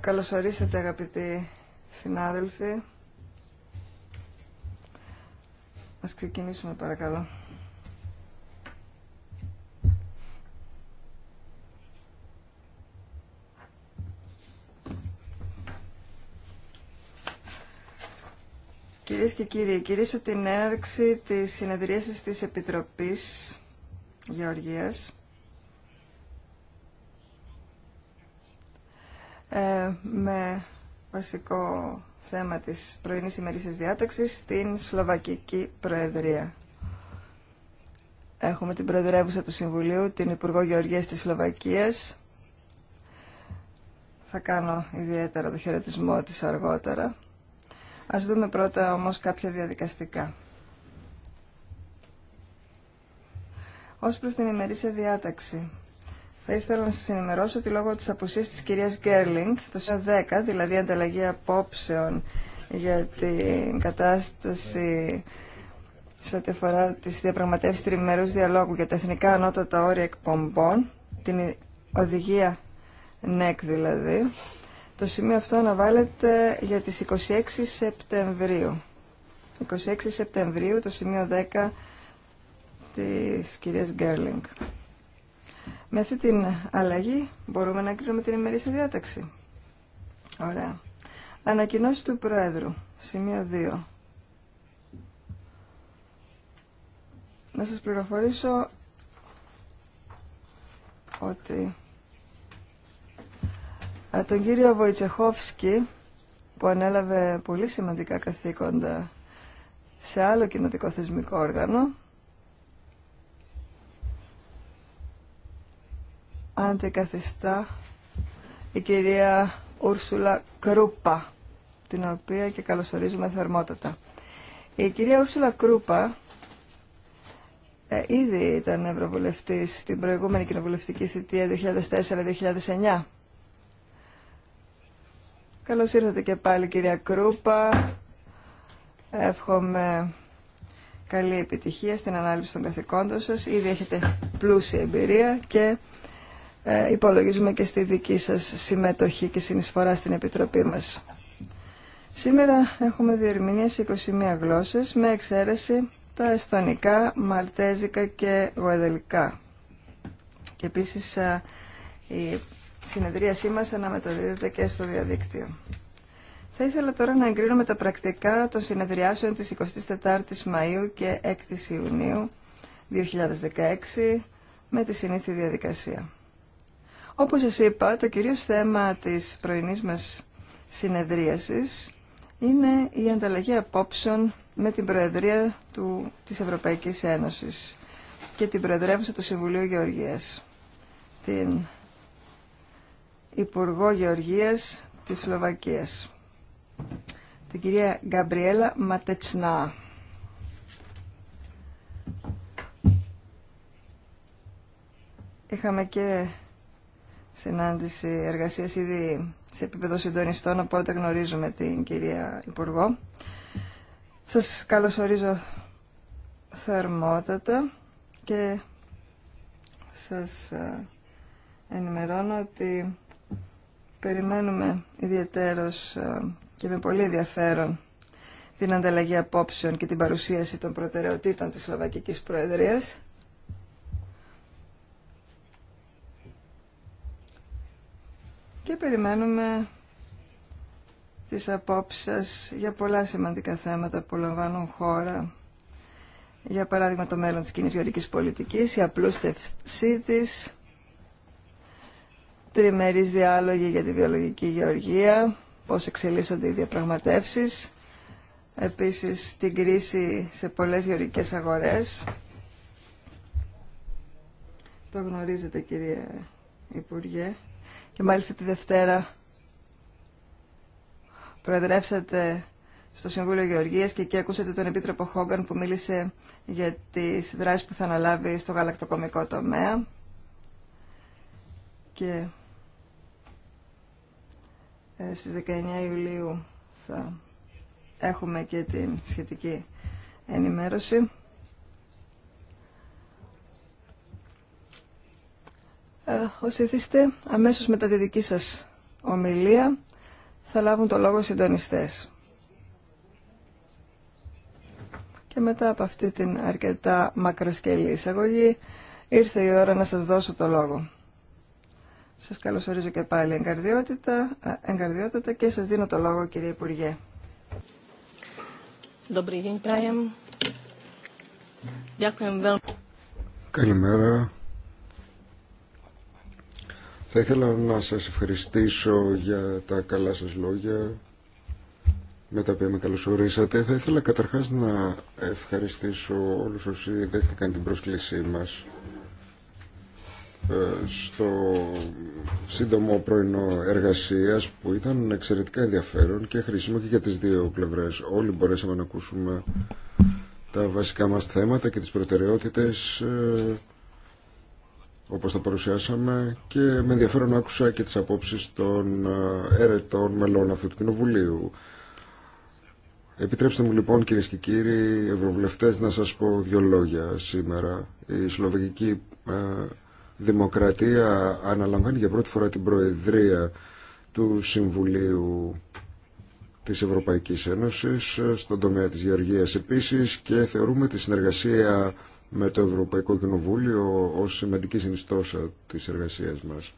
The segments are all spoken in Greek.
Καλώς ορίσατε αγαπητοί συνάδελφοι. Ας ξεκινήσουμε παρακαλώ. και κύριοι, κυρίσω την έναρξη της συνεδρίασης της Επιτροπής Γεωργίας. Ε, με βασικό θέμα της πρωινής ημερήσιας διάταξης την Σλοβακική Προεδρία. Έχουμε την Προεδρεύουσα του Συμβουλίου, την Υπουργό Γεωργίας της Σλοβακίας. Θα κάνω ιδιαίτερα το χαιρετισμό της αργότερα. Ας δούμε πρώτα όμως κάποια διαδικαστικά. Ως προς την ημερήσια διάταξη. Θα ήθελα να σας ενημερώσω ότι λόγω της απουσίας της κυρίας Γκέρλινγκ, το 10, δηλαδή ανταλλαγή απόψεων για την κατάσταση σε ό,τι αφορά τις διαπραγματεύσεις τριμερούς διαλόγου για τα εθνικά ανώτατα όρια εκπομπών, την οδηγία ΝΕΚ δηλαδή, το σημείο αυτό αναβάλλεται για τις 26 Σεπτεμβρίου. 26 Σεπτεμβρίου, το σημείο 10 της κυρίας Γκέρλινγκ. Με αυτή την αλλαγή μπορούμε να κρίνουμε την ημερήσια διάταξη. Ωραία. Ανακοινώσει του Πρόεδρου. Σημείο 2. Να σας πληροφορήσω ότι τον κύριο Βοητσεχόφσκι που ανέλαβε πολύ σημαντικά καθήκοντα σε άλλο κοινοτικό θεσμικό όργανο αντικαθιστά η κυρία Ούρσουλα Κρούπα την οποία και καλωσορίζουμε θερμότατα. Η κυρία Ούρσουλα Κρούπα ε, ήδη ήταν Ευρωβουλευτής στην προηγούμενη κοινοβουλευτική θητεία 2004-2009 Καλώς ήρθατε και πάλι κυρία Κρούπα. Εύχομαι καλή επιτυχία στην ανάληψη των καθηκόντων σας. Ήδη έχετε πλούσια εμπειρία και ε, υπολογίζουμε και στη δική σας συμμετοχή και συνεισφορά στην Επιτροπή μας. Σήμερα έχουμε διερμηνία σε 21 γλώσσες με εξαίρεση τα εσθονικά, μαλτέζικα και γοεδελικά. Και επίσης ε, η συνεδρίασή μας αναμεταδίδεται και στο διαδίκτυο. Θα ήθελα τώρα να εγκρίνουμε τα πρακτικά των συνεδριάσεων της 24ης Μαΐου και 6ης Ιουνίου 2016 με τη συνήθη διαδικασία. Όπως σας είπα, το κυρίως θέμα της πρωινής μας συνεδρίασης είναι η ανταλλαγή απόψεων με την Προεδρία του, της Ευρωπαϊκής Ένωσης και την Προεδρεύουσα του Συμβουλίου Γεωργίας, την Υπουργό Γεωργίας της Σλοβακίας, την κυρία Γκαμπριέλα Ματετσνά. Είχαμε και συνάντηση εργασίας ήδη σε επίπεδο συντονιστών, οπότε γνωρίζουμε την κυρία Υπουργό. Σας καλωσορίζω θερμότατα και σας ε, ενημερώνω ότι περιμένουμε ιδιαίτερος ε, και με πολύ ενδιαφέρον την ανταλλαγή απόψεων και την παρουσίαση των προτεραιοτήτων της Σλοβακικής Προεδρίας. Και περιμένουμε τις απόψεις για πολλά σημαντικά θέματα που λαμβάνουν χώρα. Για παράδειγμα το μέλλον της κοινής γεωρικής πολιτικής, η απλούστευσή της, τριμερείς διάλογοι για τη βιολογική γεωργία, πώς εξελίσσονται οι διαπραγματεύσεις, επίσης την κρίση σε πολλές γεωργικές αγορές. Το γνωρίζετε κύριε Υπουργέ. Και μάλιστα τη Δευτέρα προεδρεύσατε στο Συμβούλιο Γεωργίας και εκεί ακούσατε τον Επίτροπο Χόγκαν που μίλησε για τις δράσεις που θα αναλάβει στο γαλακτοκομικό τομέα. Και ε, στις 19 Ιουλίου θα έχουμε και την σχετική ενημέρωση. Ε, όσοι ήθιστε, αμέσως μετά τη δική σας ομιλία θα λάβουν το λόγο συντονιστές. Και μετά από αυτή την αρκετά μακροσκελή εισαγωγή ήρθε η ώρα να σας δώσω το λόγο. Σας καλωσορίζω και πάλι εγκαρδιότητα, εγκαρδιότητα και σας δίνω το λόγο κύριε Υπουργέ. Καλημέρα. Θα ήθελα να σας ευχαριστήσω για τα καλά σας λόγια με τα οποία με καλωσορίσατε. Θα ήθελα καταρχάς να ευχαριστήσω όλους όσοι δέχτηκαν την πρόσκλησή μας ε, στο σύντομο πρωινό εργασίας που ήταν εξαιρετικά ενδιαφέρον και χρήσιμο και για τις δύο πλευρές. Όλοι μπορέσαμε να ακούσουμε τα βασικά μας θέματα και τις προτεραιότητες ε, όπως τα παρουσιάσαμε και με ενδιαφέρον άκουσα και τις απόψεις των έρετων ε, μελών αυτού του Κοινοβουλίου. Επιτρέψτε μου λοιπόν κυρίε και κύριοι ευρωβουλευτές να σας πω δύο λόγια σήμερα. Η Σλοβακική Δημοκρατία αναλαμβάνει για πρώτη φορά την Προεδρία του Συμβουλίου της Ευρωπαϊκής Ένωσης ε, στον τομέα της Γεωργίας επίσης και θεωρούμε τη συνεργασία με το Ευρωπαϊκό Κοινοβούλιο ως σημαντική συνιστόσα της εργασίας μας.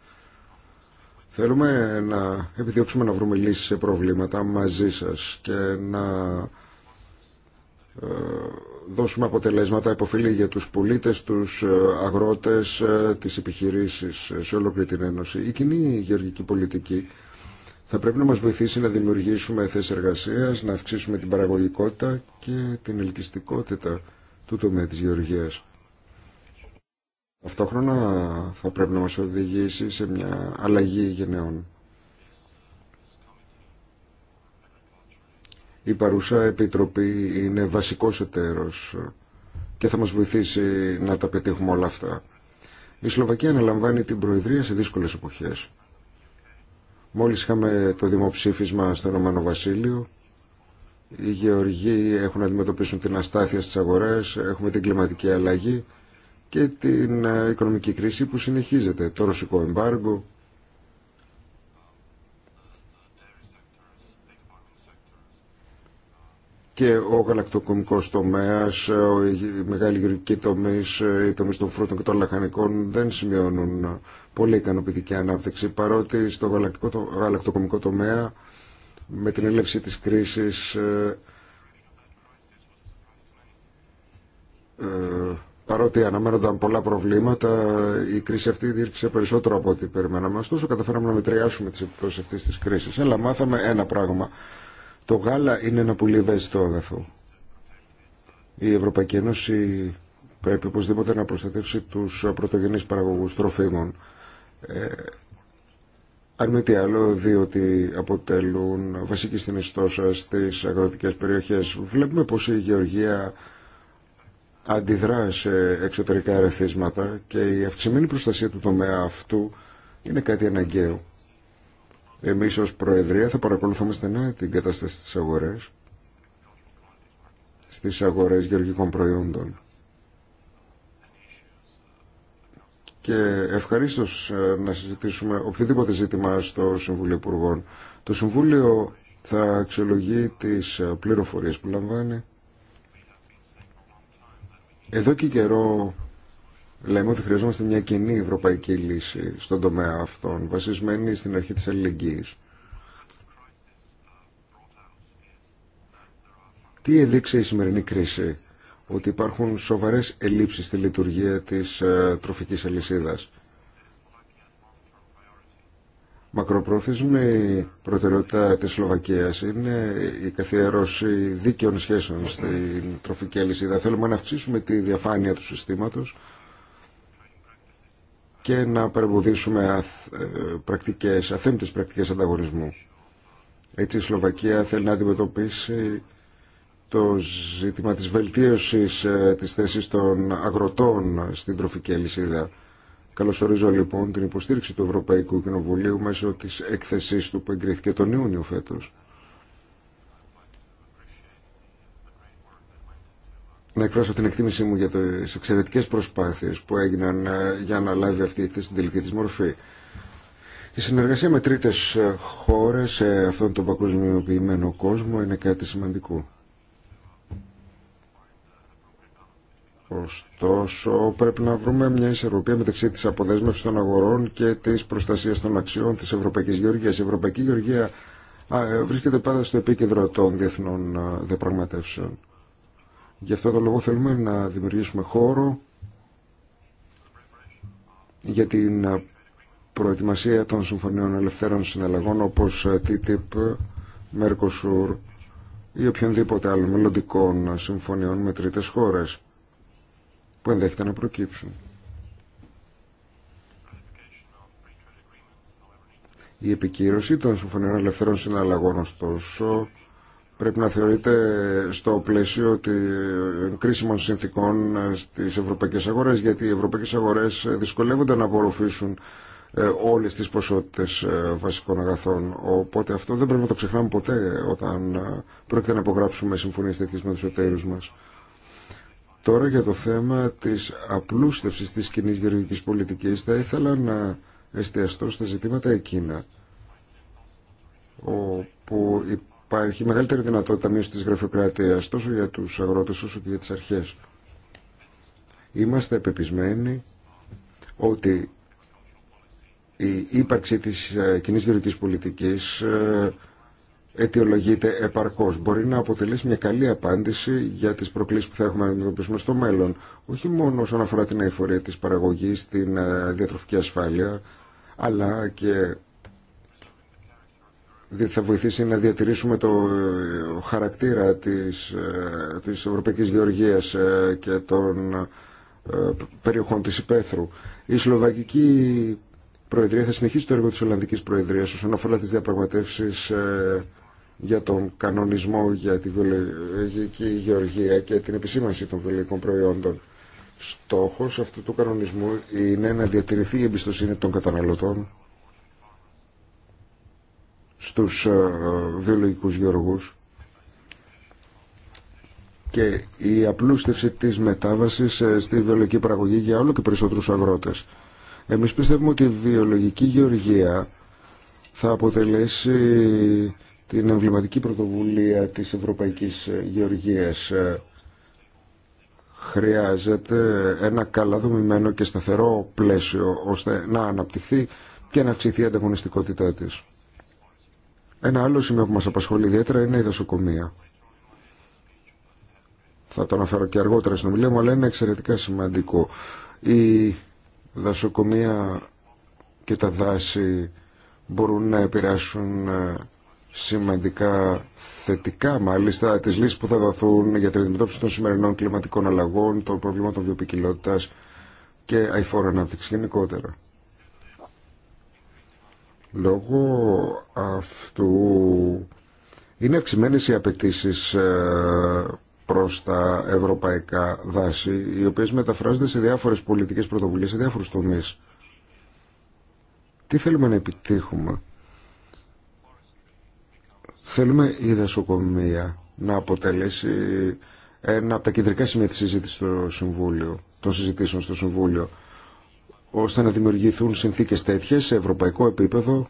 Θέλουμε να επιδιώξουμε να βρούμε λύσεις σε προβλήματα μαζί σας και να ε, δώσουμε αποτελέσματα υποφιλή για τους πολίτες, τους ε, αγρότες, ε, τις επιχειρήσεις ε, σε ολόκληρη την Ένωση. Η κοινή γεωργική πολιτική θα πρέπει να μας βοηθήσει να δημιουργήσουμε θέσεις εργασίας, να αυξήσουμε την παραγωγικότητα και την ελκυστικότητα του τομέα της γεωργίας. Ταυτόχρονα θα πρέπει να μας οδηγήσει σε μια αλλαγή γενναιών. η παρούσα Επιτροπή είναι βασικός εταίρος και θα μας βοηθήσει να τα πετύχουμε όλα αυτά. Η Σλοβακία αναλαμβάνει την Προεδρία σε δύσκολες εποχές. Μόλις είχαμε το δημοψήφισμα στο Ηνωμένο Βασίλειο, οι γεωργοί έχουν να αντιμετωπίσουν την αστάθεια στις αγορές, έχουμε την κλιματική αλλαγή και την ε, οικονομική κρίση που συνεχίζεται, το ρωσικό εμπάργκο. και ο γαλακτοκομικό τομέα, ε, οι μεγάλοι γεωργικοί τομεί ε, οι τομείς των φρούτων και των λαχανικών δεν σημειώνουν πολύ ικανοποιητική ανάπτυξη, παρότι στο γαλακτοκομικό τομέα με την έλευση τη κρίση. Ε, παρότι αναμένονταν πολλά προβλήματα, η κρίση αυτή διήρξε περισσότερο από ό,τι περιμέναμε. Ωστόσο, καταφέραμε να μετριάσουμε τι επιπτώσει αυτή τη κρίση. Αλλά μάθαμε ένα πράγμα το γάλα είναι ένα πολύ ευαίσθητο αγαθό. Η Ευρωπαϊκή Ένωση πρέπει οπωσδήποτε να προστατεύσει τους πρωτογενείς παραγωγούς τροφίμων. Ε, αν μη τι άλλο, διότι αποτελούν βασική συνιστόσα στις αγροτικές περιοχές. Βλέπουμε πως η γεωργία αντιδρά σε εξωτερικά ερεθίσματα και η αυξημένη προστασία του τομέα αυτού είναι κάτι αναγκαίο. Εμείς ως Προεδρία θα παρακολουθούμε στενά την κατάσταση στις αγορές, στις αγορές γεωργικών προϊόντων. Και ευχαρίστω ε, να συζητήσουμε οποιοδήποτε ζήτημα στο Συμβούλιο Υπουργών. Το Συμβούλιο θα αξιολογεί τις ε, πληροφορίες που λαμβάνει. Εδώ και καιρό λέμε ότι χρειαζόμαστε μια κοινή ευρωπαϊκή λύση στον τομέα αυτών, βασισμένη στην αρχή της αλληλεγγύης. Τι έδειξε η σημερινή κρίση, ότι υπάρχουν σοβαρές ελλείψεις στη λειτουργία της ε, τροφικής αλυσίδας. Μακροπρόθεσμη προτεραιότητα της Σλοβακίας είναι η καθιέρωση δίκαιων σχέσεων στην τροφική αλυσίδα. Θέλουμε να αυξήσουμε τη διαφάνεια του συστήματος και να παρεμποδίσουμε ε, πρακτικές, αθέμητες πρακτικές ανταγωνισμού. Έτσι η Σλοβακία θέλει να αντιμετωπίσει το ζήτημα της βελτίωσης ε, της θέσης των αγροτών στην τροφική αλυσίδα. Καλωσορίζω λοιπόν την υποστήριξη του Ευρωπαϊκού Κοινοβουλίου μέσω της έκθεσής του που εγκρίθηκε τον Ιούνιο φέτος. να εκφράσω την εκτίμησή μου για τις εξαιρετικές προσπάθειες που έγιναν ε, για να λάβει αυτή η εκθέση την τελική της μορφή. Η συνεργασία με τρίτες χώρες σε αυτόν τον παγκοσμιοποιημένο κόσμο είναι κάτι σημαντικό. Ωστόσο, πρέπει να βρούμε μια ισορροπία μεταξύ της αποδέσμευσης των αγορών και της προστασίας των αξιών της Ευρωπαϊκής Γεωργίας. Η Ευρωπαϊκή Γεωργία βρίσκεται πάντα στο επίκεντρο των διεθνών διαπραγματεύσεων. Γι' αυτό το λόγο θέλουμε να δημιουργήσουμε χώρο για την προετοιμασία των συμφωνιών ελευθέρων συναλλαγών όπως TTIP, Mercosur ή οποιονδήποτε άλλων μελλοντικών συμφωνιών με τρίτες χώρες που ενδέχεται να προκύψουν. Η επικύρωση των συμφωνιών ελευθερών συναλλαγών ωστόσο πρέπει να θεωρείται στο πλαίσιο κρίσιμων συνθήκων ε, στις ευρωπαϊκές αγορές γιατί οι ευρωπαϊκές αγορές ε, δυσκολεύονται να απορροφήσουν ε, όλες τις ποσότητες βασικών αγαθών. Οπότε αυτό δεν πρέπει να το ξεχνάμε ποτέ όταν πρόκειται να υπογράψουμε συμφωνίες τέτοιες με τους εταίρους μας. Τώρα για το θέμα της απλούστευσης της κοινή γεωργικής πολιτικής θα ήθελα να εστιαστώ στα ζητήματα εκείνα όπου υπάρχει μεγαλύτερη δυνατότητα μείωση της γραφειοκρατίας τόσο για τους αγρότες όσο και για τις αρχές. Είμαστε επεπισμένοι ότι η ύπαρξη της ε, κοινή γεωργικής πολιτικής ε, αιτιολογείται επαρκώς. Μπορεί να αποτελέσει μια καλή απάντηση για τις προκλήσεις που θα έχουμε να αντιμετωπίσουμε στο μέλλον. Όχι μόνο όσον αφορά την αηφορία της παραγωγής, την ε, διατροφική ασφάλεια, αλλά και διότι θα βοηθήσει να διατηρήσουμε το ε, χαρακτήρα της, ε, της Ευρωπαϊκής Γεωργίας ε, και των περιοχών της Υπέθρου. Η Σλοβακική Προεδρία θα συνεχίσει το έργο της Ολλανδικής Προεδρίας όσον αφορά τις διαπραγματεύσεις για τον κανονισμό για τη βιολογική γεωργία και την επισήμανση των βιολογικών προϊόντων. Στόχος αυτού του κανονισμού είναι να διατηρηθεί η εμπιστοσύνη των καταναλωτών στους ε, βιολογικούς γεωργούς και η απλούστευση της μετάβασης ε, στη βιολογική παραγωγή για όλο και περισσότερους αγρότες. Εμείς πιστεύουμε ότι η βιολογική γεωργία θα αποτελέσει την εμβληματική πρωτοβουλία της Ευρωπαϊκής ε, Γεωργίας. Χρειάζεται ένα καλά δομημένο και σταθερό πλαίσιο ώστε να αναπτυχθεί και να αυξηθεί η ανταγωνιστικότητά της. Ένα άλλο σημείο που μας απασχολεί ιδιαίτερα είναι η δασοκομεία. Θα το αναφέρω και αργότερα στην ομιλία μου, αλλά είναι εξαιρετικά σημαντικό. Η δασοκομεία και τα δάση μπορούν να επηρεάσουν ε, σημαντικά θετικά μάλιστα τις λύσεις που θα δοθούν για την αντιμετώπιση των σημερινών κλιματικών αλλαγών, των προβλήματων βιοποικιλότητας και αηφόρων ανάπτυξη γενικότερα. Λόγω αυτού είναι αυξημένε οι απαιτήσει ε, προς τα ευρωπαϊκά δάση, οι οποίες μεταφράζονται σε διάφορες πολιτικές πρωτοβουλίες, σε διάφορους τομείς. Τι θέλουμε να επιτύχουμε. Θέλουμε η δασοκομεία να αποτελέσει ένα από τα κεντρικά σημεία στο Συμβούλιο, των συζητήσεων στο Συμβούλιο ώστε να δημιουργηθούν συνθήκες τέτοιες σε ευρωπαϊκό επίπεδο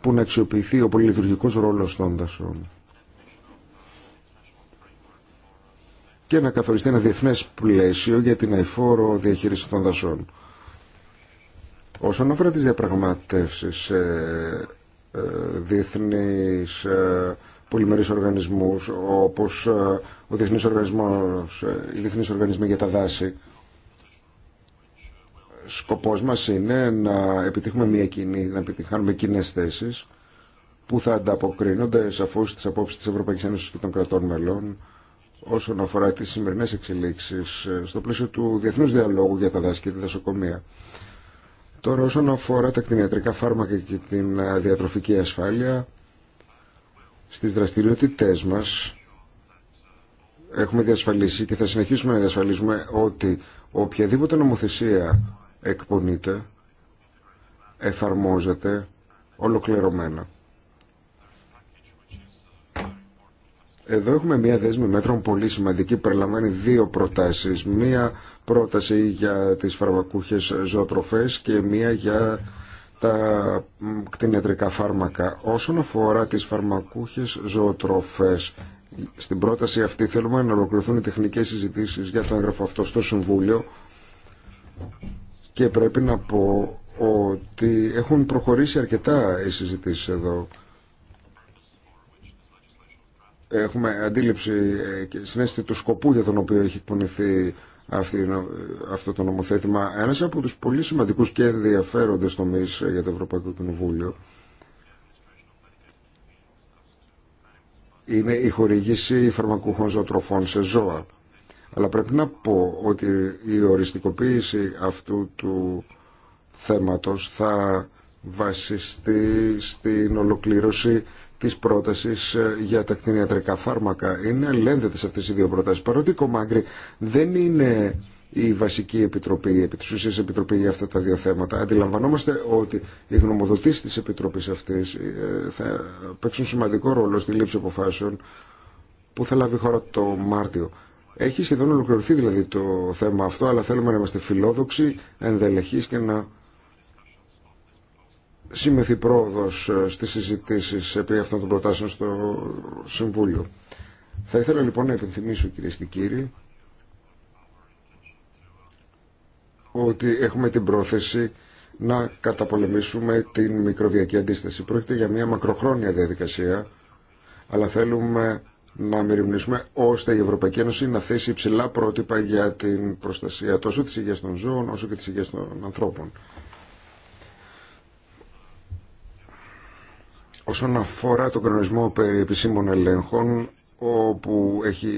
που να αξιοποιηθεί ο πολυλειτουργικός ρόλος των δασών και να καθοριστεί ένα διεθνές πλαίσιο για την αηφόρο διαχείριση των δασών. Όσον αφορά τις διαπραγματεύσεις σε ε, διεθνείς ε, πολυμερείς οργανισμούς όπως ε, ο Διεθνής Οργανισμός, οι Διεθνείς Οργανισμοί για τα Δάση σκοπός μας είναι να επιτύχουμε μια κοινή, να επιτυχάνουμε κοινέ θέσει που θα ανταποκρίνονται σαφώ στι απόψει τη Ευρωπαϊκή Ένωση και των κρατών μελών όσον αφορά τι σημερινέ εξελίξει ε, στο πλαίσιο του Διεθνούς Διαλόγου για τα δάση και τη δασοκομεία. Τώρα όσον αφορά τα κτηνιατρικά φάρμακα και την ε, διατροφική ασφάλεια, στι δραστηριότητε μα έχουμε διασφαλίσει και θα συνεχίσουμε να διασφαλίσουμε ότι οποιαδήποτε νομοθεσία εκπονείται, εφαρμόζεται ολοκληρωμένα. Εδώ έχουμε μία δέσμη μέτρων πολύ σημαντική, περιλαμβάνει δύο προτάσεις. Μία πρόταση για τις φαρμακούχες ζωοτροφές και μία για τα κτηνιατρικά φάρμακα. Όσον αφορά τις φαρμακούχες ζωοτροφές, στην πρόταση αυτή θέλουμε να ολοκληρωθούν οι τεχνικές συζητήσεις για το έγγραφο αυτό στο Συμβούλιο και πρέπει να πω ότι έχουν προχωρήσει αρκετά οι συζητήσεις εδώ. Έχουμε αντίληψη και ε, συνέστη του σκοπού για τον οποίο έχει εκπονηθεί αυτό το νομοθέτημα. Ένας από τους πολύ σημαντικούς και ενδιαφέροντες τομείς για το Ευρωπαϊκό Κοινοβούλιο είναι η χορηγήση φαρμακούχων ζωοτροφών σε ζώα. Αλλά πρέπει να πω ότι η οριστικοποίηση αυτού του θέματος θα βασιστεί στην ολοκλήρωση της πρότασης ε, για τα κτηνιατρικά φάρμακα. Είναι σε αυτές οι δύο προτάσεις. Παρότι η Κομάγκρη δεν είναι η βασική επιτροπή, η επιτροπή, επιτροπή για αυτά τα δύο θέματα. Αντιλαμβανόμαστε ότι οι γνωμοδοτήσει τη επιτροπής αυτής ε, θα παίξουν σημαντικό ρόλο στη λήψη αποφάσεων που θα λάβει χώρα το Μάρτιο. Έχει σχεδόν ολοκληρωθεί δηλαδή το θέμα αυτό, αλλά θέλουμε να είμαστε φιλόδοξοι, ενδελεχείς και να συμμεθεί πρόοδος ε, στις συζητήσεις επί αυτών των προτάσεων στο Συμβούλιο. Θα ήθελα λοιπόν να υπενθυμίσω κυρίε και κύριοι ότι έχουμε την πρόθεση να καταπολεμήσουμε την μικροβιακή αντίσταση. Πρόκειται για μια μακροχρόνια διαδικασία, αλλά θέλουμε να μεριμνήσουμε ώστε η Ευρωπαϊκή Ένωση να θέσει υψηλά πρότυπα για την προστασία τόσο της υγείας των ζώων όσο και της υγείας των ανθρώπων. Όσον αφορά τον κανονισμό περί επισήμων ελέγχων, όπου έχει,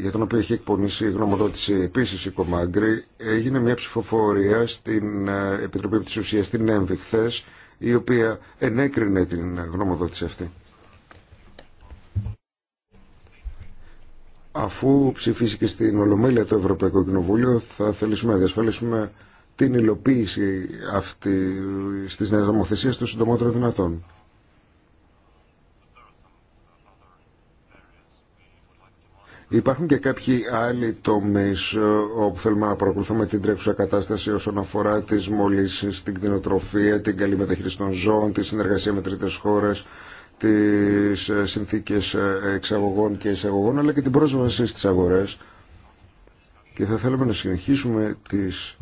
για τον οποίο έχει εκπονήσει γνωμοδότηση επίσης η Κομάγκρη, έγινε μια ψηφοφορία στην ε, Επιτροπή της Ουσίας στην ΕΜΒΗ χθες, η οποία ενέκρινε την γνωμοδότηση αυτή. αφού ψηφίσει και στην Ολομέλεια το Ευρωπαϊκό Κοινοβούλιο θα θελήσουμε να διασφαλίσουμε την υλοποίηση αυτή στις νέες νομοθεσία το συντομότερο δυνατόν. Υπάρχουν και κάποιοι άλλοι τομεί ε, όπου θέλουμε να παρακολουθούμε την τρέχουσα κατάσταση όσον αφορά τι μολύσει, την κτηνοτροφία, την καλή μεταχείριση των ζώων, τη συνεργασία με τρίτε χώρε, τις ε, συνθήκες ε, εξαγωγών και εισαγωγών αλλά και την πρόσβαση στις αγορές και θα θέλαμε να συνεχίσουμε τις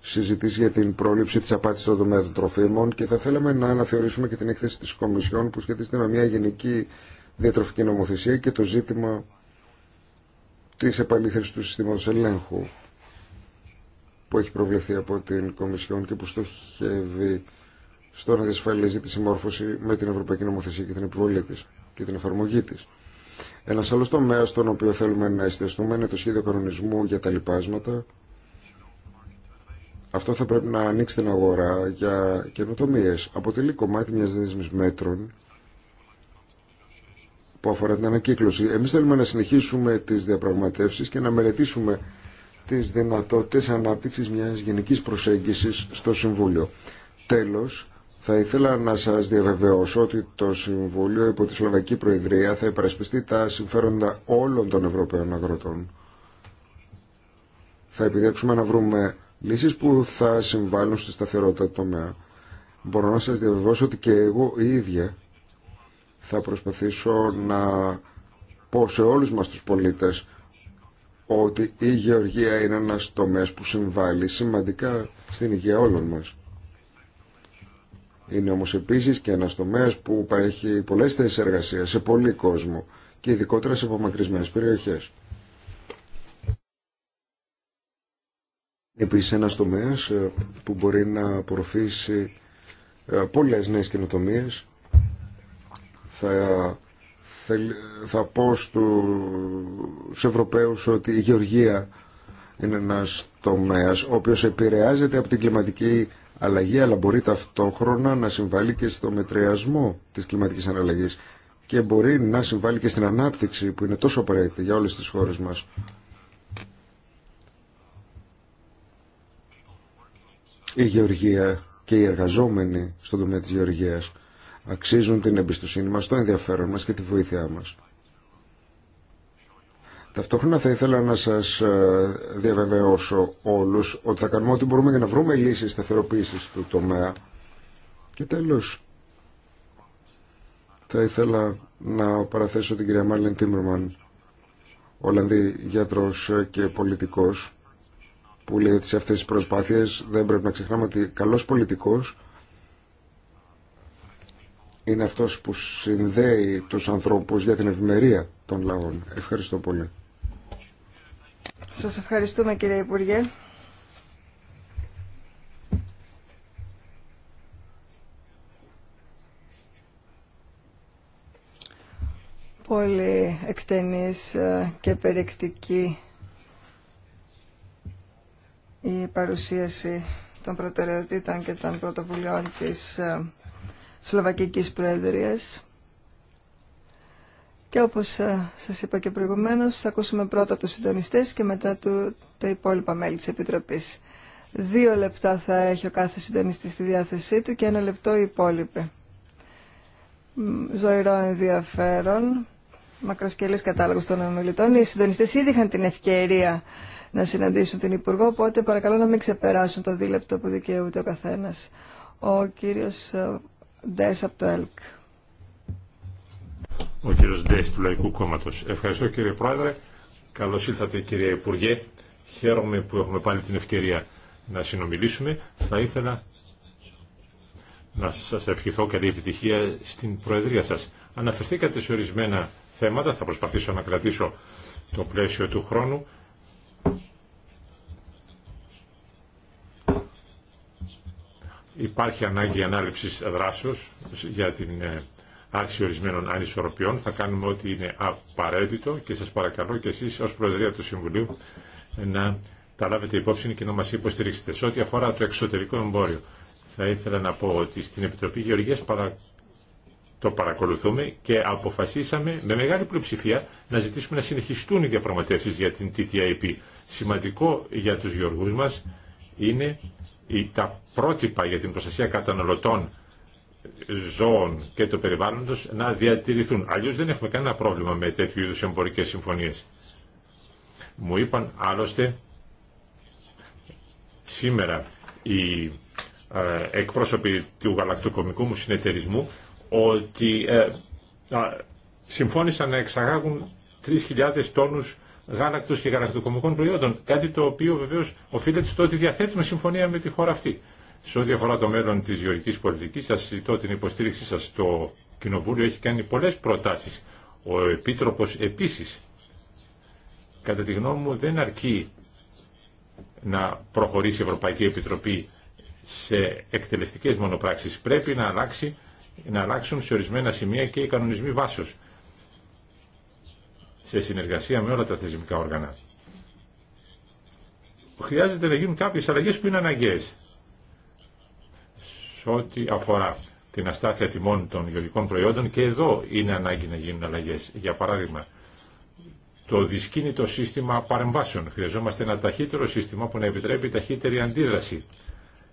συζητήσεις για την πρόληψη της απάτης των τομέα των τροφίμων και θα θέλαμε να αναθεωρήσουμε και την έκθεση της Κομισιόν που σχετίζεται με μια γενική διατροφική νομοθεσία και το ζήτημα της επαλήθευσης του συστήματος ελέγχου που έχει προβλεφθεί από την Κομισιόν και που στοχεύει στο να διασφαλίζει τη συμμόρφωση με την Ευρωπαϊκή Νομοθεσία και την επιβολή τη και την εφαρμογή τη. Ένα άλλο τομέα στον οποίο θέλουμε να εστιαστούμε είναι το σχέδιο κανονισμού για τα λοιπάσματα. Αυτό θα πρέπει να ανοίξει την αγορά για καινοτομίε. Αποτελεί κομμάτι μια δέσμη μέτρων που αφορά την ανακύκλωση. Εμεί θέλουμε να συνεχίσουμε τι διαπραγματεύσει και να μελετήσουμε τι δυνατότητε ανάπτυξη μια γενική προσέγγιση στο Συμβούλιο. Τέλος, θα ήθελα να σας διαβεβαιώσω ότι το Συμβούλιο υπό τη Σλοβακική Προεδρία θα υπερασπιστεί τα συμφέροντα όλων των Ευρωπαίων αγροτών. Θα επιδιώξουμε να βρούμε λύσεις που θα συμβάλλουν στη σταθερότητα του τομέα. Μπορώ να σας διαβεβαιώσω ότι και εγώ η ίδια θα προσπαθήσω να πω σε όλους μας τους πολίτες ότι η γεωργία είναι ένας τομέας που συμβάλλει σημαντικά στην υγεία όλων μας. Είναι όμως επίσης και ένας τομέας που παρέχει πολλές θέσεις εργασίας σε πολλοί κόσμο και ειδικότερα σε απομακρυσμένες περιοχές. Επίσης ένας τομέας ε, που μπορεί να απορροφήσει ε, πολλές νέες καινοτομίες. Θα, θα πω στους Ευρωπαίους ότι η γεωργία είναι ένας τομέας ο οποίος επηρεάζεται από την κλιματική αλλαγή, αλλά μπορεί ταυτόχρονα να συμβάλλει και στο μετριασμό της κλιματικής αναλλαγής και μπορεί να συμβάλλει και στην ανάπτυξη που είναι τόσο απαραίτητη για όλες τις χώρες μας. Η γεωργία και οι εργαζόμενοι στον τομέα της γεωργίας αξίζουν την εμπιστοσύνη μας, το ενδιαφέρον μας και τη βοήθειά μας. Ταυτόχρονα θα ήθελα να σας ε, διαβεβαιώσω όλους ότι θα κάνουμε ό,τι μπορούμε για να βρούμε λύσεις σταθεροποίησης του τομέα. Και τέλος, θα ήθελα να παραθέσω την κυρία Μάρλεν Τίμερμαν, Ολλανδή γιατρός και πολιτικός, που λέει ότι σε αυτές τις προσπάθειες δεν πρέπει να ξεχνάμε ότι καλός πολιτικός είναι αυτός που συνδέει τους ανθρώπους για την ευημερία των λαών. Ευχαριστώ πολύ. Σας ευχαριστούμε κύριε Υπουργέ. Πολύ εκτενής ε, και περιεκτική η παρουσίαση των προτεραιοτήτων και των πρωτοβουλειών της ε, Σλοβακικής Προεδρίας. Και όπως ε, σας είπα και προηγουμένως, θα ακούσουμε πρώτα τους συντονιστές και μετά του, τα υπόλοιπα μέλη της Επιτροπής. Δύο λεπτά θα έχει ο κάθε συντονιστής στη διάθεσή του και ένα λεπτό οι υπόλοιποι. Ζωηρό ενδιαφέρον, μακροσκελής κατάλογος των ομιλητών. Οι συντονιστές ήδη είχαν την ευκαιρία να συναντήσουν την Υπουργό, οπότε παρακαλώ να μην ξεπεράσουν το δίλεπτο που δικαιούται ο καθένας. Ο κύριος ε, Ντές από το ΕΛΚ. Ο κύριος Ντέις του Λαϊκού Κόμματος. Ευχαριστώ κύριε Πρόεδρε. Καλώς ήλθατε κύριε Υπουργέ. Χαίρομαι που έχουμε πάλι την ευκαιρία να συνομιλήσουμε. Θα ήθελα να σας ευχηθώ καλή επιτυχία στην Προεδρία σας. Αναφερθήκατε σε ορισμένα θέματα, θα προσπαθήσω να κρατήσω το πλαίσιο του χρόνου. Υπάρχει ανάγκη ανάληψης δράσεως για την ε, αξιορισμένων ανισορροπιών. Θα κάνουμε ό,τι είναι απαραίτητο και σας παρακαλώ και εσείς ως Προεδρία του Συμβουλίου να τα λάβετε υπόψη και να μας υποστηρίξετε. Σε ό,τι αφορά το εξωτερικό εμπόριο, θα ήθελα να πω ότι στην Επιτροπή Γεωργίας παρα... το παρακολουθούμε και αποφασίσαμε με μεγάλη πλειοψηφία να ζητήσουμε να συνεχιστούν οι διαπραγματεύσεις για την TTIP. Σημαντικό για τους γεωργούς μας είναι τα πρότυπα για την προστασία καταναλωτών ζώων και του περιβάλλοντος να διατηρηθούν. Αλλιώς δεν έχουμε κανένα πρόβλημα με τέτοιου είδους εμπορικές συμφωνίες. Μου είπαν άλλωστε σήμερα οι ε, εκπρόσωποι του γαλακτοκομικού μου συνεταιρισμού ότι ε, συμφώνησαν να εξαγάγουν 3.000 τόνους γάλακτος και γαλακτοκομικών προϊόντων, κάτι το οποίο βεβαίως οφείλεται στο ότι διαθέτουμε συμφωνία με τη χώρα αυτή. Σε ό,τι αφορά το μέλλον τη γεωργική πολιτική, σα ζητώ την υποστήριξή σα Το Κοινοβούλιο έχει κάνει πολλέ προτάσει. Ο επίτροπο επίση, κατά τη γνώμη μου, δεν αρκεί να προχωρήσει η Ευρωπαϊκή Επιτροπή σε εκτελεστικές μονοπράξεις. Πρέπει να, αλλάξει, να αλλάξουν σε ορισμένα σημεία και οι κανονισμοί βάσεω σε συνεργασία με όλα τα θεσμικά όργανα. Χρειάζεται να γίνουν κάποιες αλλαγές που είναι αναγκαίες σε ό,τι αφορά την αστάθεια τιμών των γεωργικών προϊόντων και εδώ είναι ανάγκη να γίνουν αλλαγέ. Για παράδειγμα, το δυσκίνητο σύστημα παρεμβάσεων. Χρειαζόμαστε ένα ταχύτερο σύστημα που να επιτρέπει ταχύτερη αντίδραση.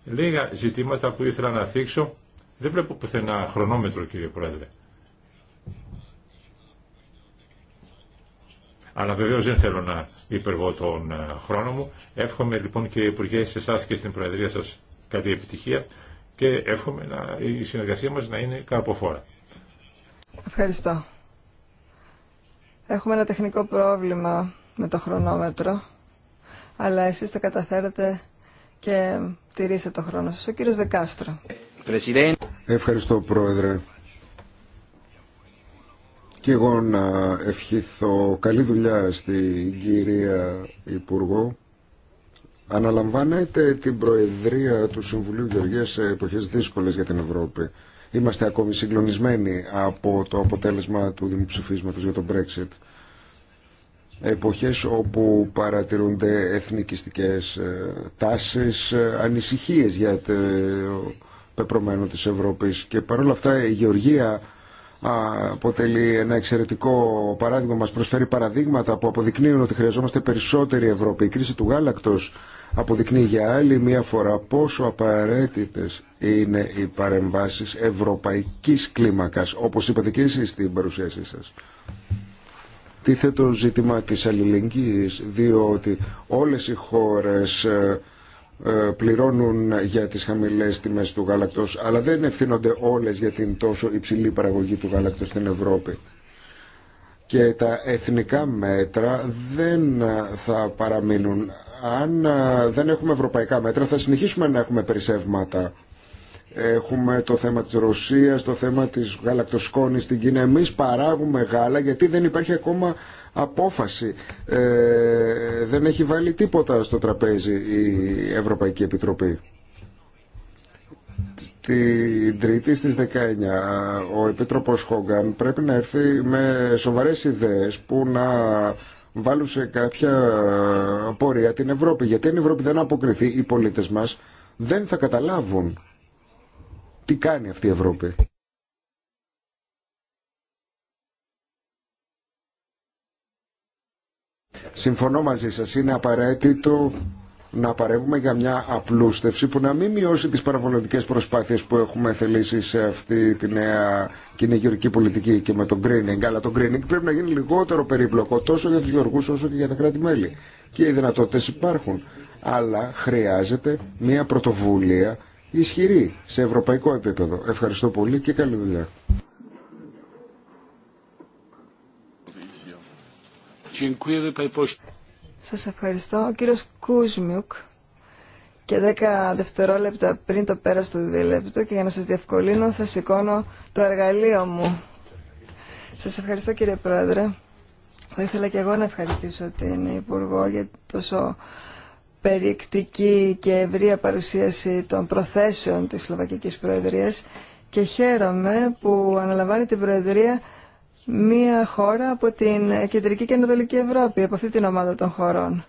Λίγα ζητήματα που ήθελα να θίξω. Δεν βλέπω πουθενά χρονόμετρο, κύριε Πρόεδρε. Αλλά βεβαίω δεν θέλω να υπερβώ τον ε, χρόνο μου. Εύχομαι λοιπόν κύριε Υπουργέ σε εσά και στην Προεδρία σα καλή επιτυχία και εύχομαι να, η συνεργασία μας να είναι καρποφόρα. Ευχαριστώ. Έχουμε ένα τεχνικό πρόβλημα με το χρονόμετρο, αλλά εσείς τα καταφέρατε και τηρήσετε το χρόνο σας. Ο κύριος Δεκάστρο. Ευχαριστώ Πρόεδρε. Και εγώ να ευχηθώ καλή δουλειά στην κυρία Υπουργό Αναλαμβάνετε την Προεδρία του Συμβουλίου Γεωργίας σε εποχές δύσκολες για την Ευρώπη. Είμαστε ακόμη συγκλονισμένοι από το αποτέλεσμα του δημοψηφίσματος για τον Brexit. Εποχές όπου παρατηρούνται εθνικιστικές ε, τάσεις, ε, ανησυχίες για το πεπρωμένο της Ευρώπης. Και παρόλα αυτά η Γεωργία αποτελεί ένα εξαιρετικό παράδειγμα, μας προσφέρει παραδείγματα που αποδεικνύουν ότι χρειαζόμαστε περισσότερη Ευρώπη. Η κρίση του γάλακτος αποδεικνύει για άλλη μία φορά πόσο απαραίτητες είναι οι παρεμβάσεις ευρωπαϊκής κλίμακας, όπως είπατε και εσείς στην παρουσίασή σας. Τίθετο ζήτημα της αλληλεγγύης, διότι όλες οι χώρες ε, ε, πληρώνουν για τις χαμηλές τιμές του γάλακτος αλλά δεν ευθύνονται όλες για την τόσο υψηλή παραγωγή του γάλακτος στην Ευρώπη και τα εθνικά μέτρα δεν θα παραμείνουν αν ε, δεν έχουμε ευρωπαϊκά μέτρα θα συνεχίσουμε να έχουμε περισσεύματα Έχουμε το θέμα της Ρωσίας, το θέμα της γαλακτοσκόνης στην Κίνα. Εμείς παράγουμε γάλα γιατί δεν υπάρχει ακόμα απόφαση. Ε, δεν έχει βάλει τίποτα στο τραπέζι η Ευρωπαϊκή Επιτροπή. Την Τρίτη στις 19 ο Επίτροπος Χόγκαν πρέπει να έρθει με σοβαρές ιδέες που να βάλουν σε κάποια πορεία την Ευρώπη. Γιατί αν η Ευρώπη δεν αποκριθεί, οι πολίτες μας δεν θα καταλάβουν τι κάνει αυτή η Ευρώπη. Συμφωνώ μαζί σας, είναι απαραίτητο να παρεύουμε για μια απλούστευση που να μην μειώσει τις παραβολωτικές προσπάθειες που έχουμε θελήσει σε αυτή τη νέα κοινή πολιτική και με τον greening. Αλλά το greening πρέπει να γίνει λιγότερο περίπλοκο τόσο για τους γεωργούς όσο και για τα κράτη-μέλη. Και οι δυνατότητες υπάρχουν. Αλλά χρειάζεται μια πρωτοβουλία ισχυρή σε ευρωπαϊκό επίπεδο. Ευχαριστώ πολύ και καλή δουλειά. Σας ευχαριστώ. Ο κύριος Κούσμιουκ και δέκα δευτερόλεπτα πριν το πέρας του δίλεπτου και για να σας διευκολύνω θα σηκώνω το εργαλείο μου. Σας ευχαριστώ κύριε Πρόεδρε. Θα ήθελα και εγώ να ευχαριστήσω την Υπουργό για τόσο περιεκτική και ευρεία παρουσίαση των προθέσεων της Σλοβακικής Προεδρίας και χαίρομαι που αναλαμβάνει την Προεδρία μία χώρα από την Κεντρική και Ανατολική Ευρώπη, από αυτή την ομάδα των χωρών.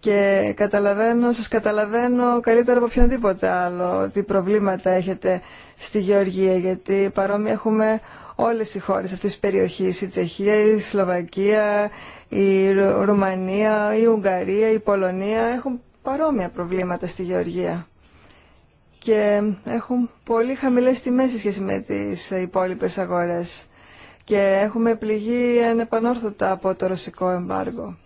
Και καταλαβαίνω, σας καταλαβαίνω καλύτερα από οποιονδήποτε άλλο τι προβλήματα έχετε στη Γεωργία, γιατί παρόμοια έχουμε όλες οι χώρες αυτής της περιοχής, η Τσεχία, η Σλοβακία, η Ρουμανία, η Ουγγαρία, η Πολωνία έχουν παρόμοια προβλήματα στη γεωργία και έχουν πολύ χαμηλές τιμές σε σχέση με τις υπόλοιπες αγορές και έχουμε πληγεί ανεπανόρθωτα από το ρωσικό εμπάργο.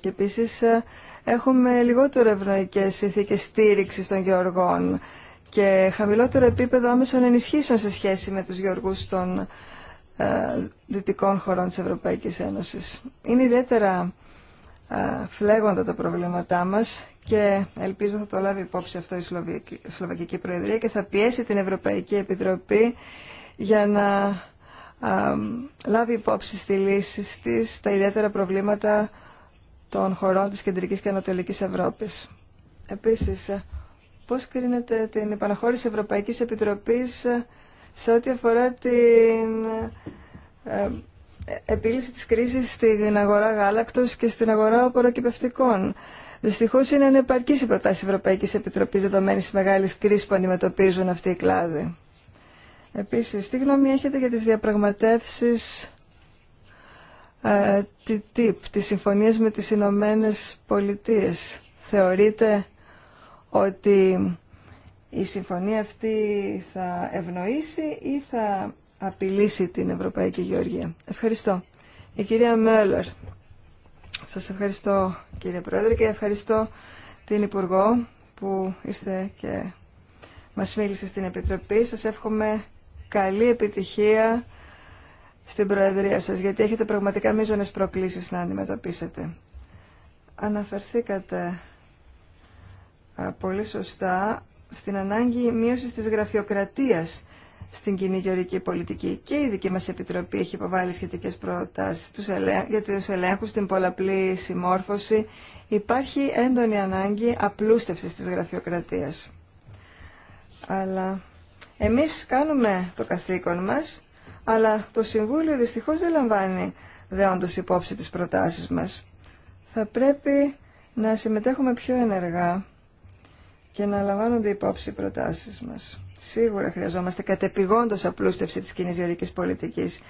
Και επίσης ε, έχουμε λιγότερο ευνοϊκές συνθήκες στήριξης των γεωργών και χαμηλότερο επίπεδο άμεσων ενισχύσεων σε σχέση με τους γεωργούς των ε, δυτικών χωρών της Ευρωπαϊκής Ένωσης. Είναι ιδιαίτερα ε, φλέγοντα τα προβλήματά μας και ελπίζω θα το λάβει υπόψη αυτό η Σλοβακική Προεδρία και θα πιέσει την Ευρωπαϊκή Επιτροπή για να ε, λάβει υπόψη στη λύση της τα ιδιαίτερα προβλήματα των χωρών της Κεντρικής και Ανατολικής Ευρώπης. Επίσης, πώς κρίνεται την επαναχώρηση Ευρωπαϊκής Επιτροπής σε ό,τι αφορά την ε, επίλυση της κρίσης στην αγορά γάλακτος και στην αγορά οποροκυπευτικών. Δυστυχώ είναι ανεπαρκή η προτάση Ευρωπαϊκή Επιτροπή δεδομένη τη μεγάλη κρίση που αντιμετωπίζουν αυτοί οι κλάδοι. Επίση, τι γνώμη έχετε για τι διαπραγματεύσει ε, TTIP, τι συμφωνίε με τι Ηνωμένε Πολιτείε. Θεωρείτε ότι η συμφωνία αυτή θα ευνοήσει ή θα απειλήσει την Ευρωπαϊκή Γεωργία. Ευχαριστώ. Η κυρία Μέλλερ. Σας ευχαριστώ κύριε Πρόεδρε και ευχαριστώ την Υπουργό που ήρθε και μας μίλησε στην Επιτροπή. Σας εύχομαι καλή επιτυχία στην Προεδρία σας, γιατί έχετε πραγματικά μείζονες προκλήσεις να αντιμετωπίσετε. Αναφερθήκατε πολύ σωστά στην ανάγκη μείωσης της γραφειοκρατίας στην κοινή γεωρική πολιτική. Και η δική μας Επιτροπή έχει υποβάλει σχετικές προτάσεις για τους ελέγχους, στην πολλαπλή συμμόρφωση. Υπάρχει έντονη ανάγκη απλούστευσης της γραφειοκρατίας. Αλλά εμείς κάνουμε το καθήκον μας, αλλά το Συμβούλιο δυστυχώς δεν λαμβάνει δεόντως υπόψη τις προτάσεις μας. Θα πρέπει να συμμετέχουμε πιο ενεργά και να λαμβάνονται υπόψη οι προτάσεις μας. Σίγουρα χρειαζόμαστε κατεπηγόντω απλούστευση τη κοινή γεωρικής πολιτικής,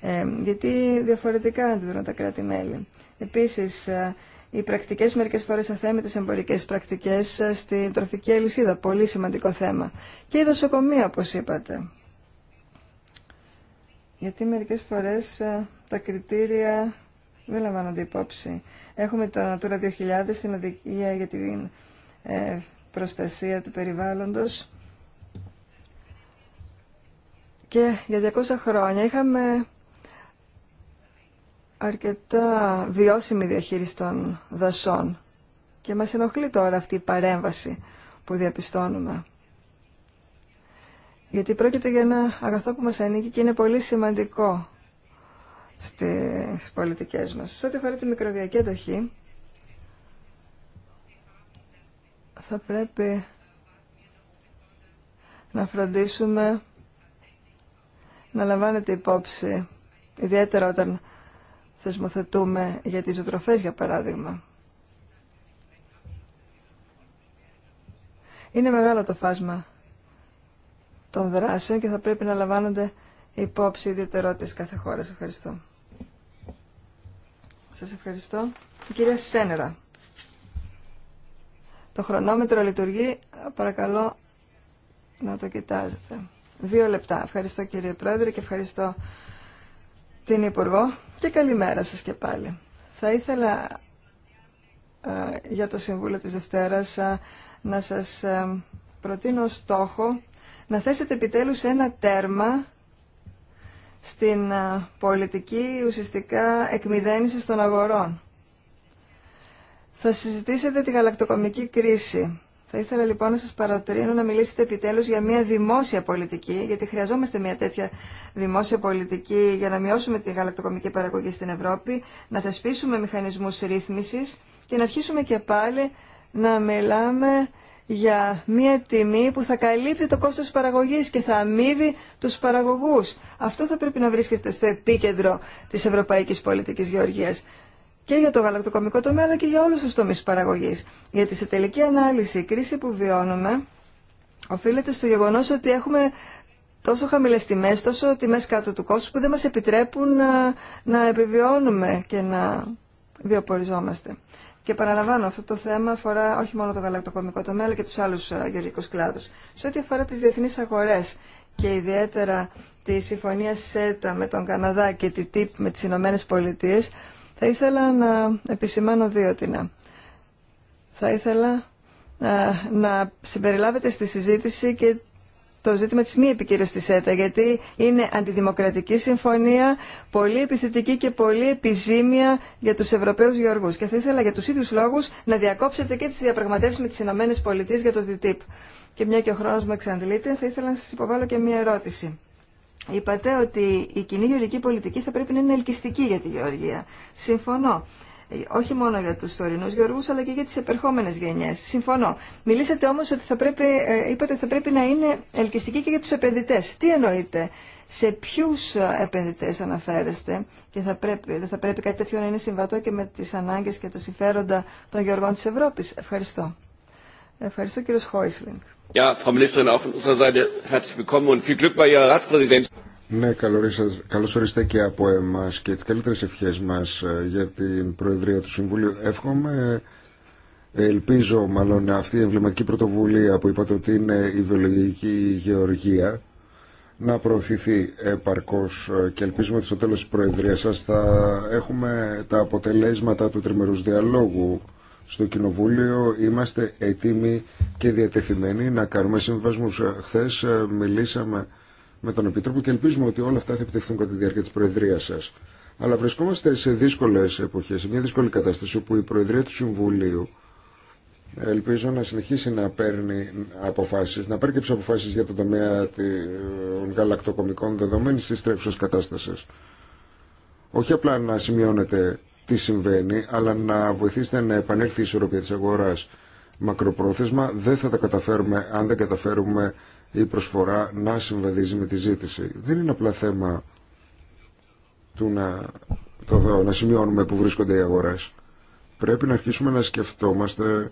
ε, γιατί διαφορετικά αντιδρούν τα κράτη-μέλη. Επίσης, ε, οι πρακτικές μερικέ φορέ αθέμητε εμπορικέ πρακτικέ ε, στην τροφική αλυσίδα, πολύ σημαντικό θέμα. Και η δασοκομεία, όπω είπατε. Γιατί μερικέ φορέ τα κριτήρια δεν λαμβάνονται υπόψη. Έχουμε το Natura 2000 στην οδηγία για την προστασία του περιβάλλοντος και για 200 χρόνια είχαμε αρκετά βιώσιμη διαχείριση των δασών και μας ενοχλεί τώρα αυτή η παρέμβαση που διαπιστώνουμε. Γιατί πρόκειται για ένα αγαθό που μας ανήκει και είναι πολύ σημαντικό στις πολιτικές μας. Σε ό,τι αφορά τη μικροβιακή εντοχή, θα πρέπει να φροντίσουμε να λαμβάνεται υπόψη, ιδιαίτερα όταν θεσμοθετούμε για τις ζωτροφές, για παράδειγμα. Είναι μεγάλο το φάσμα των δράσεων και θα πρέπει να λαμβάνονται υπόψη ιδιαιτερότητες κάθε χώρας. Ευχαριστώ. Σας ευχαριστώ. Η κυρία Σένερα. Το χρονόμετρο λειτουργεί, παρακαλώ να το κοιτάζετε. Δύο λεπτά. Ευχαριστώ κύριε Πρόεδρε και ευχαριστώ την Υπουργό και καλημέρα σας και πάλι. Θα ήθελα ε, για το Συμβούλιο της Δευτέρας ε, να σας ε, προτείνω στόχο να θέσετε επιτέλους ένα τέρμα στην πολιτική ουσιαστικά εκμυδένιση των αγορών. Θα συζητήσετε τη γαλακτοκομική κρίση. Θα ήθελα λοιπόν να σας παροτρύνω να μιλήσετε επιτέλους για μια δημόσια πολιτική, γιατί χρειαζόμαστε μια τέτοια δημόσια πολιτική για να μειώσουμε τη γαλακτοκομική παραγωγή στην Ευρώπη, να θεσπίσουμε μηχανισμούς ρύθμισης και να αρχίσουμε και πάλι να μιλάμε για μια τιμή που θα καλύπτει το κόστος παραγωγής και θα αμείβει τους παραγωγούς. Αυτό θα πρέπει να βρίσκεται στο επίκεντρο της ευρωπαϊκής πολιτικής γεωργίας και για το γαλακτοκομικό τομέα αλλά και για όλους τους τομείς παραγωγής. Γιατί σε τελική ανάλυση η κρίση που βιώνουμε οφείλεται στο γεγονός ότι έχουμε τόσο χαμηλές τιμές, τόσο τιμές κάτω του κόσμου που δεν μας επιτρέπουν να, επιβιώνουμε και να βιοποριζόμαστε. Και παραλαμβάνω, αυτό το θέμα αφορά όχι μόνο το γαλακτοκομικό τομέα, αλλά και τους άλλους ε, γεωργικούς κλάδους. Σε ό,τι αφορά τις διεθνείς αγορές και ιδιαίτερα τη συμφωνία ΣΕΤΑ με τον Καναδά και τη ΤΥΠ με τις Ηνωμένε Πολιτείε. Θα ήθελα να επισημάνω δύο τινά. Ναι. Θα ήθελα ε, να συμπεριλάβετε στη συζήτηση και το ζήτημα της μη επικύρωσης της ΕΤΑ, γιατί είναι αντιδημοκρατική συμφωνία, πολύ επιθετική και πολύ επιζήμια για τους Ευρωπαίους Γεωργούς. Και θα ήθελα για τους ίδιους λόγους να διακόψετε και τις διαπραγματεύσεις με τις ΗΠΑ για το TTIP. Και μια και ο χρόνος μου εξαντλείται, θα ήθελα να σας υποβάλω και μια ερώτηση. Είπατε ότι η κοινή γεωργική πολιτική θα πρέπει να είναι ελκυστική για τη γεωργία. Συμφωνώ. Ε, όχι μόνο για του τωρινού γεωργού, αλλά και για τι επερχόμενε γενιέ. Συμφωνώ. Μιλήσατε όμω ότι θα πρέπει, ε, είπατε, θα πρέπει να είναι ελκυστική και για του επενδυτέ. Τι εννοείτε, σε ποιου ε, επενδυτέ αναφέρεστε και θα πρέπει, θα πρέπει κάτι τέτοιο να είναι συμβατό και με τι ανάγκε και τα συμφέροντα των γεωργών τη Ευρώπη. Ευχαριστώ. Ευχαριστώ κύριο Χόισλινγκ. Ναι, καλώ ορίστε και από εμάς και τι καλύτερε ευχές μας ε, για την Προεδρία του Συμβουλίου. Εύχομαι, ελπίζω μάλλον αυτή η εμβληματική πρωτοβουλία που είπατε ότι είναι η βιολογική γεωργία να προωθηθεί επαρκώ ε, και ελπίζουμε ότι στο τέλο τη Προεδρία σα θα έχουμε τα αποτελέσματα του τριμερούς διαλόγου στο Κοινοβούλιο είμαστε έτοιμοι και διατεθειμένοι να κάνουμε συμβασμούς. Ε, χθες ε, μιλήσαμε με τον Επίτροπο και ελπίζουμε ότι όλα αυτά θα επιτευχθούν κατά τη διάρκεια της Προεδρίας σας. Αλλά βρισκόμαστε σε δύσκολες εποχές, σε μια δύσκολη κατάσταση όπου η Προεδρία του Συμβουλίου ελπίζω να συνεχίσει να παίρνει αποφάσεις, να παίρνει και αποφάσεις για το τομέα των γαλακτοκομικών δεδομένης της τρέχουσας κατάστασης. Όχι απλά να σημειώνεται τι συμβαίνει, αλλά να βοηθήσετε να επανέλθει η ισορροπία της αγοράς μακροπρόθεσμα. Δεν θα τα καταφέρουμε αν δεν καταφέρουμε η προσφορά να συμβαδίζει με τη ζήτηση. Δεν είναι απλά θέμα του να, το, να σημειώνουμε που βρίσκονται οι αγορές. Πρέπει να αρχίσουμε να σκεφτόμαστε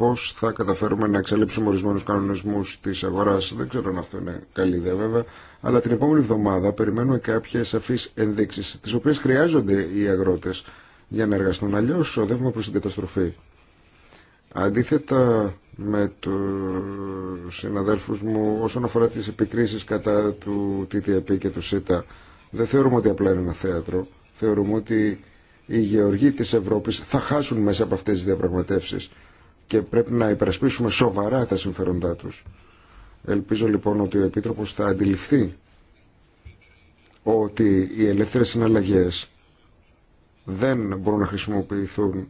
πώς θα καταφέρουμε να εξαλείψουμε ορισμένους κανονισμούς της αγοράς. Δεν ξέρω αν αυτό είναι καλή ιδέα βέβαια, αλλά την επόμενη εβδομάδα περιμένουμε κάποιες σαφείς ενδείξεις, τις οποίες χρειάζονται οι αγρότες για να εργαστούν. Αλλιώ οδεύουμε προς την καταστροφή. Αντίθετα με του συναδέλφου μου όσον αφορά τις επικρίσεις κατά του TTIP και του ΣΥΤΑ, δεν θεωρούμε ότι απλά είναι ένα θέατρο. Θεωρούμε ότι οι γεωργοί της Ευρώπης θα χάσουν μέσα από αυτές τις διαπραγματεύσεις και πρέπει να υπερασπίσουμε σοβαρά τα συμφέροντά τους. Ελπίζω λοιπόν ότι ο Επίτροπος θα αντιληφθεί ότι οι ελεύθερες συναλλαγές δεν μπορούν να χρησιμοποιηθούν,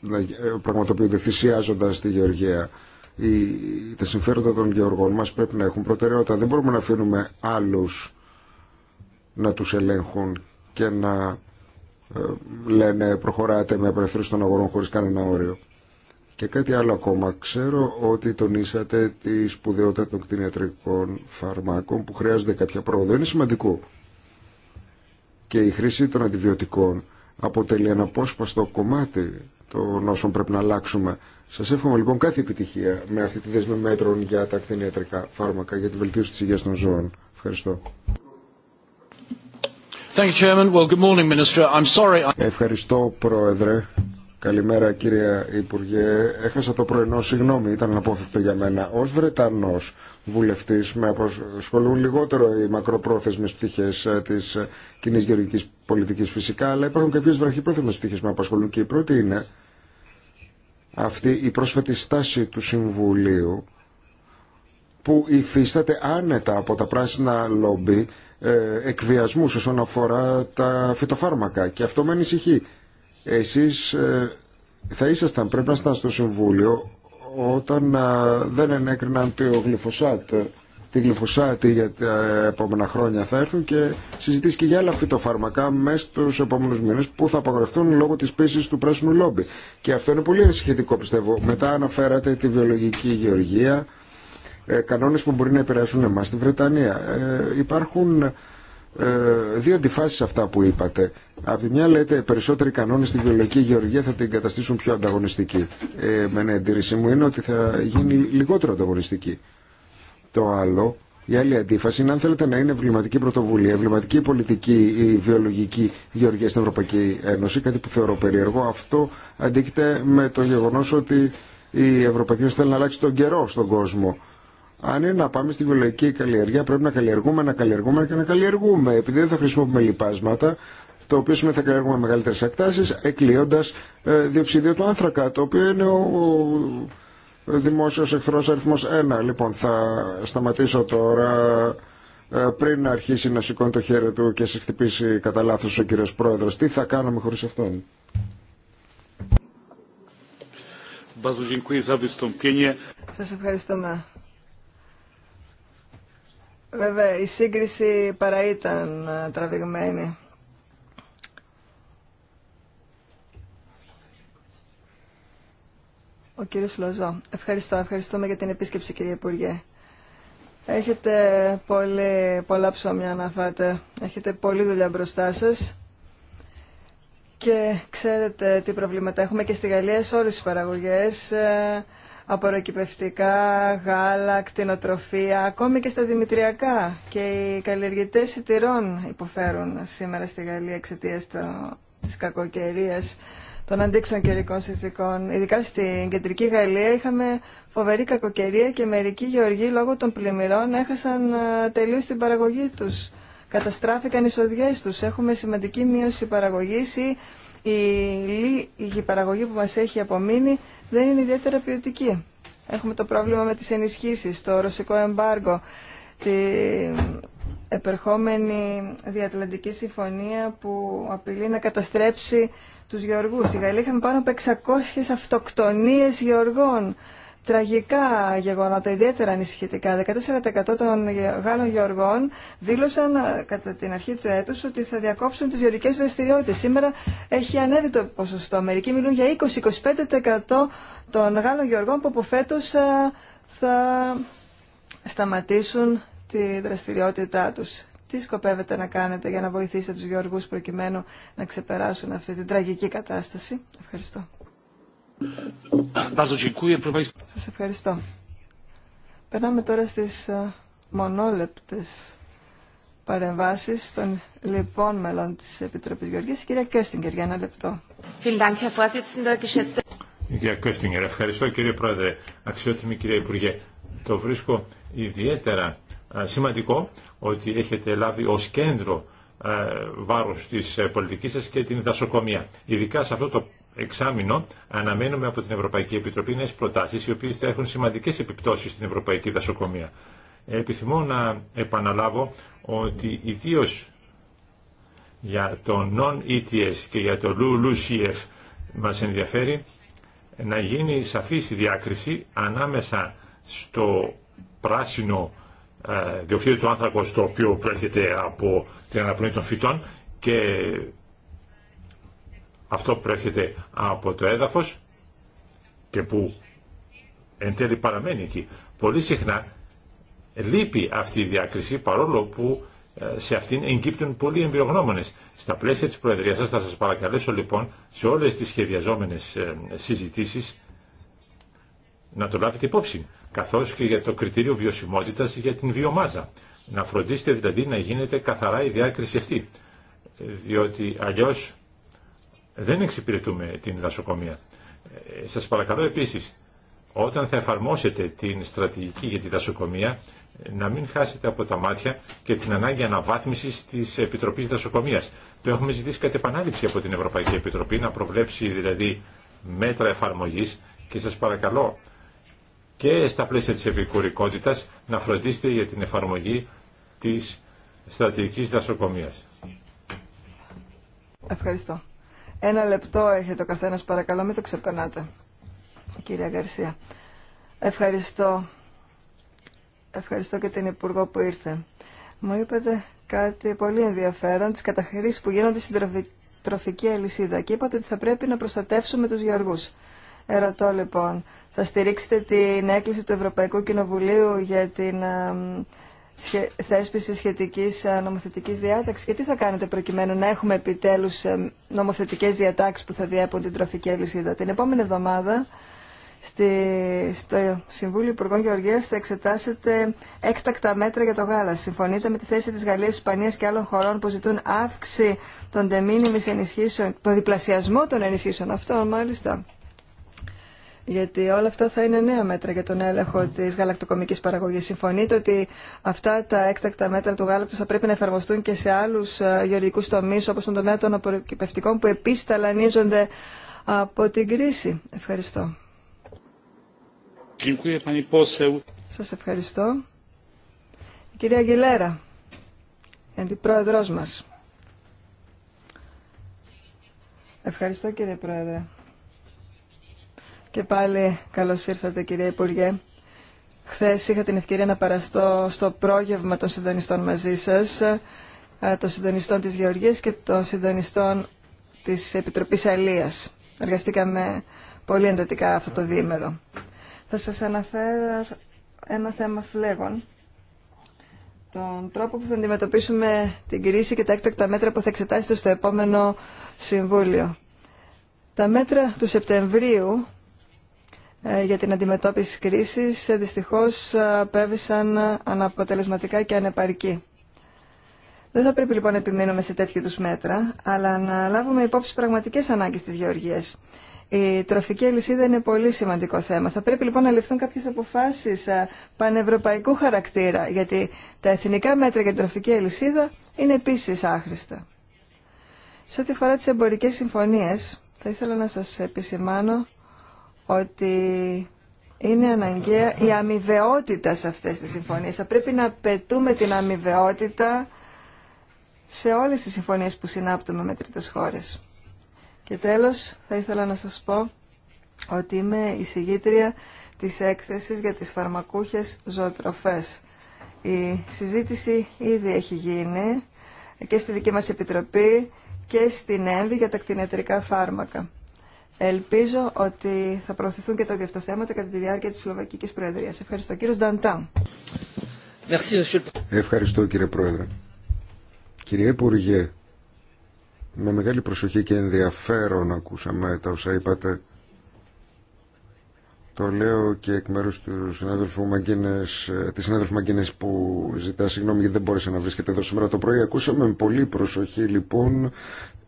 να πραγματοποιούνται θυσιάζοντας τη Γεωργία. Οι, τα συμφέροντα των γεωργών μας πρέπει να έχουν προτεραιότητα. Δεν μπορούμε να αφήνουμε άλλους να τους ελέγχουν και να ε, λένε προχωράτε με απελευθέρωση των αγορών χωρίς κανένα όριο. Και κάτι άλλο ακόμα. Ξέρω ότι τονίσατε τη σπουδαιότητα των κτηνιατρικών φαρμάκων που χρειάζονται κάποια πρόοδο. Είναι σημαντικό. Και η χρήση των αντιβιωτικών αποτελεί ένα απόσπαστο κομμάτι των όσων πρέπει να αλλάξουμε. Σα εύχομαι λοιπόν κάθε επιτυχία με αυτή τη δέσμη μέτρων για τα κτηνιατρικά φάρμακα για τη βελτίωση τη υγεία των ζώων. Ευχαριστώ. Thank you, Well, good morning, I'm sorry. Ευχαριστώ, Πρόεδρε. Καλημέρα κύριε Υπουργέ. Έχασα το πρωινό, συγγνώμη, ήταν απόφευκτο για μένα. Ως Βρετανός βουλευτής με απασχολούν λιγότερο οι μακροπρόθεσμες πτυχές ε, της ε, κοινή γεωργικής πολιτικής φυσικά, αλλά υπάρχουν κάποιες βραχυπρόθεσμες πτυχές με απασχολούν και η πρώτη είναι αυτή η πρόσφατη στάση του Συμβουλίου που υφίσταται άνετα από τα πράσινα λόμπι ε, εκβιασμούς όσον αφορά τα φυτοφάρμακα και αυτό με ανησυχεί. Εσείς ε, θα ήσασταν, πρέπει να ήσασταν στο Συμβούλιο όταν ε, δεν ενέκριναν το γλυφοσάτ, ε, τη γλυφοσάτη για τα επόμενα χρόνια θα έρθουν και συζητήσει και για άλλα φυτοφάρμακα μέσα στους επόμενους μήνες που θα απαγορευτούν λόγω της πίσης του πράσινου λόμπι. Και αυτό είναι πολύ ενσχετικό πιστεύω. Μετά αναφέρατε τη βιολογική γεωργία, κανόνες που μπορεί να επηρεάσουν εμάς στη Βρετανία. υπάρχουν ε, δύο αντιφάσει αυτά που είπατε. Από τη μια λέτε περισσότεροι κανόνε στη βιολογική γεωργία θα την καταστήσουν πιο ανταγωνιστική. Ε, με ένα εντύπωση μου είναι ότι θα γίνει λιγότερο ανταγωνιστική. Το άλλο, η άλλη αντίφαση είναι αν θέλετε να είναι εμβληματική πρωτοβουλία, εμβληματική πολιτική ή βιολογική γεωργία στην Ευρωπαϊκή Ένωση, κάτι που θεωρώ περίεργο. Αυτό αντίκειται με το γεγονό ότι η Ευρωπαϊκή Ένωση θέλει να αλλάξει τον καιρό στον κόσμο αν είναι να πάμε στην βιολογική καλλιεργία, πρέπει να καλλιεργούμε, να καλλιεργούμε και να καλλιεργούμε. Επειδή δεν θα χρησιμοποιούμε λιπάσματα το οποίο σημαίνει θα καλλιεργούμε μεγαλύτερε εκτάσει, εκλείοντα ε, διοξίδιο του άνθρακα, το οποίο είναι ο δημόσιο εχθρό αριθμό 1. Λοιπόν, θα σταματήσω τώρα ε, πριν να αρχίσει να σηκώνει το χέρι του και σε χτυπήσει κατά λάθο ο κύριο Πρόεδρο. Τι θα κάνουμε χωρί αυτόν. Σας ευχαριστούμε Βέβαια, η σύγκριση παρά ήταν ε, τραβηγμένη. Ο κύριος Λοζό. Ευχαριστώ. Ευχαριστούμε για την επίσκεψη, κύριε Υπουργέ. Έχετε πολύ, πολλά ψωμιά να φάτε. Έχετε πολλή δουλειά μπροστά σας. Και ξέρετε τι προβλήματα έχουμε και στη Γαλλία σε όλες τις παραγωγές. Ε, απορροκυπευτικά, γάλα, κτηνοτροφία, ακόμη και στα δημητριακά. Και οι καλλιεργητές σιτηρών υποφέρουν σήμερα στη Γαλλία εξαιτία τη κακοκαιρία των αντίξεων καιρικών συνθήκων. Ειδικά στην κεντρική Γαλλία είχαμε φοβερή κακοκαιρία και μερικοί γεωργοί λόγω των πλημμυρών έχασαν τελείω την παραγωγή τους. Καταστράφηκαν οι σοδιές τους. Έχουμε σημαντική μείωση παραγωγή, η, η παραγωγη που μας έχει απομείνει δεν είναι ιδιαίτερα ποιοτική. Έχουμε το πρόβλημα με τις ενισχύσεις, το ρωσικό εμπάργο, τη επερχόμενη διατλαντική συμφωνία που απειλεί να καταστρέψει τους γεωργούς. Στη Γαλλία είχαμε πάνω από 600 αυτοκτονίες γεωργών τραγικά γεγονότα, ιδιαίτερα ανησυχητικά. 14% των Γάλλων γεωργών δήλωσαν ε, κατά την αρχή του έτους ότι θα διακόψουν τις γεωργικές δραστηριότητες. Σήμερα έχει ανέβει το ποσοστό. Μερικοί μιλούν για 20-25% των Γάλλων γεωργών που από φέτος ε, θα σταματήσουν τη δραστηριότητά τους. Τι σκοπεύετε να κάνετε για να βοηθήσετε τους γεωργούς προκειμένου να ξεπεράσουν αυτή την τραγική κατάσταση. Ευχαριστώ. Σας ευχαριστώ. Περνάμε τώρα στις ε, μονόλεπτες παρεμβάσεις των λοιπόν μελών της Επιτροπής Γεωργίας. κυρία Κέστιγκερ, για ένα λεπτό. κυρία Κέστιγκερ, ευχαριστώ κύριε Πρόεδρε, αξιότιμη κυρία Υπουργέ. Το βρίσκω ιδιαίτερα ε, σημαντικό ότι έχετε λάβει ως κέντρο ε, βάρος της πολιτικής σας και την δασοκομεία. Ειδικά σε αυτό το εξάμεινο αναμένουμε από την Ευρωπαϊκή Επιτροπή νέε προτάσει, οι οποίε θα έχουν σημαντικέ επιπτώσει στην Ευρωπαϊκή Δασοκομεία. Επιθυμώ να επαναλάβω ότι ιδίω για το non-ETS και για το LULUCF μας ενδιαφέρει να γίνει σαφής η διάκριση ανάμεσα στο πράσινο ε, διοξείδιο του άνθρακος το οποίο προέρχεται από την αναπνοή των φυτών και αυτό που προέρχεται από το έδαφος και που εν τέλει παραμένει εκεί. Πολύ συχνά λείπει αυτή η διάκριση παρόλο που ε, σε αυτήν εγκύπτουν πολλοί εμπειρογνώμονες. Στα πλαίσια της Προεδρίας σας θα σας παρακαλέσω λοιπόν σε όλες τις σχεδιαζόμενες ε, συζητήσεις να το λάβετε υπόψη, καθώς και για το κριτήριο βιωσιμότητας για την βιομάζα. Να φροντίσετε δηλαδή να γίνεται καθαρά η διάκριση αυτή, διότι αλλιώς δεν εξυπηρετούμε την δασοκομεία. Ε, σας παρακαλώ επίσης, όταν θα εφαρμόσετε την στρατηγική για τη δασοκομεία, να μην χάσετε από τα μάτια και την ανάγκη αναβάθμισης της Επιτροπής Δασοκομείας. Το έχουμε ζητήσει κατ' επανάληψη από την Ευρωπαϊκή Επιτροπή, να προβλέψει δηλαδή μέτρα εφαρμογής και σας παρακαλώ και στα πλαίσια της επικουρικότητας να φροντίσετε για την εφαρμογή της στρατηγικής δασοκομείας. Ευχαριστώ. Ένα λεπτό έχετε ο καθένα παρακαλώ, μην το ξεπερνάτε. Κυρία Γκαρσία. Ευχαριστώ. Ευχαριστώ και την Υπουργό που ήρθε. Μου είπατε κάτι πολύ ενδιαφέρον, τις καταχρήσεις που γίνονται στην τροφική αλυσίδα και είπατε ότι θα πρέπει να προστατεύσουμε τους γεωργού. Ερωτώ λοιπόν, θα στηρίξετε την έκκληση του Ευρωπαϊκού Κοινοβουλίου για την ε, θέσπιση σχετικής ε, νομοθετικής διάταξης και τι θα κάνετε προκειμένου να έχουμε επιτέλους ε, νομοθετικές διατάξεις που θα διέπουν την τροφική αλυσίδα. Την επόμενη εβδομάδα στη, στο Συμβούλιο Υπουργών Γεωργίας θα εξετάσετε έκτακτα μέτρα για το γάλα. Συμφωνείτε με τη θέση της Γαλλίας, Ισπανίας και άλλων χωρών που ζητούν αύξηση των τεμήνιμης ενισχύσεων, το διπλασιασμό των ενισχύσεων αυτών μάλιστα γιατί όλα αυτά θα είναι νέα μέτρα για τον έλεγχο τη γαλακτοκομική παραγωγή. Συμφωνείτε ότι αυτά τα έκτακτα μέτρα του γάλακτο θα πρέπει να εφαρμοστούν και σε άλλου ε, γεωργικού τομεί, όπω τον τομέα των αποκυπευτικών που επίση ταλανίζονται από την κρίση. Ευχαριστώ. Σα ευχαριστώ. Η κυρία Αγγιλέρα, αντιπρόεδρός μας. Ευχαριστώ κύριε Πρόεδρε. Και πάλι καλώς ήρθατε κύριε Υπουργέ. Χθες είχα την ευκαιρία να παραστώ στο πρόγευμα των συντονιστών μαζί σας, ε, των συντονιστών της Γεωργίας και των συντονιστών της Επιτροπής Αλίας. Εργαστήκαμε πολύ εντατικά αυτό το διήμερο. Θα σας αναφέρω ένα θέμα φλέγων. Τον τρόπο που θα αντιμετωπίσουμε την κρίση και τα έκτακτα μέτρα που θα εξετάσετε στο επόμενο Συμβούλιο. Τα μέτρα του Σεπτεμβρίου ε, για την αντιμετώπιση κρίσης ε, δυστυχώς ε, απέβησαν αναποτελεσματικά και ανεπαρκή. Δεν θα πρέπει λοιπόν να επιμείνουμε σε τέτοιου τους μέτρα, αλλά να λάβουμε υπόψη πραγματικές ανάγκες της γεωργίας. Η τροφική αλυσίδα είναι πολύ σημαντικό θέμα. Θα πρέπει λοιπόν να ληφθούν κάποιες αποφάσεις πανευρωπαϊκού χαρακτήρα, γιατί τα εθνικά μέτρα για την τροφική αλυσίδα είναι επίσης άχρηστα. Σε ό,τι αφορά τις εμπορικές συμφωνίες, θα ήθελα να σας επισημάνω ότι είναι αναγκαία η αμοιβαιότητα σε αυτές τις συμφωνίες. Θα πρέπει να πετούμε την αμοιβαιότητα σε όλες τις συμφωνίες που συνάπτουμε με τρίτες χώρες. Και τέλος θα ήθελα να σας πω ότι είμαι η συγγήτρια της έκθεσης για τις φαρμακούχες ζωοτροφές. Η συζήτηση ήδη έχει γίνει και στη δική μας επιτροπή και στην ΕΜΒΗ για τα κτηνιατρικά φάρμακα. Ελπίζω ότι θα προωθηθούν και τα δύο θέματα κατά τη διάρκεια τη Σλοβακική Προεδρία. Ευχαριστώ. Κύριος Νταντάν. Ευχαριστώ κύριε Πρόεδρε. Κύριε Υπουργέ, με μεγάλη προσοχή και ενδιαφέρον ακούσαμε τα όσα είπατε. Το λέω και εκ μέρους του συνάδελφου Μαγκίνες, ε, της συνάδελφου Μαγκίνες που ζητά συγγνώμη γιατί δεν μπόρεσε να βρίσκεται εδώ σήμερα το πρωί. Ακούσαμε με πολύ προσοχή λοιπόν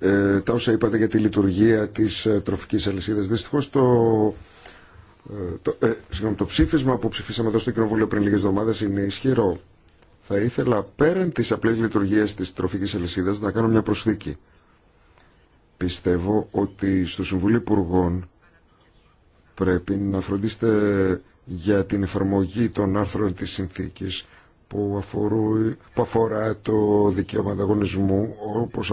ε, τα όσα είπατε για τη λειτουργία της ε, τροφικής αλυσίδας. Δυστυχώς το, ε, το, ε, το ψήφισμα που ψηφίσαμε εδώ στο Κοινοβούλιο πριν λίγες εβδομάδες είναι ισχυρό. Θα ήθελα πέραν της απλής λειτουργίας της τροφικής αλυσίδας να κάνω μια προσθήκη. Πιστεύω ότι στο Συμβουλίο Υπουργών πρέπει να φροντίσετε για την εφαρμογή των άρθρων της συνθήκης που, αφορά το δικαίωμα ανταγωνισμού όπως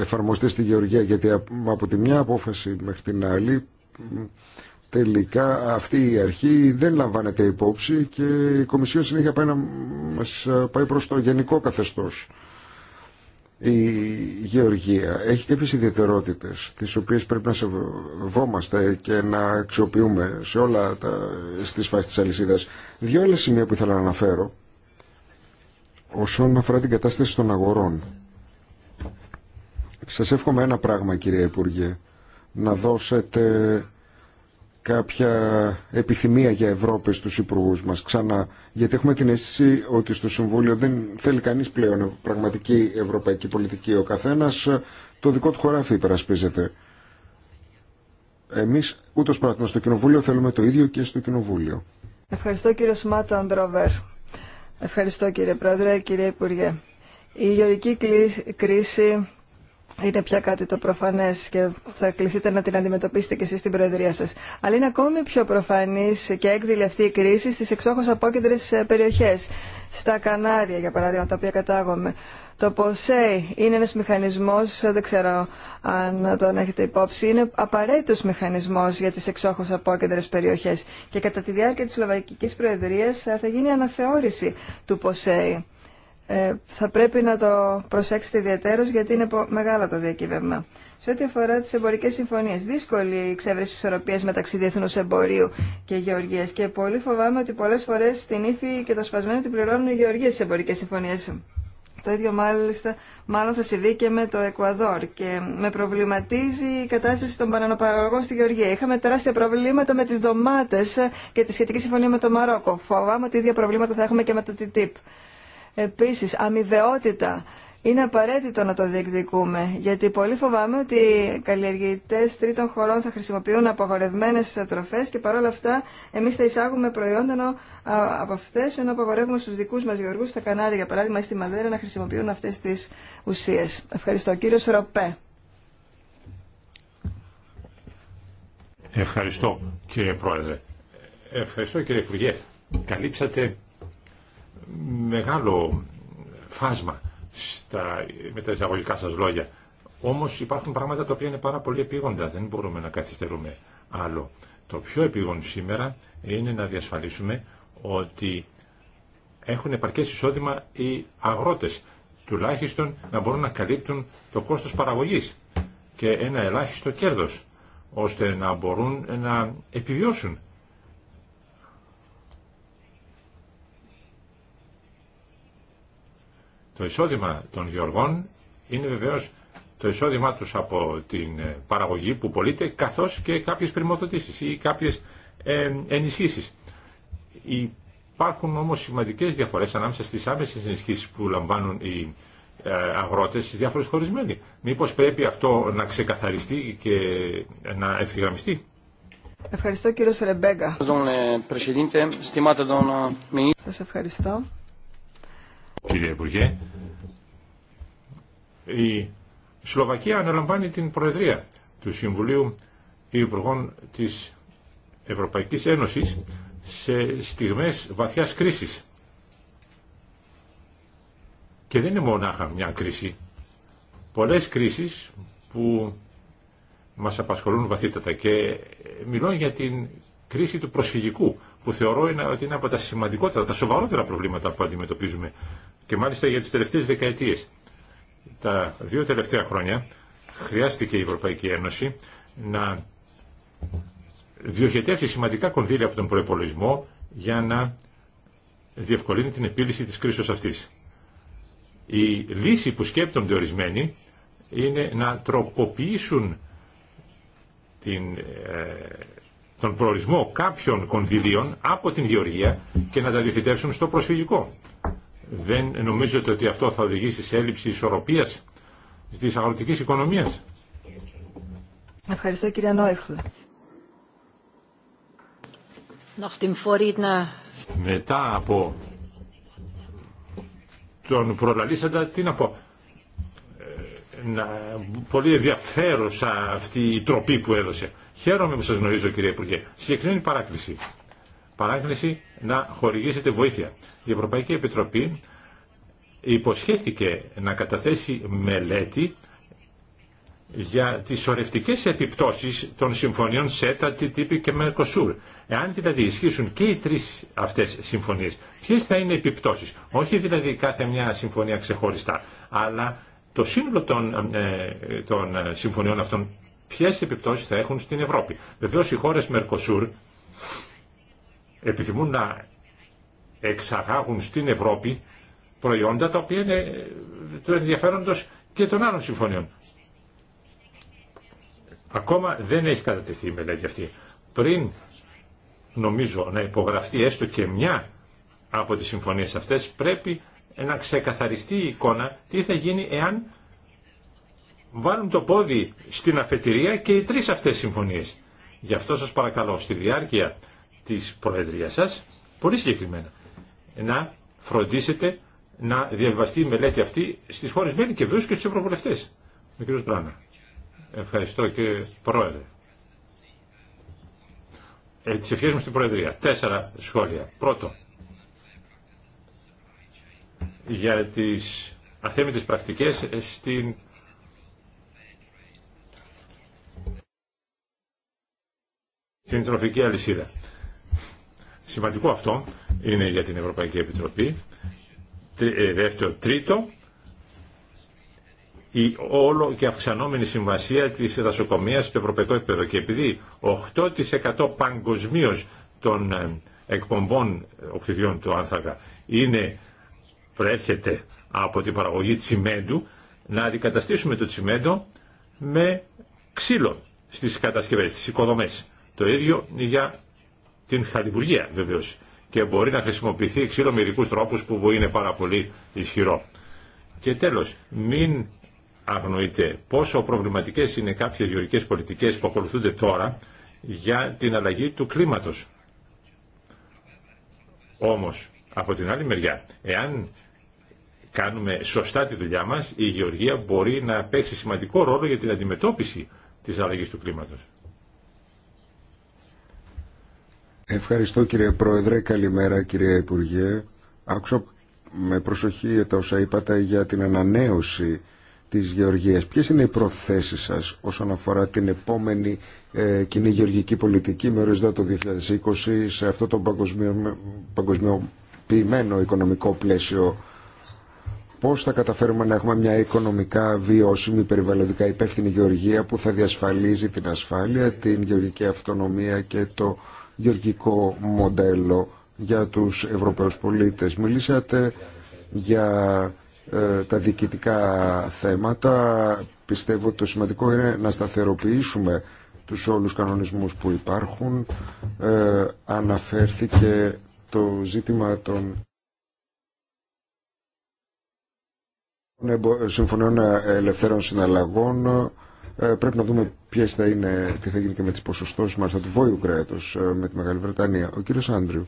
εφαρμοστεί στη Γεωργία γιατί από τη μια απόφαση μέχρι την άλλη τελικά αυτή η αρχή δεν λαμβάνεται υπόψη και η Κομισιόν συνέχεια πάει να μας πάει προς το γενικό καθεστώς. Η Γεωργία έχει κάποιε ιδιαιτερότητες τις οποίες πρέπει να σεβόμαστε και να αξιοποιούμε σε όλα τα, στις φάσεις της αλυσίδας. Δύο άλλα σημεία που ήθελα να αναφέρω όσον αφορά την κατάσταση των αγορών. Σας εύχομαι ένα πράγμα κύριε Υπουργέ, να δώσετε κάποια επιθυμία για Ευρώπη στους υπουργούς μας ξανά, γιατί έχουμε την αίσθηση ότι στο Συμβούλιο δεν θέλει κανείς πλέον πραγματική ευρωπαϊκή πολιτική. Ο καθένας το δικό του χωράφι υπερασπίζεται. Εμείς ούτως πράγμα στο Κοινοβούλιο, θέλουμε το ίδιο και στο Κοινοβούλιο. Ευχαριστώ κύριο Σμάτο Αντρόβερ. Ευχαριστώ κύριε Πρόεδρε, κύριε Υπουργέ. Η γεωρική κρίση είναι πια κάτι το προφανέ και θα κληθείτε να την αντιμετωπίσετε και εσεί στην Προεδρία σα. Αλλά είναι ακόμη πιο προφανή και έκδηλη αυτή η κρίση στι εξόχω απόκεντρε ε, περιοχέ. Στα Κανάρια, για παράδειγμα, τα οποία κατάγομαι. Το ΠΟΣΕΙ είναι ένα μηχανισμό, ε, δεν ξέρω αν τον έχετε υπόψη, είναι απαραίτητο μηχανισμό για τι εξόχω απόκεντρε περιοχέ. Και κατά τη διάρκεια τη Σλοβακικής Προεδρία ε, θα γίνει αναθεώρηση του ΠΟΣΕΙ ε, θα πρέπει να το προσέξετε ιδιαίτερως γιατί είναι μεγάλο το διακύβευμα. Σε ό,τι αφορά τι εμπορικέ συμφωνίε, δύσκολη η εξέβρεση ισορροπία μεταξύ διεθνούς εμπορίου και Γεωργία. και πολύ φοβάμαι ότι πολλέ φορέ την ύφη και τα σπασμένα την πληρώνουν οι γεωργίε στις εμπορικέ συμφωνίες. Το ίδιο μάλιστα μάλλον θα συμβεί και με το Εκουαδόρ και με προβληματίζει η κατάσταση των παρανοπαραγωγών στη Γεωργία. Είχαμε τεράστια προβλήματα με τι ντομάτες και τη σχετική συμφωνία με το Μαρόκο. Φοβάμαι ότι ίδια προβλήματα θα έχουμε και με το TTIP. Επίσης, αμοιβαιότητα είναι απαραίτητο να το διεκδικούμε, γιατί πολύ φοβάμαι ότι οι καλλιεργητές τρίτων χωρών θα χρησιμοποιούν απαγορευμένες τροφές και παρόλα αυτά εμείς θα εισάγουμε προϊόντα από αυτές, ενώ απαγορεύουμε στους δικούς μας γεωργούς στα Κανάρια, για παράδειγμα, στη Μαδέρα να χρησιμοποιούν αυτές τις ουσίες. Ευχαριστώ. Κύριος Ροπέ. Ευχαριστώ κύριε Πρόεδρε. Ευχαριστώ κύριε Υπουργέ. Καλύψατε μεγάλο φάσμα στα, με τα εισαγωγικά σας λόγια. Όμως υπάρχουν πράγματα τα οποία είναι πάρα πολύ επίγοντα, δεν μπορούμε να καθυστερούμε άλλο. Το πιο επίγον σήμερα είναι να διασφαλίσουμε ότι έχουν επαρκές εισόδημα οι αγρότες, τουλάχιστον να μπορούν να καλύπτουν το κόστος παραγωγής και ένα ελάχιστο κέρδος, ώστε να μπορούν να επιβιώσουν Το εισόδημα των γεωργών είναι βεβαίως το εισόδημά τους από την ε, παραγωγή που πωλείται καθώς και κάποιες πρημοδοτήσεις ή κάποιες ε, ενισχύσεις. Υπάρχουν όμως σημαντικές διαφορές ανάμεσα στις άμεσες ενισχύσεις που λαμβάνουν οι ε, αγρότες στις διάφορες χωρισμένοι. Μήπως πρέπει αυτό να ξεκαθαριστεί και να ευθυγραμμιστεί. Ευχαριστώ κύριο Σερεμπέγκα. Ε, Σας ευχαριστώ. Κύριε Υπουργέ, η Σλοβακία αναλαμβάνει την Προεδρία του Συμβουλίου Υπουργών της Ευρωπαϊκής Ένωσης σε στιγμές βαθιάς κρίσης. Και δεν είναι μονάχα μια κρίση. Πολλές κρίσεις που μας απασχολούν βαθύτατα και μιλώ για την κρίση του προσφυγικού που θεωρώ είναι, ότι είναι από τα σημαντικότερα, τα σοβαρότερα προβλήματα που αντιμετωπίζουμε και μάλιστα για τις τελευταίες δεκαετίες. Τα δύο τελευταία χρόνια χρειάστηκε η Ευρωπαϊκή Ένωση να διοχετεύσει σημαντικά κονδύλια από τον προπολογισμό για να διευκολύνει την επίλυση της κρίσης αυτής. Η λύση που σκέπτονται ορισμένοι είναι να τροποποιήσουν την ε, τον προορισμό κάποιων κονδυλίων από την γεωργία και να τα διοχετεύσουν στο προσφυγικό. Δεν νομίζετε ότι αυτό θα οδηγήσει σε έλλειψη ισορροπίας της αγροτικής οικονομίας. Ευχαριστώ κυρία Νόιχλ. Μετά από τον προλαλήσαντα, τι να πω, ε, να, πολύ ενδιαφέρουσα αυτή η τροπή που έδωσε. Χαίρομαι που σας γνωρίζω κύριε Υπουργέ. Συγκεκριμένη παράκληση. Παράκληση να χορηγήσετε βοήθεια. Η Ευρωπαϊκή Επιτροπή υποσχέθηκε να καταθέσει μελέτη για τις σορευτικές επιπτώσεις των συμφωνιών ΣΕΤΑ, ΤΙΤΙΠΗ και ΜΕΡΚΟΣΟΥΡ. Εάν δηλαδή ισχύσουν και οι τρεις αυτές συμφωνίες, ποιες θα είναι οι επιπτώσεις. Όχι δηλαδή κάθε μια συμφωνία ξεχωριστά, αλλά το σύνολο των ε, συμφωνιών αυτών ποιε επιπτώσει θα έχουν στην Ευρώπη. Βεβαίω οι χώρε Μερκοσούρ επιθυμούν να εξαγάγουν στην Ευρώπη προϊόντα τα οποία είναι ε, του ενδιαφέροντος και των άλλων συμφωνιών. Ακόμα δεν έχει κατατεθεί η μελέτη αυτή. Πριν νομίζω να υπογραφτεί έστω και μια από τις συμφωνίες αυτές πρέπει να ξεκαθαριστεί η εικόνα τι θα γίνει εάν βάλουν το πόδι στην αφετηρία και οι τρεις αυτές συμφωνίες. Γι' αυτό σας παρακαλώ στη διάρκεια της Προεδρίας σας, πολύ συγκεκριμένα, να φροντίσετε να διαβαστεί η μελέτη αυτή στις χώρες μέλη και βέβαια και στους ευρωβουλευτές. Ευχαριστώ κύριε Πρόεδρε. Ε, τις ευχές μου στην Προεδρία. Τέσσερα σχόλια. Πρώτο, για τις αθέμητες πρακτικές στην την τροφική αλυσίδα. Σημαντικό αυτό είναι για την Ευρωπαϊκή Επιτροπή. Ε, δεύτερο, τρίτο, η όλο και αυξανόμενη συμβασία της δασοκομείας στο ευρωπαϊκό επίπεδο. Και επειδή 8% παγκοσμίω των ε, εκπομπών ε, οξυδιών του άνθρακα είναι, προέρχεται από την παραγωγή τσιμέντου, να αντικαταστήσουμε το τσιμέντο με ξύλο στις κατασκευές, στις οικοδομές. Το ίδιο για την χαλιβουργία βεβαίω και μπορεί να χρησιμοποιηθεί ξύλο με ειδικού τρόπους που είναι πάρα πολύ ισχυρό. Και τέλο, μην αγνοείτε πόσο προβληματικέ είναι κάποιε γεωργικές πολιτικέ που ακολουθούνται τώρα για την αλλαγή του κλίματο. Όμω, από την άλλη μεριά, εάν κάνουμε σωστά τη δουλειά μας, η γεωργία μπορεί να παίξει σημαντικό ρόλο για την αντιμετώπιση της αλλαγής του κλίματος. Ευχαριστώ κύριε Πρόεδρε, καλημέρα κύριε Υπουργέ. Άκουσα με προσοχή τα όσα είπατε για την ανανέωση της γεωργίας. Ποιες είναι οι προθέσεις σας όσον αφορά την επόμενη ε, κοινή γεωργική πολιτική με οριζόντα το 2020 σε αυτό το παγκοσμιοποιημένο οικονομικό πλαίσιο πώς θα καταφέρουμε να έχουμε μια οικονομικά βιώσιμη, περιβαλλοντικά υπεύθυνη γεωργία που θα διασφαλίζει την ασφάλεια, την γεωργική αυτονομία και το γεωργικό μοντέλο για τους Ευρωπαίους πολίτες. Μιλήσατε για ε, τα διοικητικά θέματα. Πιστεύω ότι το σημαντικό είναι να σταθεροποιήσουμε τους όλους κανονισμούς που υπάρχουν. Ε, αναφέρθηκε το ζήτημα των συμφωνιών ελευθέρων συναλλαγών. Ε, πρέπει να δούμε ποιες θα είναι, τι θα γίνει και με τι ποσοστώσει μάλιστα του Βόλου Κρέατο ε, με τη Μεγάλη Βρετανία. Ο κύριο Άντριου.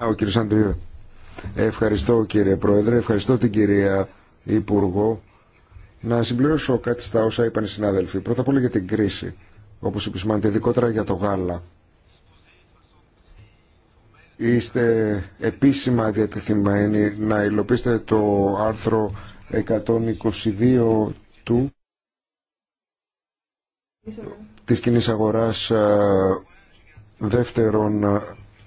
Α, ο κύριος Άντριου. Ευχαριστώ κύριε Πρόεδρε, ευχαριστώ την κυρία Υπουργό. Να συμπληρώσω κάτι στα όσα είπαν οι συνάδελφοι. Πρώτα απ' όλα για την κρίση, όπω επισημάνεται, ειδικότερα για το γάλα. Είστε επίσημα διατεθειμένοι να υλοποιήσετε το άρθρο 122 του της κοινή αγοράς. Ε, δεύτερον, ε,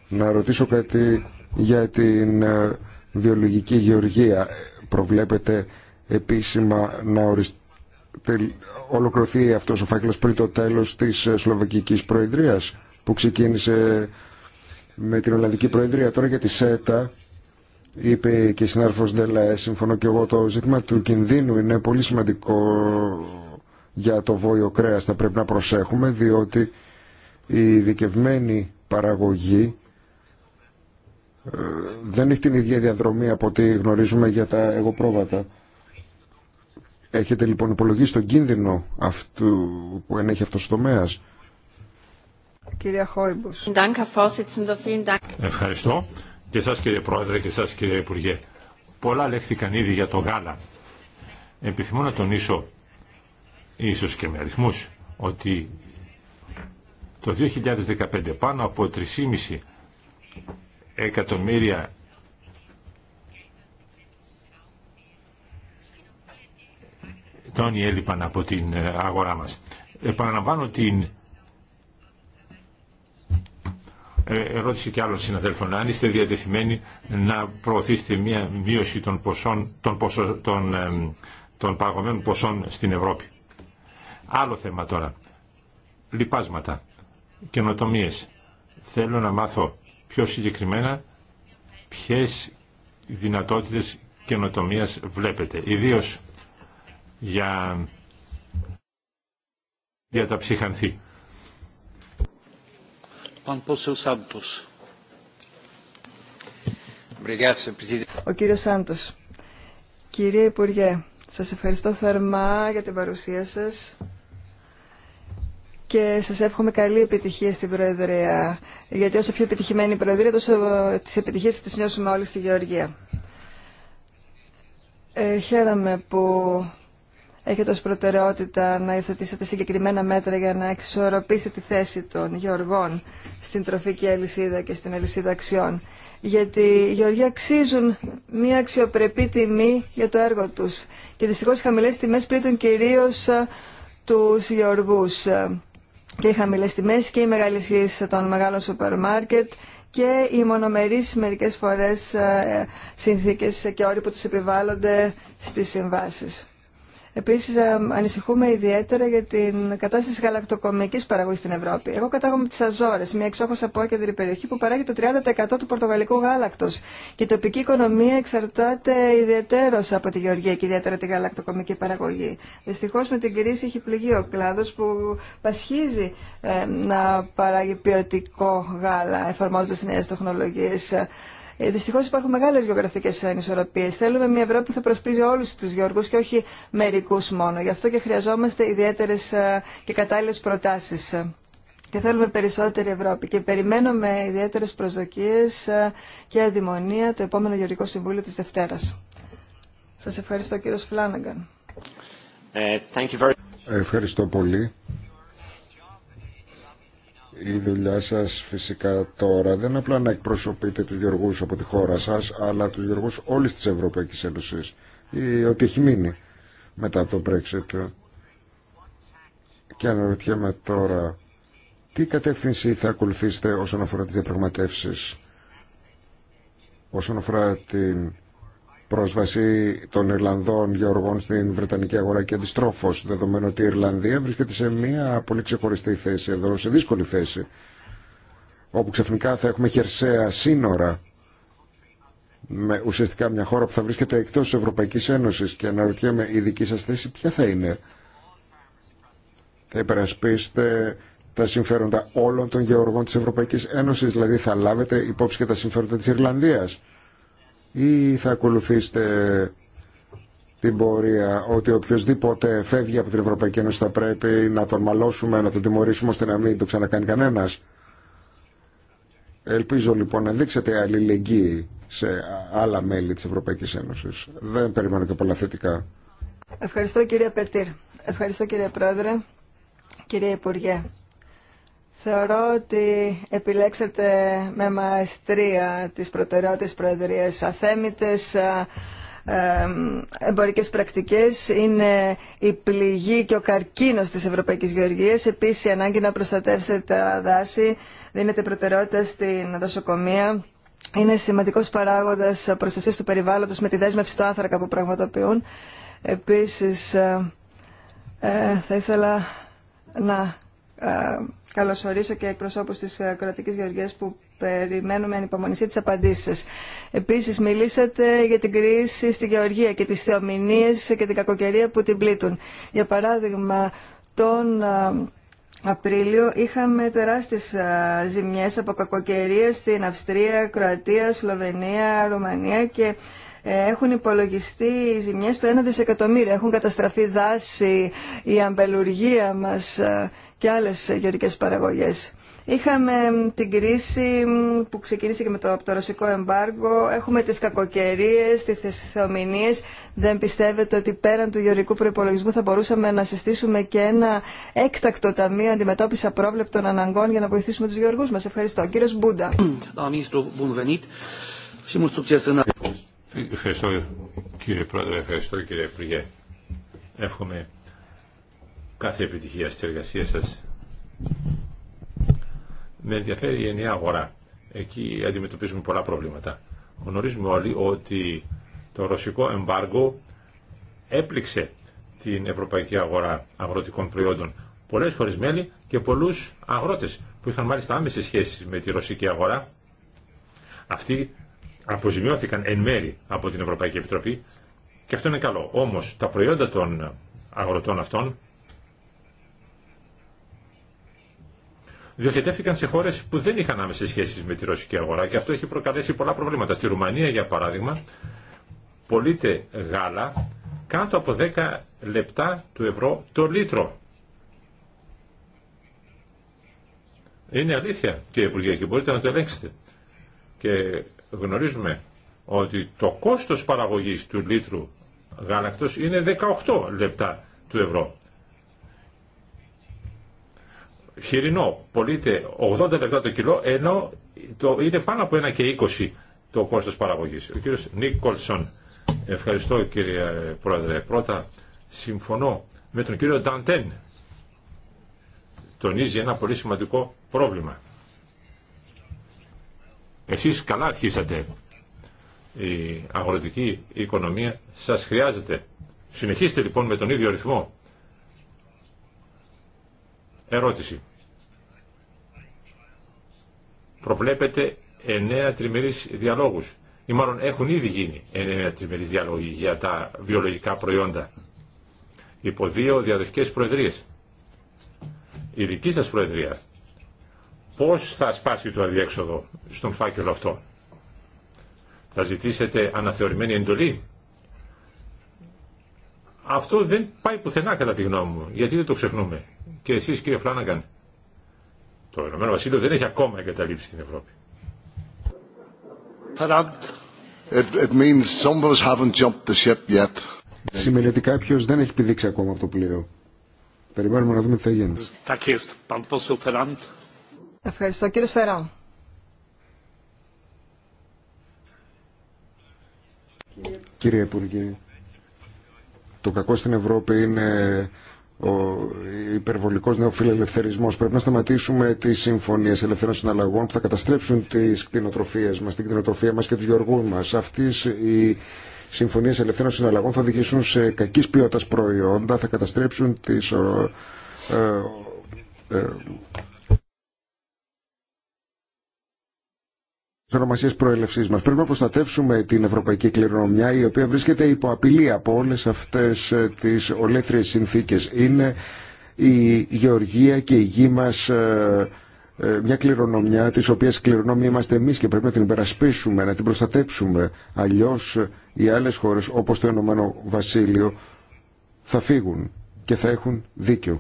να ρωτήσω κάτι για την ε, βιολογική γεωργία. Προβλέπετε επίσημα να οριστεί ολοκληρωθεί αυτός ο φάκελος πριν το τέλος της Σλοβακικής Προεδρίας που ξεκίνησε με την Ολλανδική Προεδρία. Τώρα για τη ΣΕΤΑ είπε και η συνάρφος Ντελαέ, συμφωνώ και εγώ, το ζήτημα του κινδύνου είναι πολύ σημαντικό για το βόλιο κρέας θα πρέπει να προσέχουμε διότι η ειδικευμένη παραγωγή ε, δεν έχει την ίδια διαδρομή από ό,τι γνωρίζουμε για τα εγωπρόβατα. Έχετε λοιπόν υπολογίσει τον κίνδυνο αυτού που ενέχει αυτός ο τομέας. Ευχαριστώ και σας κύριε Πρόεδρε και σας κύριε Υπουργέ. Πολλά λέχθηκαν ήδη για το γάλα. Επιθυμώ να τονίσω ίσως και με αριθμούς, ότι το 2015 πάνω από 3,5 εκατομμύρια τόνοι έλειπαν από την ε, αγορά μας. Επαναλαμβάνω την ε, ερώτηση και άλλων συναδέλφων. Αν είστε διατεθειμένοι να προωθήσετε μια μείωση των, ποσών, των, ποσο, ε, παγωμένων ποσών στην Ευρώπη. Άλλο θέμα τώρα. Λοιπάσματα. Καινοτομίε. Θέλω να μάθω πιο συγκεκριμένα ποιε δυνατότητε καινοτομία βλέπετε. Ιδίω για, για τα ψυχανθή. Ο κύριος Σάντος. Κύριε Υπουργέ, σας ευχαριστώ θερμά για την παρουσία σας και σας εύχομαι καλή επιτυχία στην Προεδρία. Γιατί όσο πιο επιτυχημένη η Προεδρία, τόσο τις επιτυχίες θα τις νιώσουμε όλοι στη Γεωργία. Ε, χαίρομαι που έχετε ως προτεραιότητα να υιοθετήσετε συγκεκριμένα μέτρα για να εξορροπήσετε τη θέση των γεωργών στην τροφική αλυσίδα και στην αλυσίδα αξιών. Γιατί οι γεωργοί αξίζουν μια αξιοπρεπή τιμή για το έργο τους. Και δυστυχώς οι χαμηλές τιμές πλήττουν κυρίως ε, τους γεωργούς και οι χαμηλές τιμές και οι μεγάλες χρήσεις των μεγάλων σούπερ μάρκετ και οι μονομερείς μερικές φορές ε, συνθήκες και όροι που τους επιβάλλονται στις συμβάσεις. Επίσης ε, ανησυχούμε ιδιαίτερα για την κατάσταση της γαλακτοκομικής παραγωγής στην Ευρώπη. Εγώ κατάγομαι τις Αζόρες, μια εξόχως απόκεντρη περιοχή που παράγει το 30% του πορτογαλικού γάλακτος και η τοπική οικονομία εξαρτάται ιδιαίτερως από τη γεωργία και ιδιαίτερα τη γαλακτοκομική παραγωγή. Δυστυχώς με την κρίση έχει πληγεί ο κλάδος που πασχίζει ε, να παράγει ποιοτικό γάλα εφαρμόζοντας νέες τεχνολογίες ε, ε, Δυστυχώ υπάρχουν μεγάλε γεωγραφικέ ανισορροπίε. Θέλουμε μια Ευρώπη που θα προσπίζει όλου του γεωργού και όχι μερικού μόνο. Γι' αυτό και χρειαζόμαστε ιδιαίτερε ε, και κατάλληλε προτάσει. Και θέλουμε περισσότερη Ευρώπη. Και περιμένουμε ιδιαίτερες ιδιαίτερε προσδοκίε ε, και αδημονία το επόμενο Γεωργικό Συμβούλιο τη Δευτέρα. Σα ευχαριστώ, κύριο Φλάνεγκαν. Ευχαριστώ πολύ η δουλειά σας φυσικά τώρα δεν απλά να εκπροσωπείτε τους γεωργούς από τη χώρα σας, αλλά τους γεωργούς όλης της Ευρωπαϊκής Ένωσης, ή ότι έχει μείνει μετά από το Brexit. Και αναρωτιέμαι τώρα, τι κατεύθυνση θα ακολουθήσετε όσον αφορά τις διαπραγματεύσεις, όσον αφορά την πρόσβαση των Ιρλανδών γεωργών στην Βρετανική αγορά και αντιστρόφως δεδομένου ότι η Ιρλανδία βρίσκεται σε μια πολύ ξεχωριστή θέση εδώ, σε δύσκολη θέση, όπου ξαφνικά θα έχουμε χερσαία σύνορα με ουσιαστικά μια χώρα που θα βρίσκεται εκτός της Ευρωπαϊκής Ένωσης και αναρωτιέμαι η δική σας θέση ποια θα είναι. Θα υπερασπίστε τα συμφέροντα όλων των γεωργών της Ευρωπαϊκής Ένωσης, δηλαδή θα λάβετε υπόψη και τα συμφέροντα της Ιρλανδίας ή θα ακολουθήσετε την πορεία ότι οποιοδήποτε φεύγει από την Ευρωπαϊκή Ένωση θα πρέπει να τον μαλώσουμε, να τον τιμωρήσουμε ώστε να μην το ξανακάνει κανένας. Ελπίζω λοιπόν να δείξετε αλληλεγγύη σε άλλα μέλη της Ευρωπαϊκής Ένωσης. Δεν περιμένω και πολλά θετικά. Ευχαριστώ κύριε Πετήρ. Ευχαριστώ κύριε Πρόεδρε. Κύριε Υπουργέ. Θεωρώ ότι επιλέξατε με μαεστρία τις προτεραιότητες προεδρίες Αθέμητες ε, εμπορικές πρακτικές είναι η πληγή και ο καρκίνος της Ευρωπαϊκής Γεωργίας. Επίσης η ανάγκη να προστατεύσετε τα δάση δίνεται προτεραιότητα στην δασοκομεία. Είναι σημαντικός παράγοντας προστασίας του περιβάλλοντος με τη δέσμευση του άνθρακα που πραγματοποιούν. Επίσης ε, ε, θα ήθελα να ε, καλωσορίσω και εκπροσώπους της ε, Κροατικής Γεωργίας που περιμένουμε ανυπομονησία τις απαντήσεις Επίσης, μιλήσατε για την κρίση στη Γεωργία και τις θεομηνίες και την κακοκαιρία που την πλήττουν. Για παράδειγμα, τον ε, Απρίλιο είχαμε τεράστιες ζημιές από κακοκαιρία στην Αυστρία, Κροατία, Σλοβενία, Ρουμανία και έχουν υπολογιστεί οι ζημιές στο 1 δισεκατομμύρια, Έχουν καταστραφεί δάση, η αμπελουργία μας ε, και άλλες γεωρικές παραγωγές. Είχαμε την κρίση που ξεκίνησε και με το, από το ρωσικό εμπάργο, Έχουμε τις κακοκαιρίες, τις θεομηνίες. Δεν πιστεύετε ότι πέραν του γεωρικού προϋπολογισμού θα μπορούσαμε να συστήσουμε και ένα έκτακτο ταμείο αντιμετώπιση απρόβλεπτων αναγκών για να βοηθήσουμε τους γεωργούς μας. Ευχαριστώ. Κύριος Μπούντα. Ευχαριστώ κύριε Πρόεδρε, ευχαριστώ κύριε Υπουργέ. Εύχομαι κάθε επιτυχία στη εργασία σας. Με ενδιαφέρει η ενιαία αγορά. Εκεί αντιμετωπίζουμε πολλά προβλήματα. Γνωρίζουμε όλοι ότι το ρωσικό εμπάργκο έπληξε την ευρωπαϊκή αγορά αγροτικών προϊόντων. Πολλές χώρες μέλη και πολλούς αγρότες που είχαν μάλιστα άμεσες σχέσεις με τη ρωσική αγορά. Αυτοί αποζημιώθηκαν εν μέρη από την Ευρωπαϊκή Επιτροπή και αυτό είναι καλό. Όμως τα προϊόντα των αγροτών αυτών διοχετεύτηκαν σε χώρες που δεν είχαν άμεσες σχέσεις με τη ρωσική αγορά και αυτό έχει προκαλέσει πολλά προβλήματα. Στη Ρουμανία για παράδειγμα πωλείται γάλα κάτω από 10 λεπτά του ευρώ το λίτρο. Είναι αλήθεια κύριε Υπουργέ και μπορείτε να το ελέγξετε. Και γνωρίζουμε ότι το κόστος παραγωγής του λίτρου γάλακτος είναι 18 λεπτά του ευρώ. Χοιρινό πωλείται 80 λεπτά το κιλό, ενώ το είναι πάνω από 1 και 20 το κόστος παραγωγής. Ο κύριος Νίκολσον, ευχαριστώ κύριε Πρόεδρε. Πρώτα συμφωνώ με τον κύριο Νταντέν. Τονίζει ένα πολύ σημαντικό πρόβλημα. Εσείς καλά αρχίσατε. Η αγροτική οικονομία σας χρειάζεται. Συνεχίστε λοιπόν με τον ίδιο ρυθμό. Ερώτηση. Προβλέπετε εννέα τριμερείς διαλόγους ή μάλλον έχουν ήδη γίνει εννέα τριμερείς διαλόγοι για τα βιολογικά προϊόντα υπό δύο διαδοχικές προεδρίες. Η δική σας προεδρία πώς θα σπάσει το αδιέξοδο στον φάκελο αυτό. Θα ζητήσετε αναθεωρημένη εντολή. Αυτό δεν πάει πουθενά κατά τη γνώμη μου, γιατί δεν το ξεχνούμε. Και εσείς κύριε Φλάνναγκαν. το Ηνωμένο Βασίλειο δεν έχει ακόμα εγκαταλείψει την Ευρώπη. It, means some haven't jumped the ship yet. Σημαίνει ότι κάποιο δεν έχει πηδήξει ακόμα από το πλοίο. Περιμένουμε να δούμε τι θα γίνει. Ευχαριστώ κύριε Σφερά. Κύριε Υπουργέ, το κακό στην Ευρώπη είναι ο υπερβολικός νεοφιλελευθερισμός. Πρέπει να σταματήσουμε τις συμφωνίες ελευθερών συναλλαγών που θα καταστρέψουν τις κτηνοτροφίες μας, την κτηνοτροφία μας και τους γεωργούς μας. Αυτές οι συμφωνίες ελευθερών συναλλαγών θα οδηγήσουν σε κακής ποιότητα προϊόντα, θα καταστρέψουν τις ε, ε, ονομασίε προέλευσή μα. Πρέπει να προστατεύσουμε την ευρωπαϊκή κληρονομιά, η οποία βρίσκεται υπό απειλή από όλε αυτέ ε, τι ολέθριε συνθήκε. Είναι η γεωργία και η γη μα ε, ε, μια κληρονομιά της οποίας κληρονόμοι είμαστε εμείς και πρέπει να την υπερασπίσουμε, να την προστατέψουμε. Αλλιώς οι άλλες χώρες όπως το Ενωμένο Βασίλειο θα φύγουν και θα έχουν δίκιο.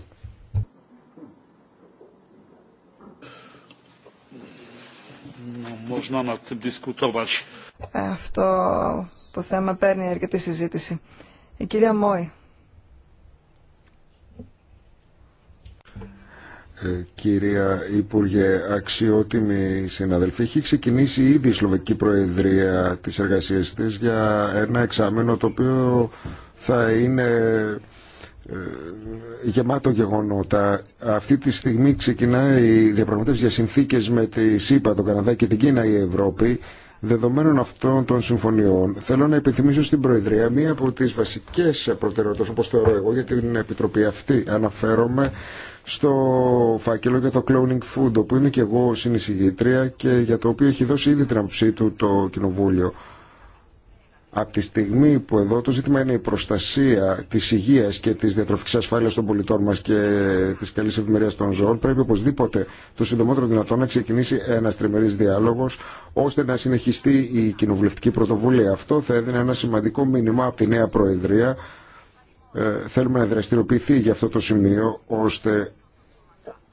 Αυτό το θέμα παίρνει αρκετή συζήτηση. Η κυρία Μόη. Ε, κυρία Υπουργέ, αξιότιμη συναδελφή. έχει ξεκινήσει ήδη η Σλοβική Προεδρία της εργασίας της για ένα εξάμενο το οποίο θα είναι ε, γεμάτο γεγονότα. Αυτή τη στιγμή ξεκινάει η διαπραγματεύση για συνθήκες με τη ΣΥΠΑ, τον Καναδά και την Κίνα η Ευρώπη. Δεδομένων αυτών των συμφωνιών, θέλω να επιθυμίσω στην Προεδρία μία από τις βασικές προτεραιότητες, όπως θεωρώ εγώ, για την Επιτροπή αυτή. Αναφέρομαι στο φάκελο για το cloning food, όπου είμαι και εγώ συνεισηγήτρια και για το οποίο έχει δώσει ήδη την του το Κοινοβούλιο. Από τη στιγμή που εδώ το ζήτημα είναι η προστασία της υγείας και της διατροφικής ασφάλειας των πολιτών μας και της καλής ευημερίας των ζώων, πρέπει οπωσδήποτε το συντομότερο δυνατόν να ξεκινήσει ένας τριμερής διάλογος, ώστε να συνεχιστεί η κοινοβουλευτική πρωτοβουλία. Αυτό θα έδινε ένα σημαντικό μήνυμα από τη νέα Προεδρία. Ε, θέλουμε να δραστηριοποιηθεί για αυτό το σημείο, ώστε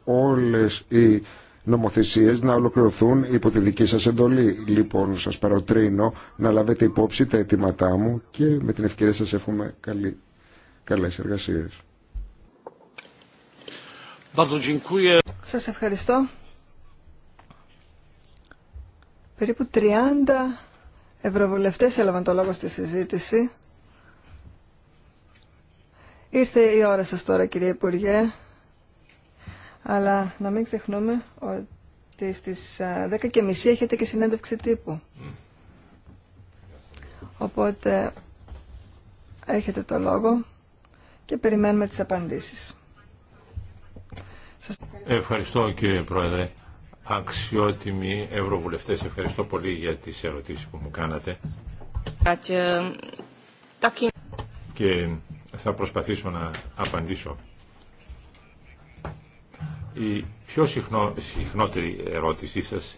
όλες οι νομοθεσίες να ολοκληρωθούν υπό τη δική σας εντολή. Λοιπόν, σας παροτρύνω να λάβετε υπόψη τα αιτήματά μου και με την ευκαιρία σας εύχομαι καλή, καλές εργασίες. Σας ευχαριστώ. Περίπου 30 ευρωβουλευτές έλαβαν το λόγο στη συζήτηση. Ήρθε η ώρα σας τώρα κύριε Υπουργέ. Αλλά να μην ξεχνούμε ότι στις 10.30 ε, έχετε και συνέντευξη τύπου. Οπότε έχετε το λόγο και περιμένουμε τις απαντήσεις. Σας ευχαριστώ κύριε Πρόεδρε. Αξιότιμοι Ευρωβουλευτές, ευχαριστώ πολύ για τις ερωτήσεις που μου κάνατε. Ε, και θα προσπαθήσω να απαντήσω. Η πιο συχνό, συχνότερη ερώτησή σας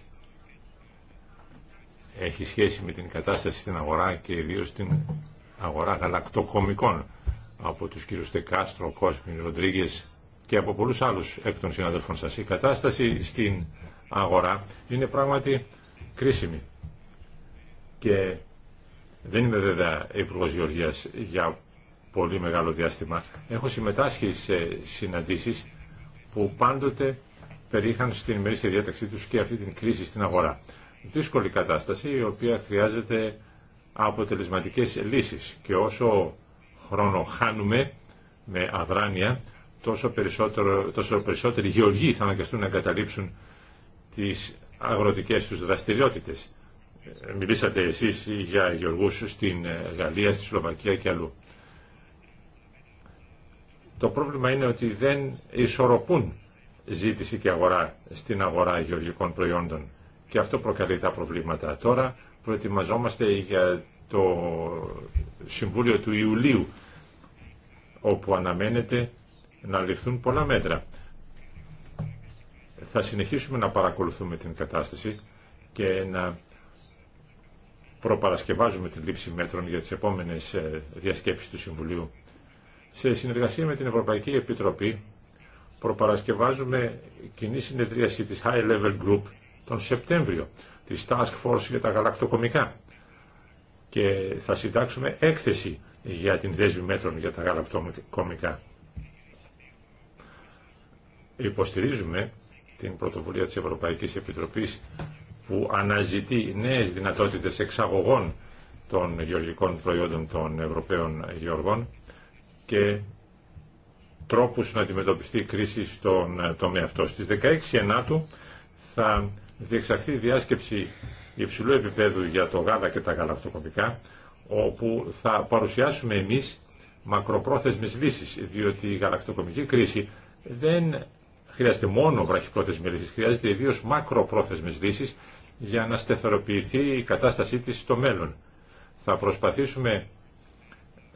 έχει σχέση με την κατάσταση στην αγορά και ιδίω στην αγορά γαλακτοκομικών από τους κύριους Τεκάστρο, Κόσμιν, Ροντρίγκε και από πολλούς άλλους εκ των συναδελφών σας. Η κατάσταση στην αγορά είναι πράγματι κρίσιμη και δεν είμαι βέβαια υπουργό Γεωργίας για πολύ μεγάλο διάστημα. Έχω συμμετάσχει σε συναντήσεις που πάντοτε περίχαν στην ημερήσια διάταξή τους και αυτή την κρίση στην αγορά. Δύσκολη κατάσταση η οποία χρειάζεται αποτελεσματικές λύσεις και όσο χρόνο χάνουμε με αδράνεια τόσο, περισσότερο, τόσο περισσότεροι γεωργοί θα αναγκαστούν να εγκαταλείψουν τις αγροτικές τους δραστηριότητες. Ε, μιλήσατε εσείς για γεωργούς στην ε, Γαλλία, στη Σλοβακία και αλλού. Το πρόβλημα είναι ότι δεν ισορροπούν ζήτηση και αγορά στην αγορά γεωργικών προϊόντων και αυτό προκαλεί τα προβλήματα. Τώρα προετοιμαζόμαστε για το Συμβούλιο του Ιουλίου όπου αναμένεται να ληφθούν πολλά μέτρα. Θα συνεχίσουμε να παρακολουθούμε την κατάσταση και να προπαρασκευάζουμε την λήψη μέτρων για τις επόμενες ε, διασκέψεις του Συμβουλίου σε συνεργασία με την Ευρωπαϊκή Επιτροπή προπαρασκευάζουμε κοινή συνεδρίαση της High Level Group τον Σεπτέμβριο της Task Force για τα γαλακτοκομικά και θα συντάξουμε έκθεση για την δέσμη μέτρων για τα γαλακτοκομικά. Υποστηρίζουμε την πρωτοβουλία της Ευρωπαϊκής Επιτροπής που αναζητεί νέες δυνατότητες εξαγωγών των γεωργικών προϊόντων των Ευρωπαίων γεωργών και τρόπους να αντιμετωπιστεί η κρίση στον ε, τομέα αυτό. Στις 16 Ιανουαρίου θα διεξαχθεί διάσκεψη υψηλού επίπεδου για το γάλα και τα γαλακτοκομικά, όπου θα παρουσιάσουμε εμείς μακροπρόθεσμες λύσεις, διότι η γαλακτοκομική κρίση δεν χρειάζεται μόνο βραχυπρόθεσμες λύσεις, χρειάζεται ιδίω μακροπρόθεσμες λύσεις για να στεθεροποιηθεί η κατάστασή της στο μέλλον. Θα προσπαθήσουμε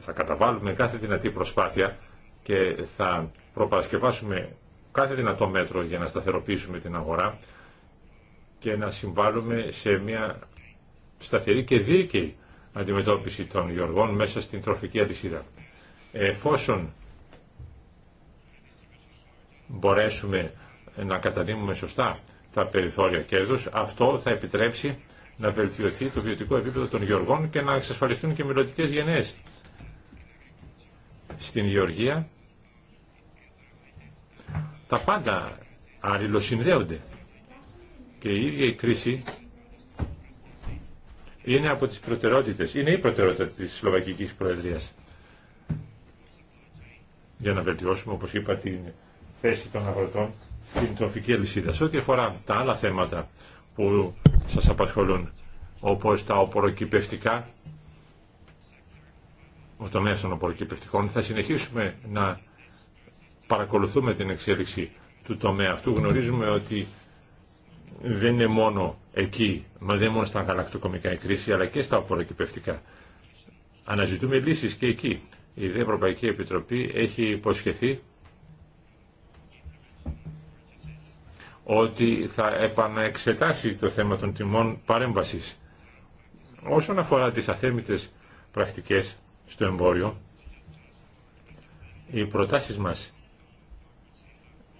θα καταβάλουμε κάθε δυνατή προσπάθεια και θα προπαρασκευάσουμε κάθε δυνατό μέτρο για να σταθεροποιήσουμε την αγορά και να συμβάλλουμε σε μια σταθερή και δίκαιη αντιμετώπιση των γεωργών μέσα στην τροφική αλυσίδα. Εφόσον μπορέσουμε να κατανείμουμε σωστά τα περιθώρια κέρδους, αυτό θα επιτρέψει να βελτιωθεί το βιωτικό επίπεδο των γεωργών και να εξασφαλιστούν και μελλοντικέ γενναίες στην γεωργία τα πάντα αλληλοσυνδέονται και η ίδια η κρίση είναι από τις προτεραιότητες, είναι η προτεραιότητα της Σλοβακικής Προεδρίας για να βελτιώσουμε, όπως είπα, την θέση των αγροτών στην τροφική αλυσίδα. Σε ό,τι αφορά τα άλλα θέματα που σας απασχολούν, όπως τα οποροκυπευτικά ο τομέας των απορροκυπευτικών. Θα συνεχίσουμε να παρακολουθούμε την εξέλιξη του τομέα αυτού. Γνωρίζουμε ότι δεν είναι μόνο εκεί, μα δεν μόνο στα γαλακτοκομικά η κρίση, αλλά και στα απορροκυπευτικά. Αναζητούμε λύσεις και εκεί. Η Ευρωπαϊκή Επιτροπή έχει υποσχεθεί ότι θα επαναεξετάσει το θέμα των τιμών παρέμβασης. Όσον αφορά τις αθέμητες πρακτικές, στο εμπόριο, οι προτάσεις μας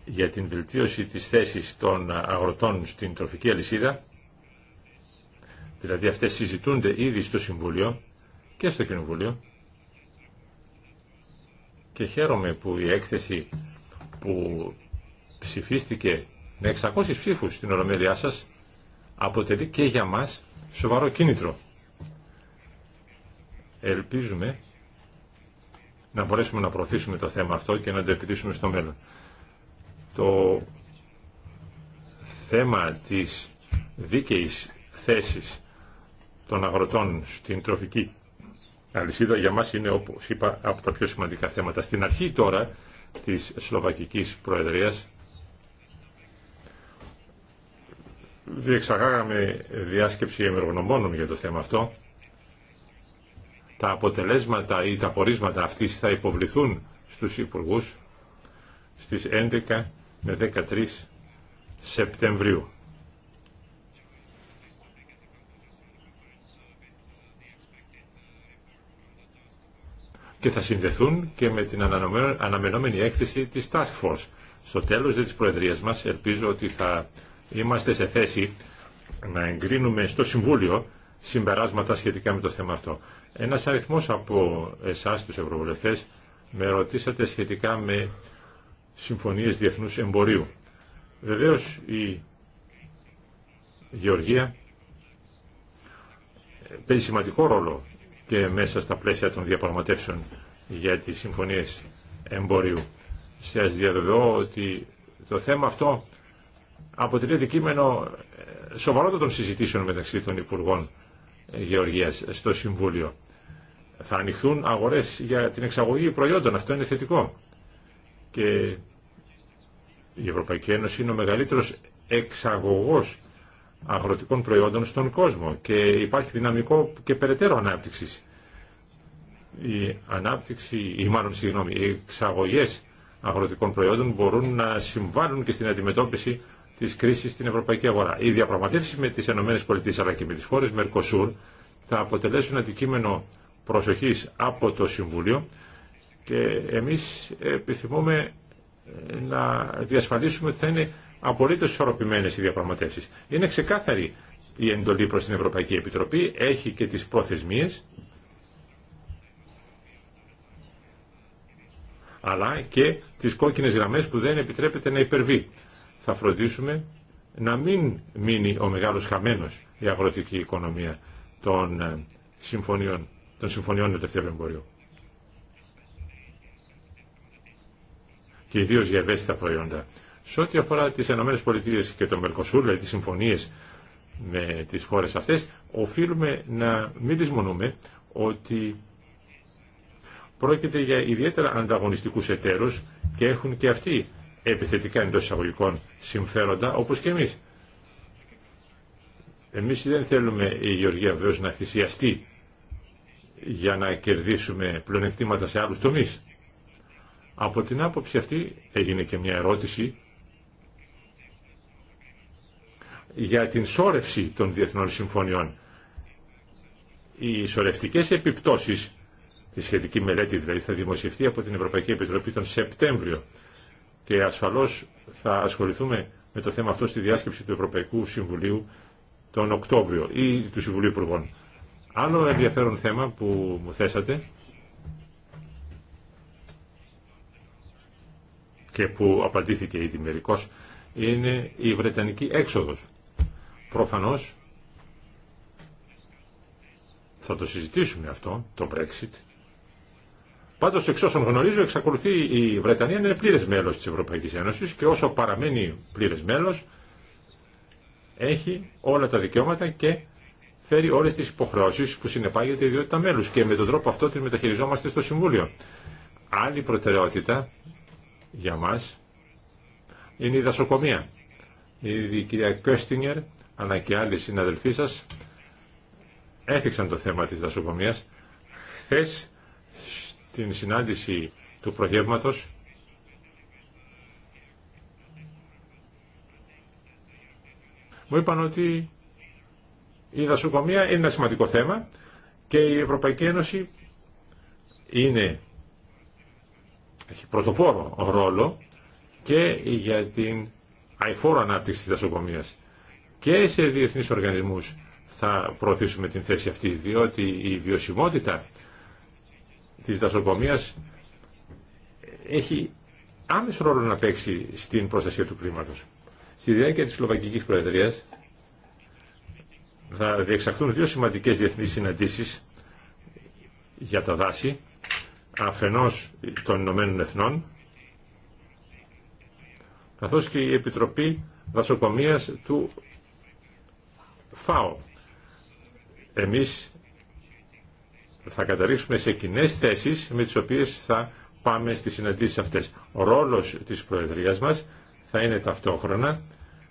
για την βελτίωση της θέσης των αγροτών στην τροφική αλυσίδα, δηλαδή αυτές συζητούνται ήδη στο Συμβούλιο και στο Κοινοβούλιο και χαίρομαι που η έκθεση που ψηφίστηκε με 600 ψήφους στην Ολομέλειά σας αποτελεί και για μας σοβαρό κίνητρο. Ελπίζουμε να μπορέσουμε να προωθήσουμε το θέμα αυτό και να το επιτύσσουμε στο μέλλον. Το θέμα της δίκαιης θέσης των αγροτών στην τροφική αλυσίδα για μας είναι, όπως είπα, από τα πιο σημαντικά θέματα. Στην αρχή τώρα της Σλοβακικής Προεδρίας διεξαγάγαμε διάσκεψη εμερογνωμόνων για το θέμα αυτό τα αποτελέσματα ή τα πορίσματα αυτής θα υποβληθούν στους υπουργούς στις 11 με 13 Σεπτεμβρίου. Και θα συνδεθούν και με την αναμενόμενη έκθεση της Task Force. Στο τέλος της Προεδρίας μας ελπίζω ότι θα είμαστε σε θέση να εγκρίνουμε στο Συμβούλιο συμπεράσματα σχετικά με το θέμα αυτό. Ένας αριθμός από εσάς τους ευρωβουλευτές με ρωτήσατε σχετικά με συμφωνίες διεθνούς εμπορίου. Βεβαίως η Γεωργία παίζει σημαντικό ρόλο και μέσα στα πλαίσια των διαπραγματεύσεων για τις συμφωνίες εμπορίου. Σας διαβεβαιώ ότι το θέμα αυτό αποτελεί αντικείμενο ε, σοβαρότατων συζητήσεων μεταξύ των Υπουργών Γεωργίας στο Συμβούλιο θα ανοιχθούν αγορές για την εξαγωγή προϊόντων. Αυτό είναι θετικό. Και η Ευρωπαϊκή Ένωση είναι ο μεγαλύτερος εξαγωγός αγροτικών προϊόντων στον κόσμο και υπάρχει δυναμικό και περαιτέρω ανάπτυξη. Η ανάπτυξη, ή μάλλον οι εξαγωγές αγροτικών προϊόντων μπορούν να συμβάλλουν και στην αντιμετώπιση τη κρίση στην ευρωπαϊκή αγορά. Οι διαπραγματεύσει με τι ΗΠΑ αλλά και με τι χώρε Μερκοσούρ θα αποτελέσουν αντικείμενο προσοχής από το Συμβούλιο και εμείς επιθυμούμε ε, να διασφαλίσουμε ότι θα είναι απολύτως ισορροπημένες οι διαπραγματεύσεις. Είναι ξεκάθαρη η εντολή προς την Ευρωπαϊκή Επιτροπή, έχει και τις προθεσμίες, αλλά και τις κόκκινες γραμμές που δεν επιτρέπεται να υπερβεί. Θα φροντίσουμε να μην μείνει ο μεγάλος χαμένος η αγροτική οικονομία των ε, συμφωνίων των συμφωνιών ελευθερίου εμπορίου. Και ιδίω για ευαίσθητα προϊόντα. Σε ό,τι αφορά τι ΗΠΑ και το Μερκοσούρ, δηλαδή τι συμφωνίε με τι χώρε αυτέ, οφείλουμε να μην δυσμονούμε ότι πρόκειται για ιδιαίτερα ανταγωνιστικού εταίρου και έχουν και αυτοί επιθετικά εντό εισαγωγικών συμφέροντα, όπω και εμεί. Εμείς δεν θέλουμε η Γεωργία βεβαίως να θυσιαστεί για να κερδίσουμε πλονεκτήματα σε άλλους τομείς. Από την άποψη αυτή έγινε και μια ερώτηση για την σόρευση των διεθνών συμφωνιών. Οι σορευτικές επιπτώσεις, η σχετική μελέτη δηλαδή, θα δημοσιευτεί από την Ευρωπαϊκή Επιτροπή τον Σεπτέμβριο και ασφαλώς θα ασχοληθούμε με το θέμα αυτό στη διάσκεψη του Ευρωπαϊκού Συμβουλίου τον Οκτώβριο ή του Συμβουλίου Υπουργών. Άλλο ενδιαφέρον θέμα που μου θέσατε και που απαντήθηκε ήδη μερικώς είναι η Βρετανική έξοδος. Προφανώς θα το συζητήσουμε αυτό, το Brexit. Πάντως εξ όσων γνωρίζω εξακολουθεί η Βρετανία να είναι πλήρες μέλος της Ευρωπαϊκής Ένωσης και όσο παραμένει πλήρες μέλος έχει όλα τα δικαιώματα και φέρει όλε τι υποχρεώσει που συνεπάγεται η ιδιότητα μέλου και με τον τρόπο αυτό τι μεταχειριζόμαστε στο Συμβούλιο. Άλλη προτεραιότητα για μα είναι η δασοκομεία. Η κυρία Κέστινγκερ αλλά και άλλοι συναδελφοί σα έφυξαν το θέμα τη δασοκομεία. Χθε στην συνάντηση του προγεύματο μου είπαν ότι η δασοκομεία είναι ένα σημαντικό θέμα και η Ευρωπαϊκή Ένωση είναι, έχει πρωτοπόρο ρόλο και για την αηφόρο ανάπτυξη της δασοκομείας. Και σε διεθνείς οργανισμούς θα προωθήσουμε την θέση αυτή, διότι η βιωσιμότητα της δασοκομείας έχει άμεσο ρόλο να παίξει στην προστασία του κλίματος. Στη διάρκεια της Σλοβακικής Προεδρίας θα διεξαχθούν δύο σημαντικές διεθνείς συναντήσεις για τα δάση, αφενός των Ηνωμένων Εθνών, καθώς και η Επιτροπή Δασοκομείας του ΦΑΟ. Εμείς θα καταλήξουμε σε κοινέ θέσεις με τις οποίες θα πάμε στις συναντήσεις αυτές. Ο ρόλος της Προεδρίας μας θα είναι ταυτόχρονα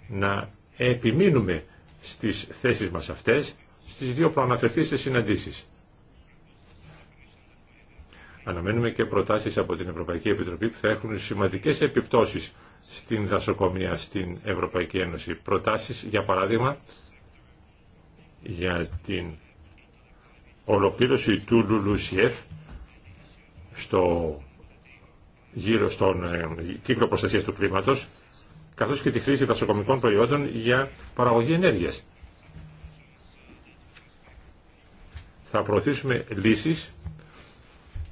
να επιμείνουμε στις θέσεις μας αυτές στις δύο προαναφερθείς συναντήσεις. Αναμένουμε και προτάσεις από την Ευρωπαϊκή Επιτροπή που θα έχουν σημαντικές επιπτώσεις στην δασοκομεία στην Ευρωπαϊκή Ένωση. Προτάσεις, για παράδειγμα, για την ολοκλήρωση του Λουλουσιεφ στο γύρω στον ε, κύκλο προστασίας του κλίματος καθώς και τη χρήση δασοκομικών προϊόντων για παραγωγή ενέργειας. Θα προωθήσουμε λύσεις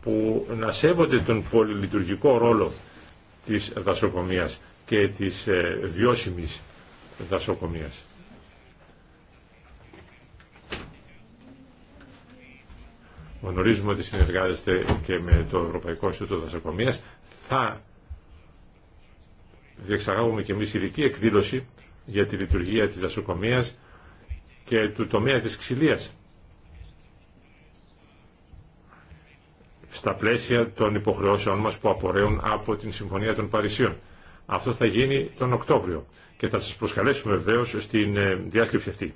που να σέβονται τον πολυλειτουργικό ρόλο της δασοκομείας και της ε, βιώσιμης δασοκομείας. Γνωρίζουμε ότι συνεργάζεστε και με το Ευρωπαϊκό Ινστιτούτο Δασοκομείας. Θα διεξαγάγουμε και εμείς ειδική εκδήλωση για τη λειτουργία της δασοκομείας και του τομέα της ξυλίας. στα πλαίσια των υποχρεώσεων μας που απορρέουν από την Συμφωνία των Παρισίων. Αυτό θα γίνει τον Οκτώβριο και θα σας προσκαλέσουμε βεβαίω στην ε, διάσκεψη αυτή.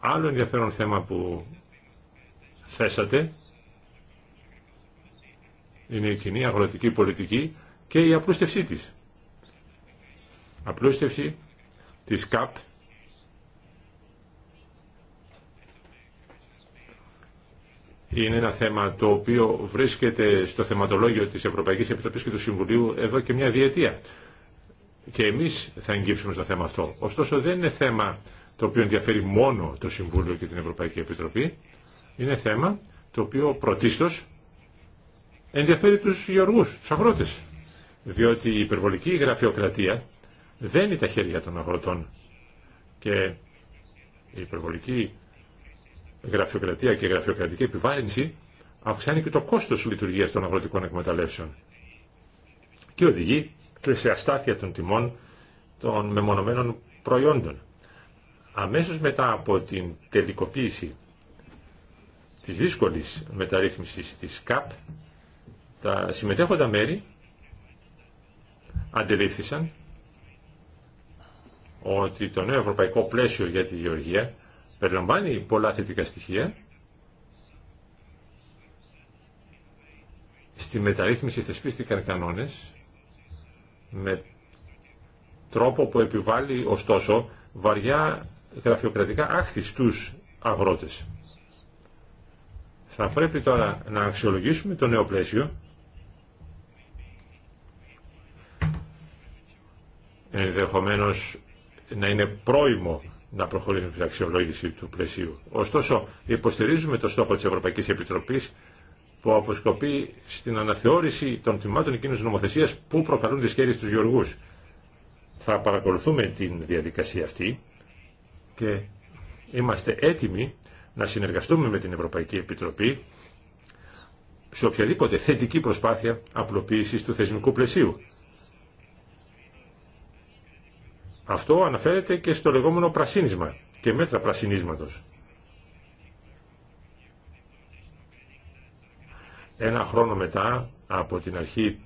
Άλλο ενδιαφέρον θέμα που θέσατε είναι η κοινή αγροτική πολιτική και η απλούστευσή της. Απλούστευση της ΚΑΠ είναι ένα θέμα το οποίο βρίσκεται στο θεματολόγιο της Ευρωπαϊκής Επιτροπής και του Συμβουλίου εδώ και μια διετία. Και εμείς θα εγγύψουμε στο θέμα αυτό. Ωστόσο δεν είναι θέμα το οποίο ενδιαφέρει μόνο το Συμβούλιο και την Ευρωπαϊκή Επιτροπή. Είναι θέμα το οποίο πρωτίστως ενδιαφέρει τους γεωργούς, τους αγρότες διότι η υπερβολική γραφειοκρατία δένει τα χέρια των αγροτών και η υπερβολική γραφειοκρατία και η γραφειοκρατική επιβάρυνση αυξάνει και το κόστος λειτουργίας των αγροτικών εκμεταλλεύσεων και οδηγεί και σε αστάθεια των τιμών των μεμονωμένων προϊόντων. Αμέσως μετά από την τελικοποίηση της δύσκολης μεταρρύθμισης της ΚΑΠ, τα συμμετέχοντα μέρη αντιλήφθησαν ότι το νέο ευρωπαϊκό πλαίσιο για τη γεωργία περιλαμβάνει πολλά θετικά στοιχεία στη μεταρρύθμιση θεσπίστηκαν κανόνες με τρόπο που επιβάλλει ωστόσο βαριά γραφειοκρατικά άχθη στους αγρότες. Θα πρέπει τώρα να αξιολογήσουμε το νέο πλαίσιο Ενδεχομένω να είναι πρόημο να προχωρήσουμε στην αξιολόγηση του πλαισίου. Ωστόσο, υποστηρίζουμε το στόχο της Ευρωπαϊκής Επιτροπής που αποσκοπεί στην αναθεώρηση των τμήματων εκείνης νομοθεσίας που προκαλούν τι χέρεις τους γεωργούς. Θα παρακολουθούμε την διαδικασία αυτή και είμαστε έτοιμοι να συνεργαστούμε με την Ευρωπαϊκή Επιτροπή σε οποιαδήποτε θετική προσπάθεια απλοποίησης του θεσμικού πλαισίου. Αυτό αναφέρεται και στο λεγόμενο πρασίνισμα και μέτρα πρασινίσματος. Ένα χρόνο μετά από την αρχή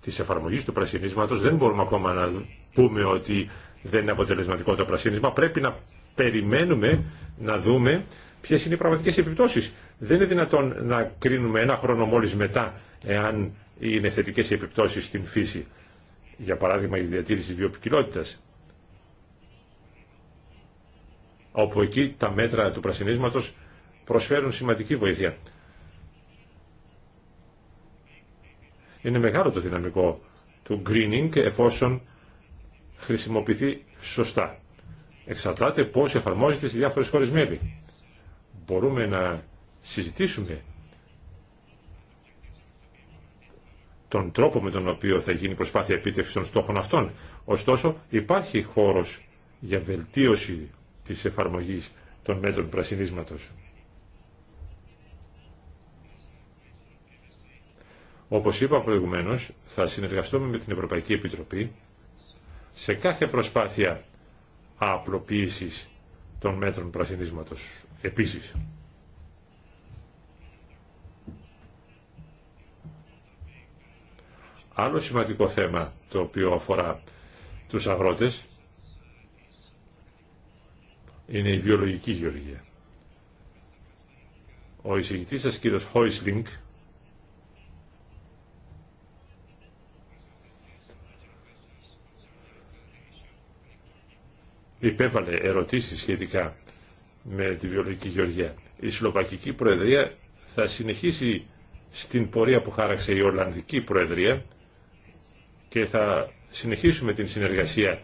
της εφαρμογής του πρασινίσματος δεν μπορούμε ακόμα να πούμε ότι δεν είναι αποτελεσματικό το πρασίνισμα. Πρέπει να περιμένουμε να δούμε ποιε είναι οι πραγματικές επιπτώσεις. Δεν είναι δυνατόν να κρίνουμε ένα χρόνο μόλις μετά εάν είναι θετικέ οι επιπτώσει στην φύση. Για παράδειγμα, η διατήρηση βιοποικιλότητας όπου εκεί τα μέτρα του πρασινίσματος προσφέρουν σημαντική βοήθεια. Είναι μεγάλο το δυναμικό του greening εφόσον χρησιμοποιηθεί σωστά. Εξαρτάται πώς εφαρμόζεται σε διάφορες χώρες μέλη. Μπορούμε να συζητήσουμε τον τρόπο με τον οποίο θα γίνει προσπάθεια επίτευξης των στόχων αυτών. Ωστόσο, υπάρχει χώρος για βελτίωση της εφαρμογής των μέτρων πρασινίσματος. Όπως είπα προηγουμένως, θα συνεργαστούμε με την Ευρωπαϊκή Επιτροπή σε κάθε προσπάθεια απλοποίησης των μέτρων πρασινίσματος επίσης. Άλλο σημαντικό θέμα το οποίο αφορά τους αγρότες είναι η βιολογική γεωργία. Ο εισηγητής σας κύριος Χόισλινγκ υπέβαλε ερωτήσεις σχετικά με τη βιολογική γεωργία. Η Σλοβακική Προεδρία θα συνεχίσει στην πορεία που χάραξε η Ολλανδική Προεδρία και θα συνεχίσουμε την συνεργασία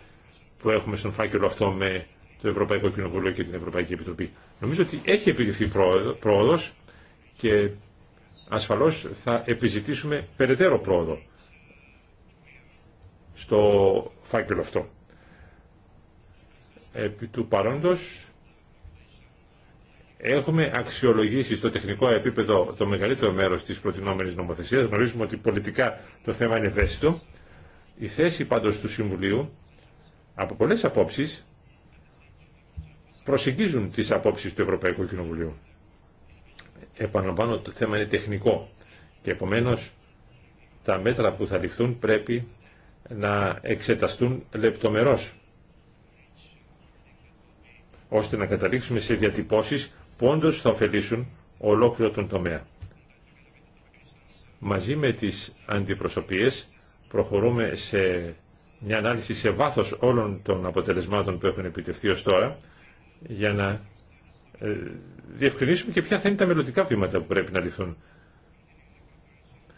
που έχουμε στον φάκελο αυτό με το Ευρωπαϊκό Κοινοβούλιο και την Ευρωπαϊκή Επιτροπή. Νομίζω ότι έχει επιδειχθεί πρόοδο και ασφαλώς θα επιζητήσουμε περαιτέρω πρόοδο στο φάκελο αυτό. Επί του παρόντος έχουμε αξιολογήσει στο τεχνικό επίπεδο το μεγαλύτερο μέρος της προτινόμενης νομοθεσίας. Γνωρίζουμε ότι πολιτικά το θέμα είναι ευαίσθητο. Η θέση πάντως του Συμβουλίου από πολλές απόψεις προσεγγίζουν τι απόψει του Ευρωπαϊκού Κοινοβουλίου. Επαναλαμβάνω, το θέμα είναι τεχνικό και επομένως τα μέτρα που θα ληφθούν πρέπει να εξεταστούν λεπτομερώς ώστε να καταλήξουμε σε διατυπώσεις που όντω θα ωφελήσουν ολόκληρο τον τομέα. Μαζί με τις αντιπροσωπείες προχωρούμε σε μια ανάλυση σε βάθος όλων των αποτελεσμάτων που έχουν επιτευχθεί ως τώρα για να ε, διευκρινίσουμε και ποια θα είναι τα μελλοντικά βήματα που πρέπει να λυθούν.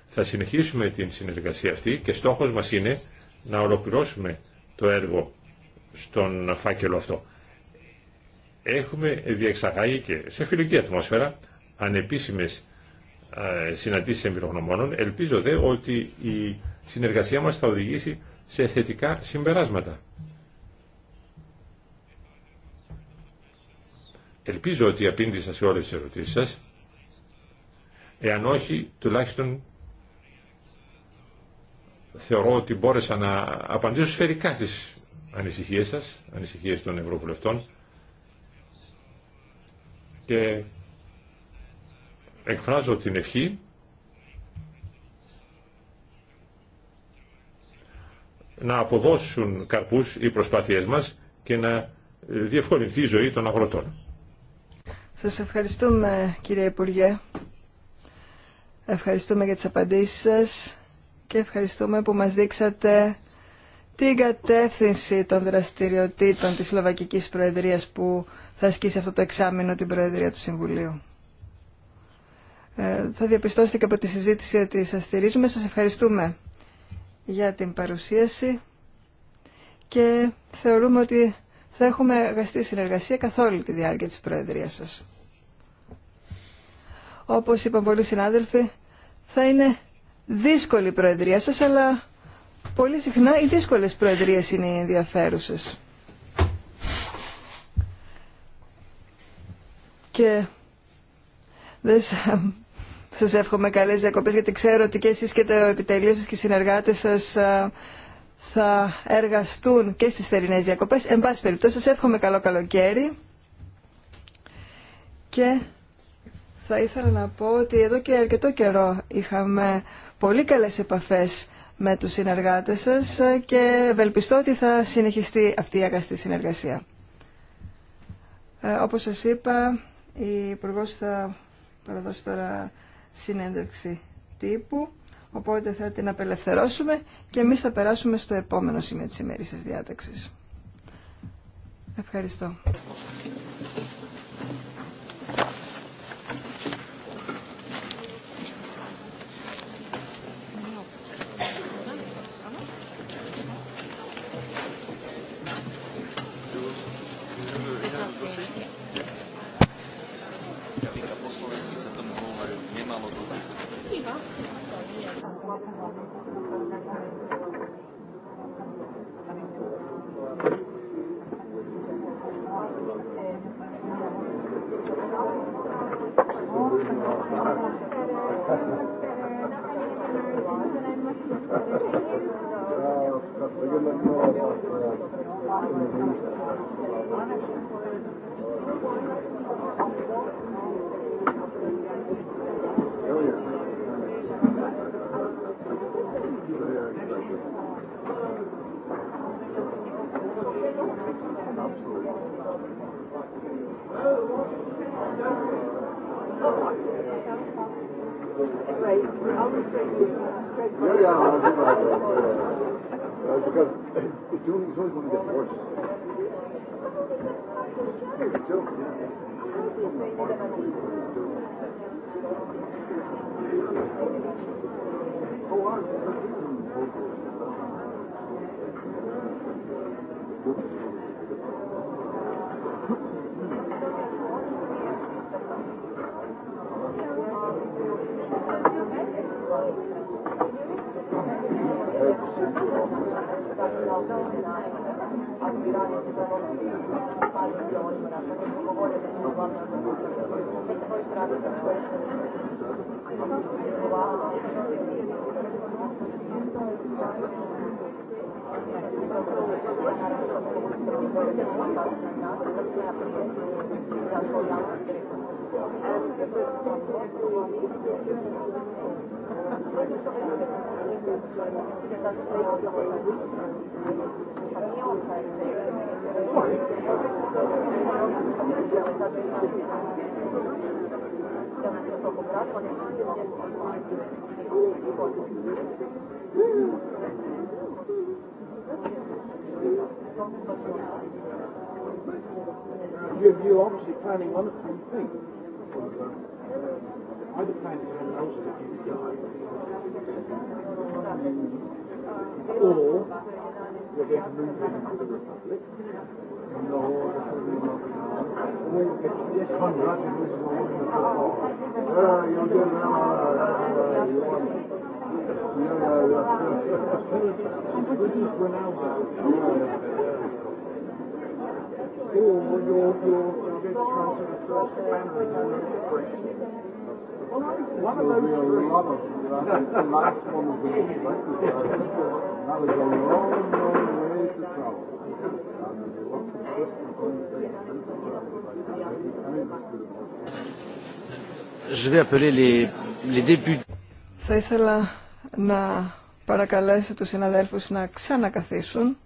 Θα συνεχίσουμε την συνεργασία αυτή και στόχος μας είναι να ολοκληρώσουμε το έργο στον φάκελο αυτό. Έχουμε διεξαγάγει και σε φιλική ατμόσφαιρα ανεπίσημες ε, συναντήσεις εμπειρογνωμόνων. Ελπίζω δε ότι η συνεργασία μας θα οδηγήσει σε θετικά συμπεράσματα. Ελπίζω ότι απήντησα σε όλες τις ερωτήσεις σας. Εάν όχι, τουλάχιστον θεωρώ ότι μπόρεσα να απαντήσω σφαιρικά στις ανησυχίες σας, ανησυχίες των Ευρωβουλευτών και εκφράζω την ευχή να αποδώσουν καρπούς οι προσπάθειές μας και να διευκολυνθεί η ζωή των αγροτών. Σας ευχαριστούμε κύριε Υπουργέ. Ευχαριστούμε για τις απαντήσεις σας και ευχαριστούμε που μας δείξατε την κατεύθυνση των δραστηριοτήτων της Σλοβακικής Προεδρίας που θα ασκήσει αυτό το εξάμεινο την Προεδρία του Συμβουλίου. Ε, θα διαπιστώσετε και από τη συζήτηση ότι σας στηρίζουμε. Σας ευχαριστούμε για την παρουσίαση και θεωρούμε ότι θα έχουμε αγαστή συνεργασία καθ' όλη τη διάρκεια της Προεδρίας σας. Όπως είπαν πολλοί συνάδελφοι, θα είναι δύσκολη η Προεδρία σας, αλλά πολύ συχνά οι δύσκολες Προεδρίες είναι οι ενδιαφέρουσες. Και δεν σας εύχομαι καλές διακοπές, γιατί ξέρω ότι και εσείς και το επιτελείο σας και οι συνεργάτες σας θα εργαστούν και στις θερινές διακοπές. Εν πάση περιπτώσει, σας εύχομαι καλό καλοκαίρι και θα ήθελα να πω ότι εδώ και αρκετό καιρό είχαμε πολύ καλές επαφές με τους συνεργάτες σας και ευελπιστώ ότι θα συνεχιστεί αυτή η αγαστή συνεργασία. Ε, όπως σας είπα, η υπουργός θα παραδώσει τώρα συνέντευξη τύπου οπότε θα την απελευθερώσουμε και εμείς θα περάσουμε στο επόμενο σημείο της ημέρης διάταξης. Ευχαριστώ. planning on Or to into the Republic. Θα ήθελα να παρακαλέσω τους συναδέλφους να ξανακαθίσουν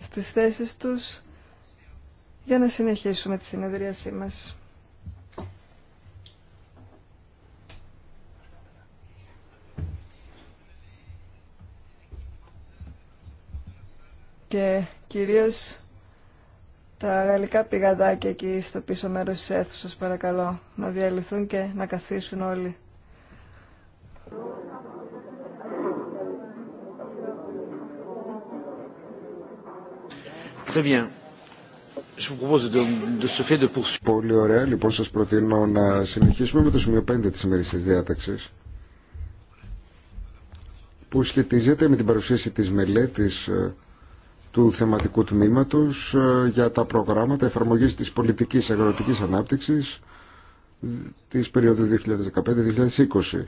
στις θέσεις τους για να συνεχίσουμε τη συνεδρίασή μας. Και κυρίως τα γαλλικά πηγαδάκια εκεί στο πίσω μέρος της αίθουσας παρακαλώ να διαλυθούν και να καθίσουν όλοι. Très bien. Πολύ ωραία. Λοιπόν, σας προτείνω να συνεχίσουμε με το σημείο 5 της ημερήσιας διάταξης που σχετίζεται με την παρουσίαση της μελέτης ε, του θεματικού τμήματος ε, για τα προγράμματα εφαρμογής της πολιτικής αγροτικής ανάπτυξης της περίοδου 2015-2020.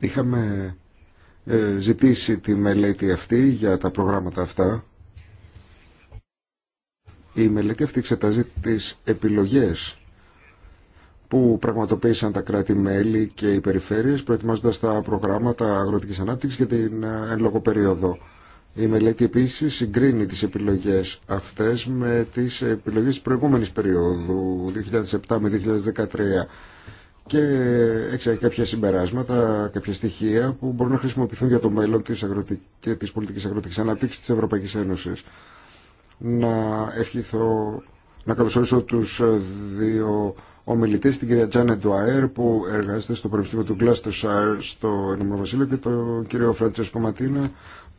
Είχαμε ε, ζητήσει τη μελέτη αυτή για τα προγράμματα αυτά η μελέτη αυτή εξετάζει τις επιλογές που πραγματοποίησαν τα κράτη-μέλη και οι περιφέρειες προετοιμάζοντας τα προγράμματα αγροτικής ανάπτυξης για την ε, εν λόγω περίοδο. Η μελέτη επίσης συγκρίνει τις επιλογές αυτές με τις επιλογές της προηγούμενης περίοδου 2007 με 2013 και έχει κάποια συμπεράσματα, κάποια στοιχεία που μπορούν να χρησιμοποιηθούν για το μέλλον της, αγροτικής, της πολιτικής αγροτικής ανάπτυξης της Ευρωπαϊκής Ένωσης να ευχηθώ να καλωσορίσω τους ε, δύο ομιλητές, την κυρία Τζάνε Ντουαέρ που εργάζεται στο Πανεπιστήμιο του Gloucestershire στο Ηνωμένο Βασίλειο και τον κύριο Φραντσέσκο Ματίνα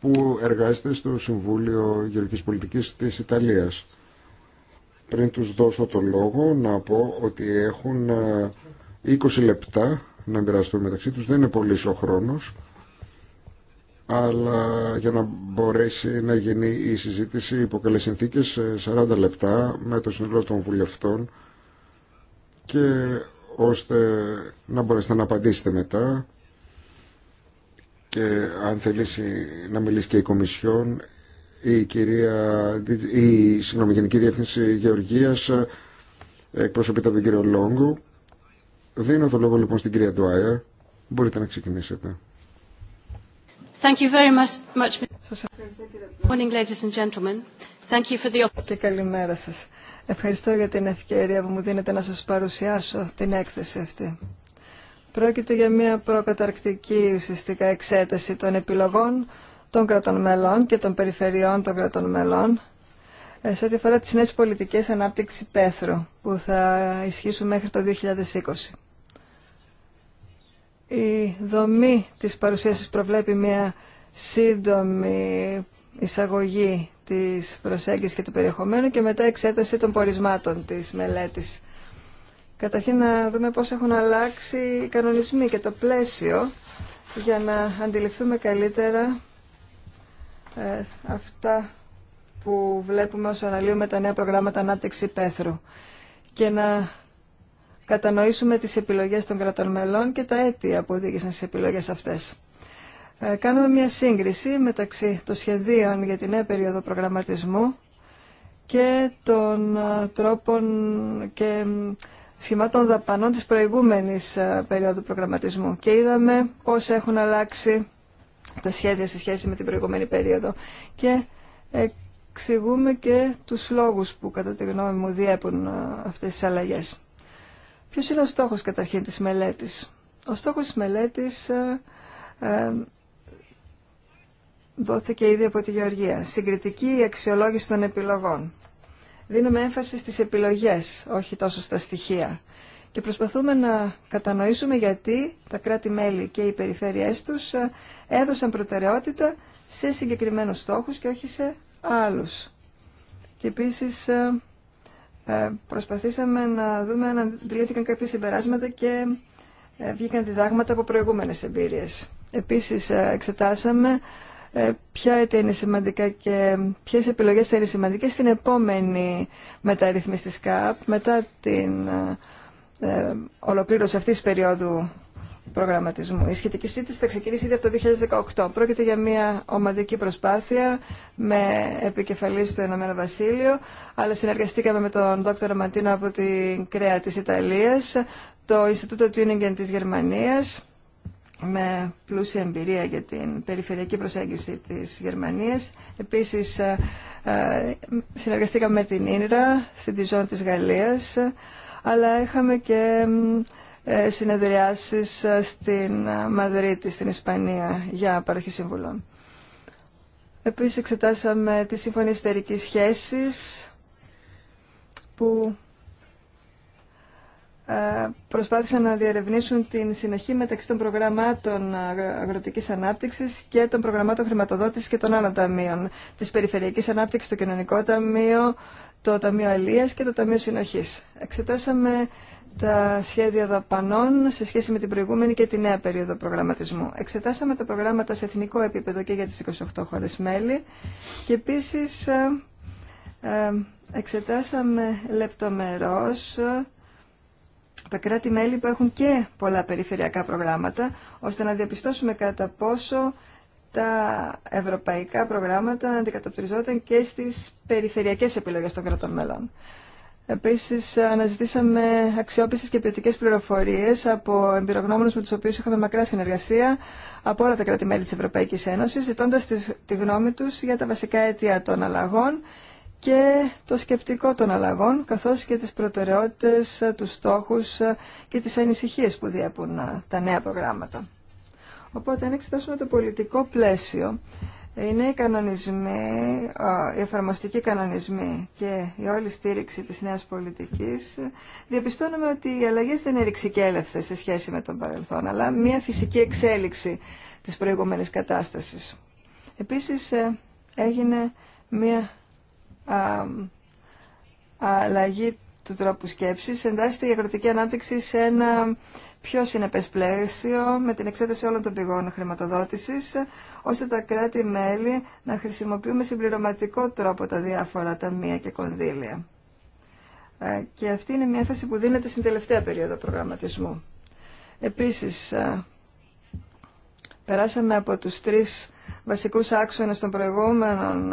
που εργάζεται στο Συμβούλιο Γεωργικής Πολιτικής της Ιταλίας. Πριν τους δώσω το λόγο να πω ότι έχουν 20 ε, λεπτά να μοιραστούν μεταξύ τους, δεν είναι πολύ ο χρόνος αλλά για να μπορέσει να γίνει η συζήτηση υπό καλές συνθήκες 40 ε, λεπτά με το σύνολο των βουλευτών και ώστε να μπορέσετε να απαντήσετε μετά και αν θελήσει να μιλήσει και η Κομισιόν η κυρία η συγγνώμη, Γενική Διεύθυνση Γεωργίας ε, εκπροσωπείται από τον κύριο Λόγκου, δίνω το λόγο λοιπόν στην κυρία Ντουάιερ μπορείτε να ξεκινήσετε και καλημέρα σας. Ευχαριστώ για την ευκαιρία που μου δίνετε να σας παρουσιάσω την έκθεση αυτή. Πρόκειται για μια προκαταρκτική ουσιαστικά εξέταση των επιλογών των κρατών μελών και των περιφερειών των κρατών μελών ε, σε ό,τι αφορά τις νέες πολιτικές ανάπτυξη πέθρου που θα ισχύσουν μέχρι το 2020. Η δομή της παρουσίασης προβλέπει μια σύντομη εισαγωγή της προσέγγισης και του περιεχομένου και μετά εξέταση των πορισμάτων της μελέτης. Καταρχήν να δούμε πώς έχουν αλλάξει οι κανονισμοί και το πλαίσιο για να αντιληφθούμε καλύτερα ε, αυτά που βλέπουμε όσο αναλύουμε τα νέα προγράμματα ανάπτυξη πέθρου και να κατανοήσουμε τις επιλογές των κρατών μελών και τα αίτια που οδήγησαν στις επιλογές αυτές. Ε, κάνουμε μια σύγκριση μεταξύ των σχεδίων για την νέα περίοδο προγραμματισμού και των ε, τρόπων και σχημάτων δαπανών της προηγούμενης ε, περίοδου προγραμματισμού και είδαμε πώς έχουν αλλάξει τα σχέδια σε σχέση με την προηγούμενη περίοδο και εξηγούμε και τους λόγους που κατά τη γνώμη μου διέπουν αυτές τις αλλαγές. Ποιος είναι ο στόχος καταρχήν της μελέτης. Ο στόχος της μελέτης ε, ε, δόθηκε ήδη από τη Γεωργία. Συγκριτική αξιολόγηση των επιλογών. Δίνουμε έμφαση στις επιλογές, όχι τόσο στα στοιχεία. Και προσπαθούμε να κατανοήσουμε γιατί τα κράτη-μέλη και οι περιφέρειές τους ε, έδωσαν προτεραιότητα σε συγκεκριμένους στόχους και όχι σε άλλους. Και επίσης ε, ε, προσπαθήσαμε να δούμε αν αντιλήθηκαν κάποια συμπεράσματα και ε, βγήκαν διδάγματα από προηγούμενες εμπειρίες. Επίσης ε, εξετάσαμε ποια αιτία είναι σημαντικά και ποιες επιλογές θα είναι σημαντικές στην επόμενη μεταρρύθμιση της ΚΑΠ μετά την ολοκλήρωση αυτής της περίοδου προγραμματισμού. Η σχετική σύντηση θα ξεκινήσει ήδη από το 2018. Πρόκειται για μια ομαδική προσπάθεια με επικεφαλή στο Ηνωμένο Βασίλειο, αλλά συνεργαστήκαμε με τον Δ. Ματίνο από την ΚΡΕΑ της Ιταλίας, το Ινστιτούτο Τιούνιγκεν της Γερμανίας, με πλούσια εμπειρία για την περιφερειακή προσέγγιση της Γερμανίας. Επίσης, ε, ε, συνεργαστήκαμε με την Ίνρα, στην Τιζόν της Γαλλίας, αλλά είχαμε και ε, συνεδριάσεις ε, στην ε, Μαδρίτη, στην Ισπανία, για παροχή συμβουλών. Επίσης εξετάσαμε τη Σύμφωνη Ιστερικής Σχέσης, που προσπάθησαν να διερευνήσουν την συνοχή μεταξύ των προγραμμάτων αγροτικής ανάπτυξης και των προγραμμάτων χρηματοδότησης και των άλλων ταμείων, της περιφερειακής ανάπτυξης, το κοινωνικό ταμείο, το Ταμείο Αλίας και το Ταμείο Συνοχής. Εξετάσαμε τα σχέδια δαπανών σε σχέση με την προηγούμενη και τη νέα περίοδο προγραμματισμού. Εξετάσαμε τα προγράμματα σε εθνικό επίπεδο και για τις 28 χώρες μέλη και επίσης ε, ε, εξετάσαμε λεπτομερώς ε, τα κράτη-μέλη που έχουν και πολλά περιφερειακά προγράμματα, ώστε να διαπιστώσουμε κατά πόσο τα ευρωπαϊκά προγράμματα αντικατοπτριζόταν και στις περιφερειακές επιλογές των κρατών μελών. Επίσης αναζητήσαμε αξιόπιστες και ποιοτικέ πληροφορίες από εμπειρογνώμονες με τους οποίους είχαμε μακρά συνεργασία από όλα τα κράτη-μέλη της Ευρωπαϊκής Ένωσης, ζητώντας τη γνώμη τους για τα βασικά αίτια των αλλαγών και το σκεπτικό των αλλαγών, καθώς και τις προτεραιότητες, τους στόχους και τις ανησυχίες που διέπουν τα νέα προγράμματα. Οπότε, αν εξετάσουμε το πολιτικό πλαίσιο, είναι οι κανονισμοί, οι εφαρμοστικοί κανονισμοί και η όλη στήριξη της νέας πολιτικής, διαπιστώνουμε ότι οι αλλαγές δεν είναι ρηξικέλευτες σε σχέση με τον παρελθόν, αλλά μια φυσική εξέλιξη της προηγούμενης κατάστασης. Επίσης ε, έγινε μια αλλαγή του τρόπου σκέψης, εντάσσεται η αγροτική ανάπτυξη σε ένα πιο συνεπές πλαίσιο με την εξέταση όλων των πηγών χρηματοδότησης, ώστε τα κράτη-μέλη να χρησιμοποιούν με συμπληρωματικό τρόπο τα διάφορα ταμεία και κονδύλια. Ε, και αυτή είναι μια έφαση που δίνεται στην τελευταία περίοδο προγραμματισμού. Επίσης, ε, περάσαμε από τους τρεις βασικούς άξονες των προηγούμενων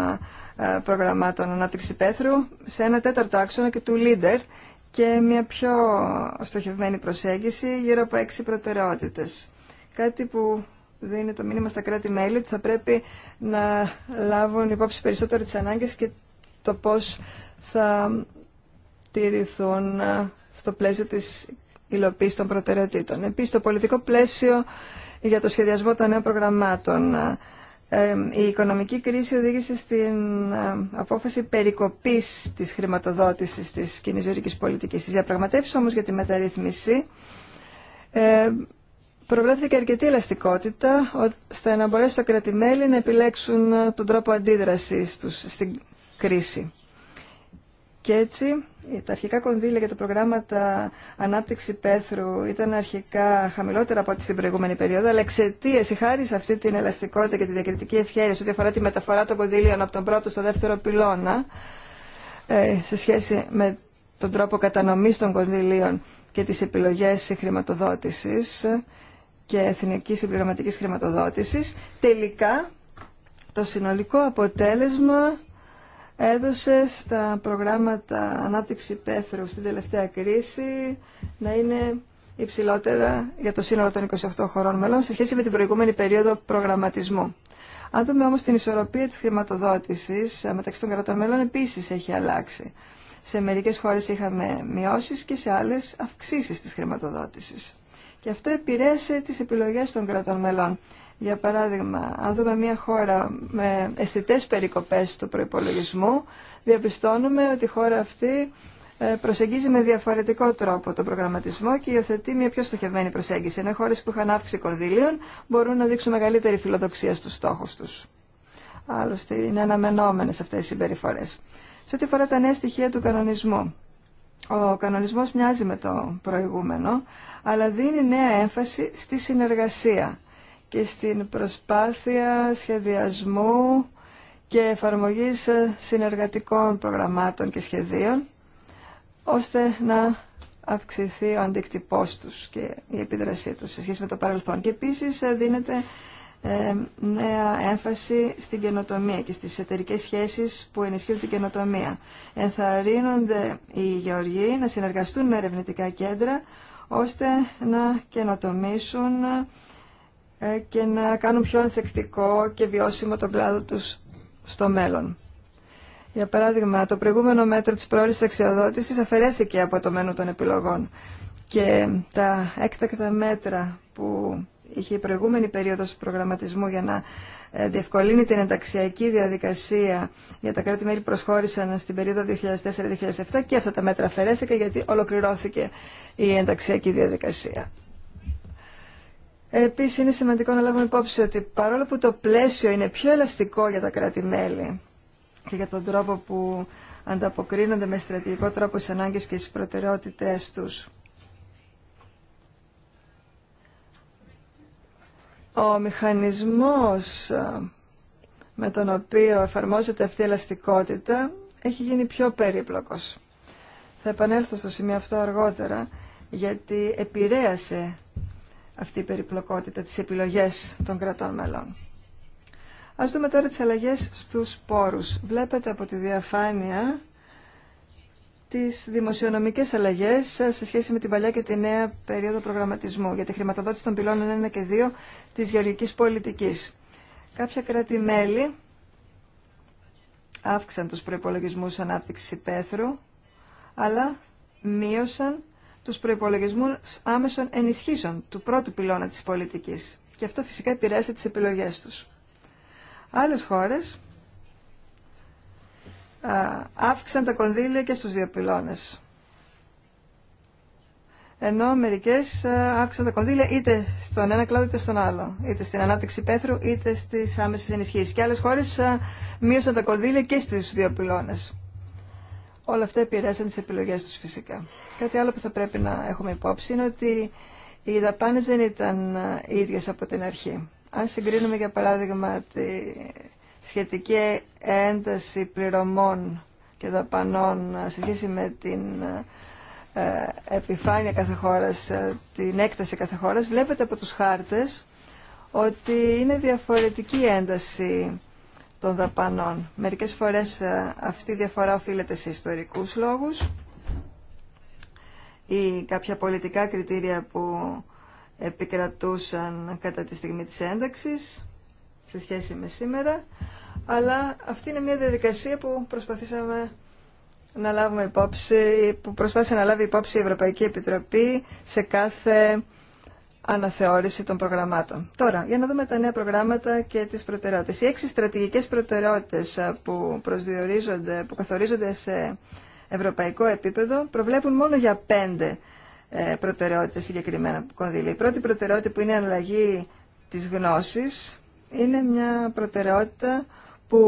ε, προγραμμάτων ανάπτυξη πέθρου σε ένα τέταρτο άξονα και του leader και μια πιο στοχευμένη προσέγγιση γύρω από έξι προτεραιότητες. Κάτι που δίνει το μήνυμα στα κράτη-μέλη ότι θα πρέπει να λάβουν υπόψη περισσότερο τις ανάγκες και το πώς θα τηρηθούν ε, στο πλαίσιο της υλοποίησης των προτεραιοτήτων. Επίσης, το πολιτικό πλαίσιο για το σχεδιασμό των νέων προγραμμάτων ε, η οικονομική κρίση οδήγησε στην απόφαση περικοπής της χρηματοδότησης της κοινής πολιτικής. Στις διαπραγματεύσεις όμως για τη μεταρρύθμιση προβλέφθηκε αρκετή ελαστικότητα ώστε να μπορέσουν τα κρατημέλη να επιλέξουν ε, τον τρόπο αντίδρασης τους στην κρίση. Και έτσι ε, τα αρχικά κονδύλια για τα προγράμματα ανάπτυξη πέθρου ήταν αρχικά χαμηλότερα από ό,τι στην προηγούμενη περίοδο, αλλά εξαιτία ή χάρη σε αυτή την ελαστικότητα και τη διακριτική ευχαίρεια ό,τι αφορά τη μεταφορά των κονδύλιων από τον πρώτο στο δεύτερο πυλώνα, ε, σε σχέση με τον τρόπο κατανομής των κονδυλίων και τις επιλογές χρηματοδότησης και εθνικής συμπληρωματικής χρηματοδότησης, τελικά το συνολικό αποτέλεσμα έδωσε στα προγράμματα ανάπτυξη πέθρου στην τελευταία κρίση να είναι υψηλότερα για το σύνολο των 28 χωρών μελών σε σχέση με την προηγούμενη περίοδο προγραμματισμού. Αν δούμε όμως την ισορροπία της χρηματοδότησης ε, μεταξύ των κρατών μελών επίσης έχει αλλάξει. Σε μερικές χώρες είχαμε μειώσεις και σε άλλες αυξήσεις της χρηματοδότησης. Και αυτό επηρέασε τις επιλογές των κρατών μελών για παράδειγμα, αν δούμε μια χώρα με αισθητέ περικοπές του προϋπολογισμού, διαπιστώνουμε ότι η χώρα αυτή ε, προσεγγίζει με διαφορετικό τρόπο τον προγραμματισμό και υιοθετεί μια πιο στοχευμένη προσέγγιση. Ενώ χώρε που είχαν αύξηση κονδύλιων μπορούν να δείξουν μεγαλύτερη φιλοδοξία στους στόχους τους. Άλλωστε είναι αναμενόμενες αυτές οι συμπεριφορές. Σε ό,τι αφορά τα νέα στοιχεία του κανονισμού. Ο κανονισμός μοιάζει με το προηγούμενο, αλλά δίνει νέα έμφαση στη συνεργασία και στην προσπάθεια σχεδιασμού και εφαρμογής συνεργατικών προγραμμάτων και σχεδίων, ώστε να αυξηθεί ο αντικτυπός τους και η επίδρασή τους σε σχέση με το παρελθόν. Και επίσης ε, δίνεται ε, νέα έμφαση στην καινοτομία και στις εταιρικέ σχέσεις που ενισχύουν την καινοτομία. Ενθαρρύνονται οι γεωργοί να συνεργαστούν με ερευνητικά κέντρα ώστε να καινοτομήσουν ε, και να κάνουν πιο ανθεκτικό και βιώσιμο τον κλάδο τους στο μέλλον. Για παράδειγμα, το προηγούμενο μέτρο της πρόορης αξιοδότησης αφαιρέθηκε από το μένου των επιλογών και τα έκτακτα μέτρα που είχε η προηγούμενη περίοδος προγραμματισμού για να ε, διευκολύνει την ενταξιακή διαδικασία για τα κράτη-μέλη προσχώρησαν στην περίοδο 2004-2007 και αυτά τα μέτρα αφαιρέθηκαν γιατί ολοκληρώθηκε η ενταξιακή διαδικασία. Επίση είναι σημαντικό να λάβουμε υπόψη ότι παρόλο που το πλαίσιο είναι πιο ελαστικό για τα κράτη-μέλη και για τον τρόπο που ανταποκρίνονται με στρατηγικό τρόπο στι ανάγκες και στις προτεραιότητές τους. Ο μηχανισμός με τον οποίο εφαρμόζεται αυτή η ελαστικότητα έχει γίνει πιο περίπλοκος. Θα επανέλθω στο σημείο αυτό αργότερα γιατί επηρέασε αυτή η περιπλοκότητα, τις επιλογές των κρατών μελών. Ας δούμε τώρα τις αλλαγές στους πόρους. Βλέπετε από τη διαφάνεια τις δημοσιονομικές αλλαγές σε σχέση με την παλιά και τη νέα περίοδο προγραμματισμού για τη χρηματοδότηση των πυλών 1 και 2 της γεωργικής πολιτικής. Κάποια κράτη-μέλη αύξαν τους προϋπολογισμούς ανάπτυξης υπαίθρου, αλλά μείωσαν τους προϋπολογισμούς άμεσων ενισχύσεων του πρώτου πυλώνα της πολιτικής. Και αυτό φυσικά επηρέασε τις επιλογές τους. Άλλες χώρες α, αύξησαν τα κονδύλια και στους δύο πυλώνες. Ενώ μερικέ αύξησαν τα κονδύλια είτε στον ένα κλάδο είτε στον άλλο. Είτε στην ανάπτυξη πέθρου είτε στις άμεσες ενισχύσει. Και άλλες χώρες μείωσαν τα κονδύλια και στι δύο πυλώνες. Όλα αυτά επηρέασαν τι επιλογές του φυσικά. Κάτι άλλο που θα πρέπει να έχουμε υπόψη είναι ότι οι δαπάνε δεν ήταν ε, ίδιε από την αρχή. Αν συγκρίνουμε για παράδειγμα τη σχετική ένταση πληρωμών και δαπανών ε, σε σχέση με την ε, επιφάνεια κάθε χώρας, την έκταση κάθε χώρας, βλέπετε από τους χάρτες ότι είναι διαφορετική ένταση των δαπανών. Μερικές φορές ε, αυτή η διαφορά οφείλεται σε ιστορικούς λόγους ή κάποια πολιτικά κριτήρια που επικρατούσαν κατά τη στιγμή της ένταξης σε σχέση με σήμερα, αλλά αυτή είναι μια διαδικασία που προσπαθήσαμε να λάβουμε υπόψη, που προσπάθησε να λάβει υπόψη η Ευρωπαϊκή Επιτροπή σε κάθε αναθεώρηση των προγραμμάτων. Τώρα, για να δούμε τα νέα προγράμματα και τις προτεραιότητες. Οι έξι στρατηγικές προτεραιότητες που προσδιορίζονται, που καθορίζονται σε ευρωπαϊκό επίπεδο, προβλέπουν μόνο για πέντε ε, προτεραιότητες συγκεκριμένα κονδύλια. Η πρώτη προτεραιότητα που είναι η αλλαγή της γνώσης είναι μια προτεραιότητα που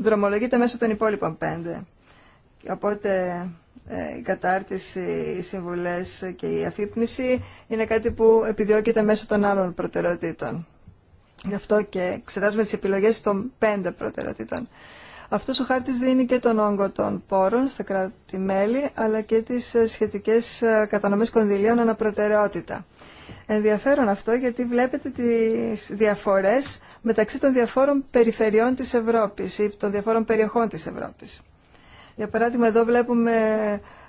δρομολογείται μέσω των υπόλοιπων πέντε. Οπότε ε, η κατάρτιση, οι συμβουλές και η αφύπνιση είναι κάτι που επιδιώκεται μέσω των άλλων προτεραιοτήτων. Γι' αυτό και εξετάζουμε τις επιλογές των πέντε προτεραιοτήτων. Αυτός ο χάρτης δίνει και τον όγκο των πόρων στα κράτη-μέλη, αλλά και τις σχετικές ε, κατανομές κονδυλίων αναπροτεραιότητα. Ενδιαφέρον αυτό γιατί βλέπετε τις διαφορές μεταξύ των διαφόρων περιφερειών της Ευρώπης ή των διαφόρων περιοχών της Ευρώπης. Για παράδειγμα, εδώ βλέπουμε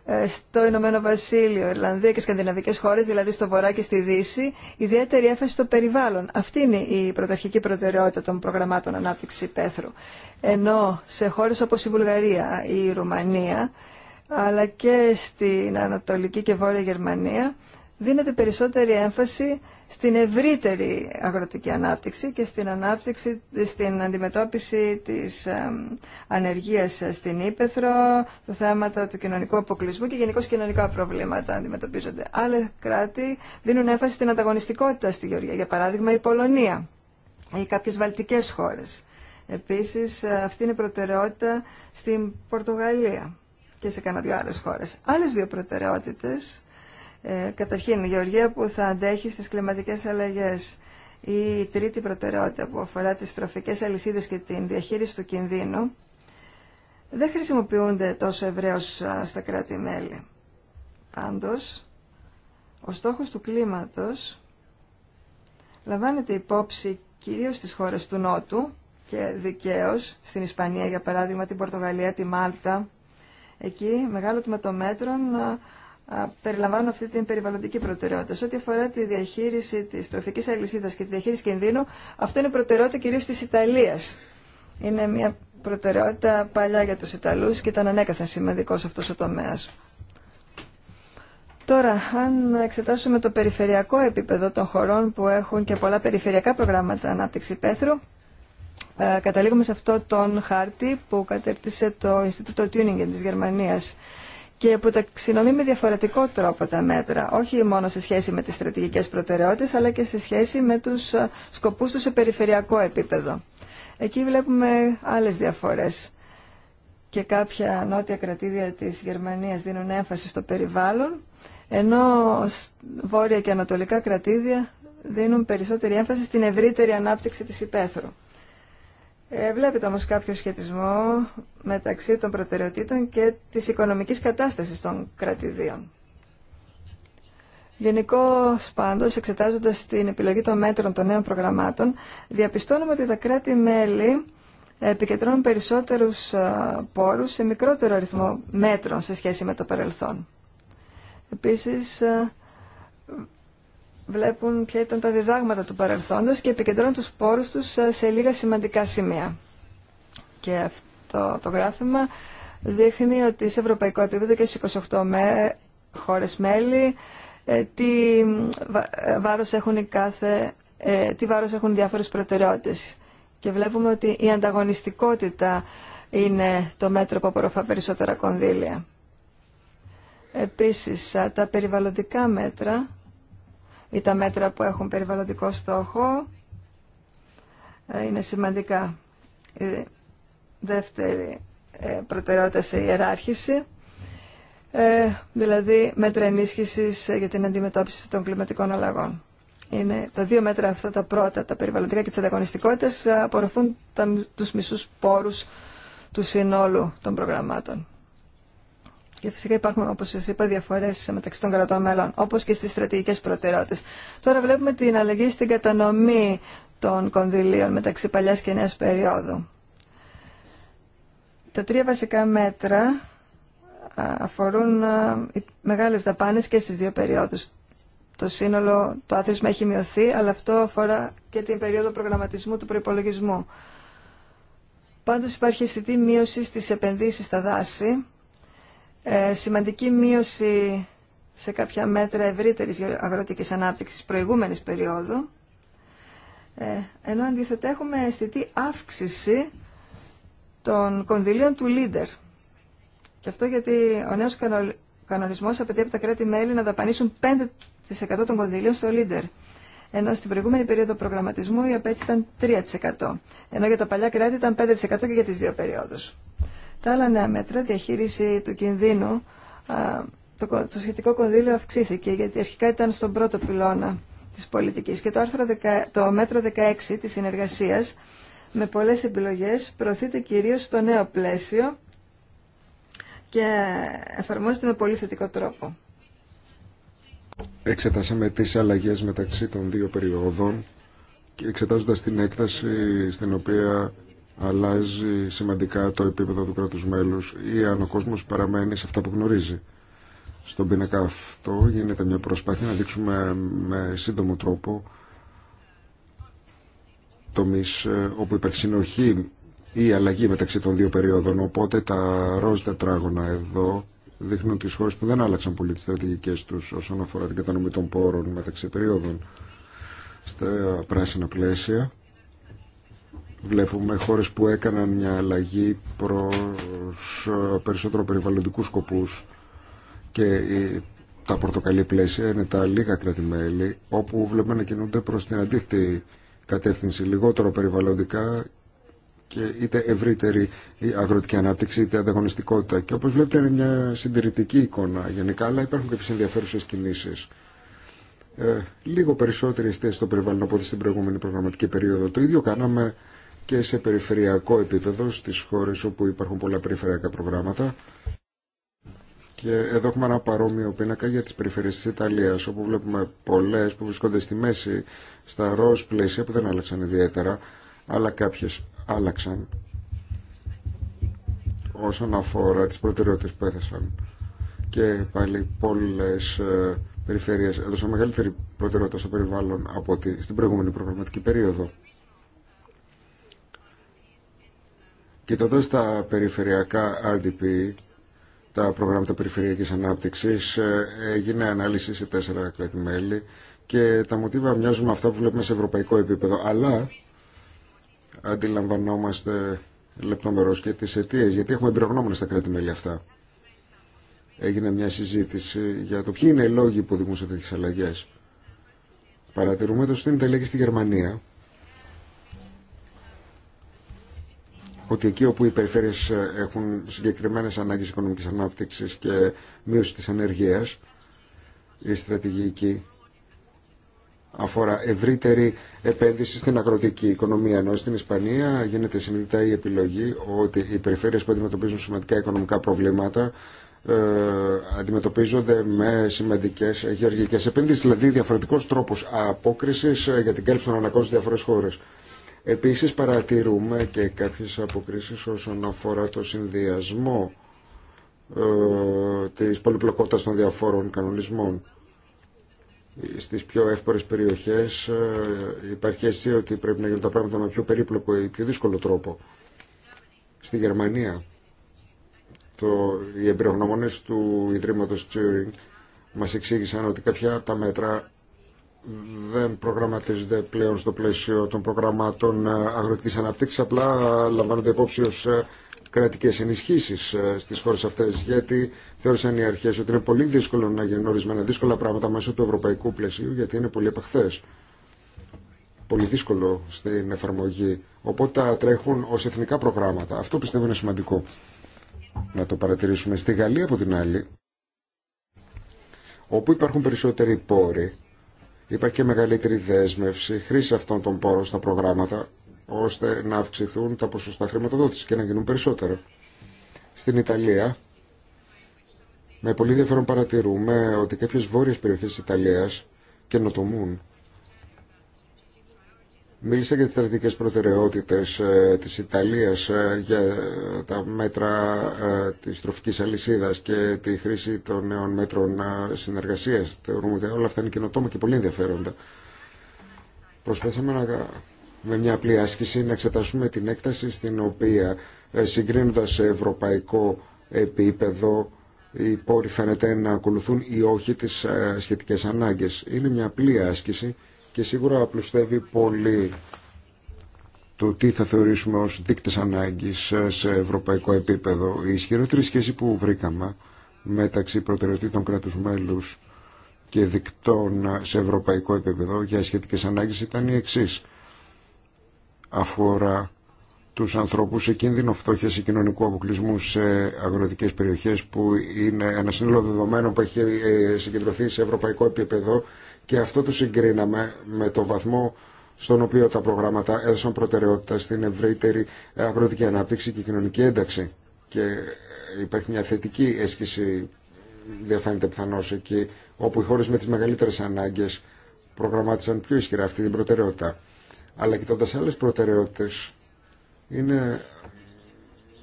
ε, στο Ηνωμένο Βασίλειο, Ιρλανδία και Σκανδιναβικέ χώρες, δηλαδή στο Βορρά και στη Δύση, ιδιαίτερη έφαση στο περιβάλλον. Αυτή είναι η πρωταρχική προτεραιότητα των προγραμμάτων ανάπτυξη πέθρου. Ενώ σε χώρες όπως η Βουλγαρία ή η Ρουμανία, αλλά και στην Ανατολική και Βόρεια Γερμανία, δίνεται περισσότερη έμφαση στην ευρύτερη αγροτική ανάπτυξη και στην, ανάπτυξη, στην αντιμετώπιση της ανεργίας στην Ήπεθρο, τα θέματα του κοινωνικού αποκλεισμού και γενικώ κοινωνικά προβλήματα αντιμετωπίζονται. Άλλα κράτη δίνουν έμφαση στην ανταγωνιστικότητα στη Γεωργία, για παράδειγμα η Πολωνία ή κάποιες βαλτικές χώρες. Επίσης ε, αυτή είναι προτεραιότητα στην Πορτογαλία και σε κανένα δύο άλλες χώρες. Άλλες δύο προτεραιότητες ε, καταρχήν, η γεωργία που θα αντέχει στις κλιματικές αλλαγές. Η η τρίτη προτεραιότητα που αφορά τις τροφικές αλυσίδες και την διαχείριση του κινδύνου δεν χρησιμοποιούνται τόσο ευρέως στα κράτη-μέλη. Άντως, ο στόχος του κλίματος λαμβάνεται υπόψη κυρίως στις χώρες του Νότου και δικαίως στην Ισπανία, για παράδειγμα, την Πορτογαλία, τη Μάλτα. Εκεί μεγάλο τμήμα των μέτρων περιλαμβάνουν αυτή την περιβαλλοντική προτεραιότητα. Σε ό,τι αφορά τη διαχείριση τη τροφική αλυσίδα και τη διαχείριση κινδύνου, αυτό είναι προτεραιότητα κυρίω τη Ιταλία. Είναι μια προτεραιότητα παλιά για του Ιταλού και ήταν ανέκαθεν σημαντικό αυτό ο τομέα. Τώρα, αν εξετάσουμε το περιφερειακό επίπεδο των χωρών που έχουν και πολλά περιφερειακά προγράμματα ανάπτυξη πέθρου, ε, καταλήγουμε σε αυτό τον χάρτη που κατέρτισε το Ινστιτούτο Τιούνιγκεν της Γερμανίας και που ταξινομεί με διαφορετικό τρόπο τα μέτρα, όχι μόνο σε σχέση με τις στρατηγικές προτεραιότητες, αλλά και σε σχέση με τους ε, σκοπούς του σε περιφερειακό επίπεδο. Εκεί βλέπουμε άλλες διαφορές. Και κάποια νότια κρατήδια της Γερμανίας δίνουν έμφαση στο περιβάλλον, ενώ βόρεια και ανατολικά κρατήδια δίνουν περισσότερη έμφαση στην ευρύτερη ανάπτυξη της υπαίθρου. Ε, βλέπετε όμως κάποιο σχετισμό μεταξύ των προτεραιοτήτων και της οικονομικής κατάστασης των κρατηδίων. Γενικώ πάντως, εξετάζοντας την επιλογή των μέτρων των νέων προγραμμάτων, διαπιστώνουμε ότι τα κράτη-μέλη επικεντρώνουν περισσότερους ε, πόρους σε μικρότερο αριθμό μέτρων σε σχέση με το παρελθόν. Επίσης, ε, βλέπουν ποια ήταν τα διδάγματα του παρελθόντος και επικεντρώνουν τους πόρους τους ε, σε λίγα σημαντικά σημεία. Και αυτό το γράφημα δείχνει ότι σε ευρωπαϊκό επίπεδο και στις 28 με, χώρες μέλη ε, τι ε, βάρος έχουν, οι κάθε, τι βάρος έχουν διάφορες προτεραιότητες. Και βλέπουμε ότι η ανταγωνιστικότητα είναι το μέτρο που απορροφά περισσότερα κονδύλια. Επίσης, τα περιβαλλοντικά μέτρα ή τα μέτρα που έχουν περιβαλλοντικό στόχο ε, είναι σημαντικά. Η δεύτερη ε, προτεραιότητα σε ιεράρχηση, ε, δηλαδή μέτρα ενίσχυσης για την αντιμετώπιση των κλιματικών αλλαγών. Είναι τα δύο μέτρα αυτά τα πρώτα, τα περιβαλλοντικά και τις ανταγωνιστικότητες, απορροφούν τους μισούς πόρους του συνόλου των προγραμμάτων. Και φυσικά υπάρχουν, όπω σα είπα, διαφορέ μεταξύ των κρατών μέλων, όπω και στι στρατηγικέ προτεραιότητε. Τώρα βλέπουμε την αλλαγή στην κατανομή των κονδυλίων μεταξύ παλιά και νέα περίοδου. Τα τρία βασικά μέτρα αφορούν μεγάλε μεγάλες δαπάνες και στις δύο περιόδους. Το σύνολο, το άθροισμα έχει μειωθεί, αλλά αυτό αφορά και την περίοδο προγραμματισμού του προϋπολογισμού. Πάντως υπάρχει αισθητή μείωση στις επενδύσεις στα δάση ε, σημαντική μείωση σε κάποια μέτρα ευρύτερης αγροτικής ανάπτυξης προηγούμενης περίοδου, ε, ενώ αντίθετα έχουμε αισθητή αύξηση των κονδυλίων του Λίντερ. Και αυτό γιατί ο νέος κανονισμός απαιτεί από τα κράτη-μέλη να δαπανίσουν 5% των κονδυλίων στο Λίντερ. Ενώ στην προηγούμενη περίοδο προγραμματισμού η απέτηση ήταν 3%. Ενώ για τα παλιά κράτη ήταν 5% και για τις δύο περίοδους. Τα άλλα νέα μέτρα, διαχείριση του κινδύνου, το, σχετικό κονδύλιο αυξήθηκε γιατί αρχικά ήταν στον πρώτο πυλώνα της πολιτικής και το, άρθρο το μέτρο 16 της συνεργασίας με πολλές επιλογές προωθείται κυρίως στο νέο πλαίσιο και εφαρμόζεται με πολύ θετικό τρόπο. Εξετάσαμε τις αλλαγές μεταξύ των δύο περιόδων και εξετάζοντας την έκταση στην οποία αλλάζει σημαντικά το επίπεδο του κράτους μέλους ή αν ο κόσμος παραμένει σε αυτά που γνωρίζει. Στον πίνακα αυτό γίνεται μια προσπάθεια να δείξουμε με σύντομο τρόπο τομείς ε, όπου υπάρχει συνοχή ή αλλαγή μεταξύ των δύο περίοδων. Οπότε τα ροζ τετράγωνα εδώ δείχνουν τις χώρες που δεν άλλαξαν πολύ τις στρατηγικές τους όσον αφορά την κατανομή των πόρων μεταξύ περίοδων στα πράσινα πλαίσια Βλέπουμε χώρες που έκαναν μια αλλαγή προς ε, περισσότερο περιβαλλοντικούς σκοπούς και τα πορτοκαλί πλαίσια είναι τα λίγα κρατημέλη όπου βλέπουμε να κινούνται προς την αντίθετη κατεύθυνση λιγότερο περιβαλλοντικά και είτε ευρύτερη η αγροτική ανάπτυξη είτε ανταγωνιστικότητα. Και όπως βλέπετε είναι μια συντηρητική εικόνα γενικά, αλλά υπάρχουν και ενδιαφέρουσες κινήσεις. Ε, λίγο περισσότερη εστίαση στο περιβάλλον από ό,τι στην προηγούμενη προγραμματική περίοδο. Το ίδιο κάναμε και σε περιφερειακό επίπεδο στις χώρες όπου υπάρχουν πολλά περιφερειακά προγράμματα. Και εδώ έχουμε ένα παρόμοιο πίνακα για τις περιφερειές της Ιταλίας, όπου βλέπουμε πολλές που βρισκόνται στη μέση, στα ροζ πλαίσια που δεν άλλαξαν ιδιαίτερα, αλλά κάποιες άλλαξαν όσον αφορά τις προτεραιότητες που έθεσαν. Και πάλι πολλές ε, περιφέρειες έδωσαν μεγαλύτερη προτεραιότητα στο περιβάλλον από ό,τι στην προηγούμενη προγραμματική περίοδο. Κοιτώντα τα περιφερειακά RDP, τα προγράμματα περιφερειακής ανάπτυξης, ε, έγινε ανάλυση σε τέσσερα κράτη-μέλη και τα μοτίβα μοιάζουν με αυτά που βλέπουμε σε ευρωπαϊκό επίπεδο. Αλλά αντιλαμβανόμαστε λεπτομερώς και τις αιτίε, γιατί έχουμε εμπειρογνώμονες στα κράτη-μέλη αυτά. Έγινε μια συζήτηση για το ποιοι είναι οι λόγοι που οδηγούν σε τέτοιες αλλαγές. Παρατηρούμε το στην Ιταλία στη Γερμανία, ότι εκεί όπου οι περιφέρειες ε, έχουν συγκεκριμένες ανάγκες οικονομικής ανάπτυξης και μείωση της ενεργείας, η στρατηγική αφορά ευρύτερη επένδυση στην αγροτική οικονομία. Ενώ στην Ισπανία γίνεται συνειδητά η επιλογή ότι οι περιφέρειες που αντιμετωπίζουν σημαντικά οικονομικά προβλήματα ε, αντιμετωπίζονται με σημαντικές γεωργικές επενδύσεις, δηλαδή διαφορετικός τρόπος απόκρισης ε, για την κάλυψη των αναγκών στις διάφορες χώρες. Επίσης παρατηρούμε και κάποιες αποκρίσεις όσον αφορά το συνδυασμό ε, της πολυπλοκότητας των διαφόρων κανονισμών. Στις πιο εύπορες περιοχές ε, υπάρχει αίσθηση ότι πρέπει να γίνουν τα πράγματα με πιο περίπλοκο ή πιο δύσκολο τρόπο. Στη Γερμανία, το, οι εμπειρογνωμόνες του Ιδρύματος Turing μας εξήγησαν ότι κάποια από τα μέτρα δεν προγραμματίζονται πλέον στο πλαίσιο των προγραμμάτων ε, αγροτικής αναπτύξης, απλά λαμβάνονται υπόψη ως ε, κρατικές ενισχύσεις ε, στις χώρες αυτές, γιατί θεώρησαν οι αρχές ότι είναι πολύ δύσκολο να γίνουν ορισμένα δύσκολα πράγματα μέσω του ευρωπαϊκού πλαισίου, γιατί είναι πολύ επαχθές. Πολύ δύσκολο στην εφαρμογή. Οπότε τρέχουν ως εθνικά προγράμματα. Αυτό πιστεύω είναι σημαντικό να το παρατηρήσουμε. Στη Γαλλία από την άλλη, όπου υπάρχουν περισσότεροι πόροι, υπάρχει και μεγαλύτερη δέσμευση χρήση αυτών των πόρων στα προγράμματα ώστε να αυξηθούν τα ποσοστά χρηματοδότηση και να γίνουν περισσότερα. Στην Ιταλία, με πολύ ενδιαφέρον παρατηρούμε ότι κάποιες βόρειες περιοχές της Ιταλίας καινοτομούν Μίλησε για τις στρατηγικές προτεραιότητες ε, της Ιταλίας ε, για τα μέτρα ε, της τροφικής αλυσίδας και τη χρήση των νέων μέτρων συνεργασίας. Θεωρούμε ότι όλα αυτά είναι καινοτόμα και πολύ ενδιαφέροντα. Προσπαθήσαμε να, με μια απλή άσκηση να εξετάσουμε την έκταση στην οποία συγκρίνοντας σε ευρωπαϊκό επίπεδο οι πόροι φαίνεται να ακολουθούν ή όχι τις σχετικές ανάγκες. Είναι μια απλή άσκηση και σίγουρα απλουστεύει πολύ το τι θα θεωρήσουμε ως δείκτες ανάγκης σε ευρωπαϊκό επίπεδο. Η ισχυρότερη σχέση που βρήκαμε μεταξύ προτεραιοτήτων κράτους μέλους και δικτών σε ευρωπαϊκό επίπεδο για σχετικές ανάγκες ήταν η εξής. Αφορά τους ανθρώπους σε κίνδυνο φτώχεια ή κοινωνικού αποκλεισμού σε αγροτικές περιοχές που είναι ένα σύνολο δεδομένων που έχει ε, συγκεντρωθεί σε ευρωπαϊκό επίπεδο και αυτό το συγκρίναμε με το βαθμό στον οποίο τα προγράμματα έδωσαν προτεραιότητα στην ευρύτερη αγροτική ανάπτυξη και κοινωνική ένταξη. Και υπάρχει μια θετική έσκηση, διαφάνεται πιθανώ εκεί, όπου οι χώρε με τι μεγαλύτερε ανάγκε προγραμμάτισαν πιο ισχυρά αυτή την προτεραιότητα. Αλλά κοιτώντα άλλε προτεραιότητε είναι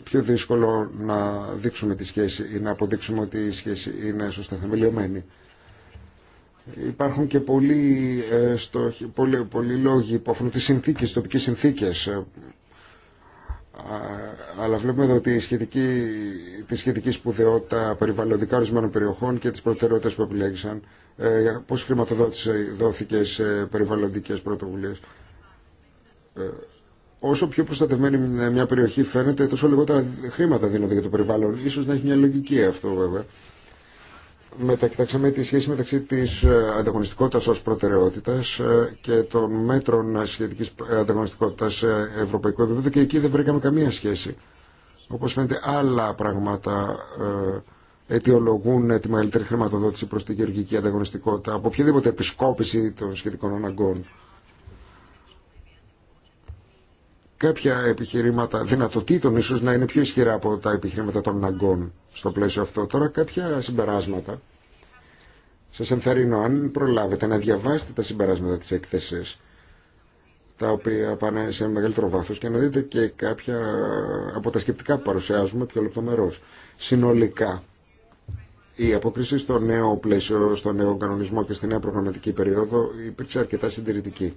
πιο δύσκολο να δείξουμε τη σχέση ή να αποδείξουμε ότι η σχέση είναι σωστά θεμελιωμένη. Υπάρχουν και πολλοί, ε, στο, πολλοί, πολλοί λόγοι που αφορούν τις συνθήκες, τις τοπικές συνθήκες. Ε, αλλά βλέπουμε εδώ τη σχετική, τη σχετική σπουδαιότητα περιβαλλοντικά ορισμένων περιοχών και τις προτεραιότητες που επιλέγησαν. Ε, πώς χρηματοδότηση δόθηκε σε περιβαλλοντικές πρωτοβουλίες. Ε, όσο πιο προστατευμένη μια περιοχή φαίνεται, τόσο λιγότερα χρήματα δίνονται για το περιβάλλον. Ίσως να έχει μια λογική αυτό βέβαια. Μετά κοιτάξαμε τη σχέση μεταξύ της ε, ανταγωνιστικότητας ως προτεραιότητας ε, και των μέτρων σχετικής ε, ανταγωνιστικότητας ευρωπαϊκό επίπεδο και εκεί δεν βρήκαμε καμία σχέση. Όπως φαίνεται άλλα πράγματα αιτιολογούν τη μεγαλύτερη χρηματοδότηση προς την γεωργική ανταγωνιστικότητα από οποιαδήποτε επισκόπηση των σχετικών αναγκών. κάποια επιχειρήματα δυνατοτήτων ίσως να είναι πιο ισχυρά από τα επιχειρήματα των αναγκών στο πλαίσιο αυτό. Τώρα κάποια συμπεράσματα. Σας ενθαρρύνω αν προλάβετε να διαβάσετε τα συμπεράσματα της έκθεσης τα οποία πάνε σε μεγαλύτερο βάθος και να δείτε και κάποια από τα σκεπτικά που παρουσιάζουμε πιο λεπτομερώς. Συνολικά, η αποκρίση στο νέο πλαίσιο, στο νέο κανονισμό και στη νέα προγραμματική περίοδο υπήρξε αρκετά συντηρητική.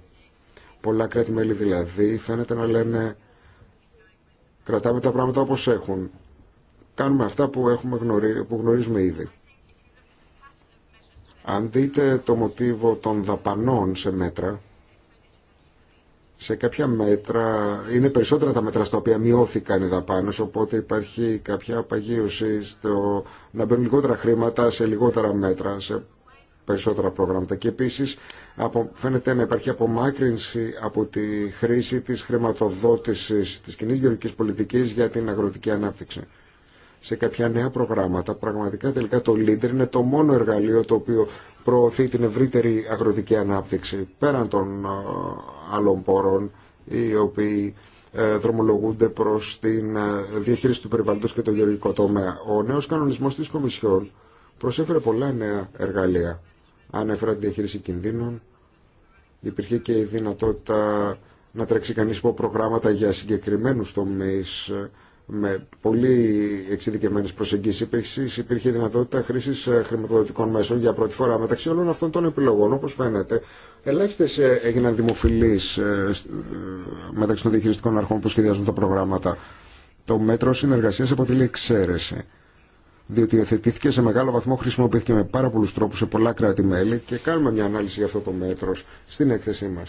Πολλά κράτη-μέλη δηλαδή φαίνεται να λένε κρατάμε τα πράγματα όπως έχουν. Κάνουμε αυτά που, έχουμε γνωρί, που γνωρίζουμε ήδη. Αν δείτε το μοτίβο των δαπανών σε μέτρα, σε κάποια μέτρα, είναι περισσότερα τα μέτρα στα οποία μειώθηκαν οι δαπάνες, οπότε υπάρχει κάποια απαγίωση στο να μπαίνουν λιγότερα χρήματα σε λιγότερα μέτρα, περισσότερα προγράμματα. Και επίση φαίνεται να υπάρχει απομάκρυνση από τη χρήση τη χρηματοδότηση τη κοινή γεωργική πολιτική για την αγροτική ανάπτυξη. Σε κάποια νέα προγράμματα πραγματικά τελικά το Leader είναι το μόνο εργαλείο το οποίο προωθεί την ευρύτερη αγροτική ανάπτυξη πέραν των ε, άλλων πόρων οι οποίοι ε, δρομολογούνται προς την ε, διαχείριση του περιβαλλοντος και το γεωργικό τομέα. Ο νέος κανονισμός της Κομισιόν προσέφερε πολλά νέα εργαλεία ανέφερα τη διαχείριση κινδύνων. Υπήρχε και η δυνατότητα να τρέξει κανείς υπό προγράμματα για συγκεκριμένους τομείς ε, με πολύ εξειδικευμένες προσεγγίσεις. Υπήρχε, η δυνατότητα χρήσης ε, χρηματοδοτικών μέσων για πρώτη φορά. Μεταξύ όλων αυτών των επιλογών, όπως φαίνεται, ελάχιστες ε, έγιναν δημοφιλείς μεταξύ των διαχειριστικών αρχών που σχεδιάζουν τα προγράμματα. Το μέτρο συνεργασίας αποτελεί εξαίρεση διότι οθετηθήκε σε μεγάλο βαθμό, χρησιμοποιήθηκε με πάρα πολλού τρόπου σε πολλά κράτη-μέλη και κάνουμε μια ανάλυση για αυτό το μέτρο στην έκθεσή μα.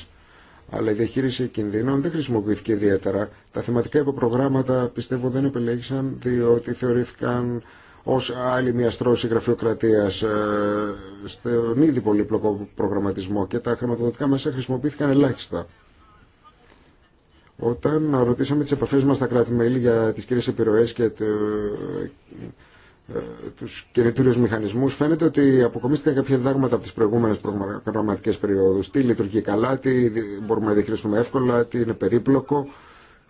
Αλλά η διαχείριση κινδύνων δεν χρησιμοποιήθηκε ιδιαίτερα. Τα θεματικά υποπρογράμματα πιστεύω δεν επιλέγησαν διότι θεωρήθηκαν ω άλλη μια στρώση γραφειοκρατία ε, στον ήδη πολύπλοκο προγραμματισμό και τα χρηματοδοτικά μέσα χρησιμοποιήθηκαν ελάχιστα. Όταν ρωτήσαμε τι επαφέ μα στα κράτη-μέλη για τι κυρίε επιρροέ και ε, τους κινητήριους μηχανισμούς φαίνεται ότι αποκομίστηκαν κάποια διδάγματα από τις προηγούμενες προγραμματικές περιόδους τι λειτουργεί καλά, τι μπορούμε να διαχειριστούμε εύκολα, τι είναι περίπλοκο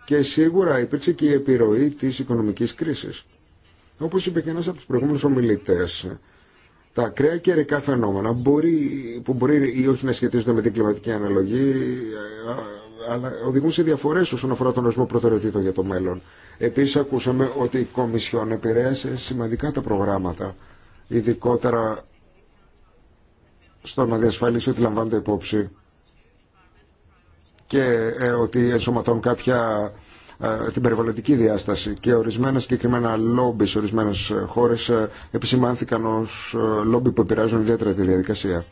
και σίγουρα υπήρξε και η επιρροή της οικονομικής κρίσης όπως είπε και ένας από τους προηγούμενους ομιλητές τα ακραία καιρικά φαινόμενα μπορεί, που μπορεί ή όχι να σχετίζονται με την κλιματική αναλογή ε, οδηγούν σε διαφορέ όσον αφορά τον ορισμό προτεραιοτήτων για το μέλλον. Επίση, ακούσαμε ότι η Κομισιόν επηρέασε σημαντικά τα προγράμματα, ειδικότερα στο να διασφαλίσει ότι λαμβάνονται υπόψη και ε, ότι ενσωματώνουν κάποια ε, την περιβαλλοντική διάσταση και ορισμένα συγκεκριμένα λόμπι σε ορισμένε ε, χώρε επισημάνθηκαν ω λόμπι που επηρεάζουν ιδιαίτερα τη διαδικασία.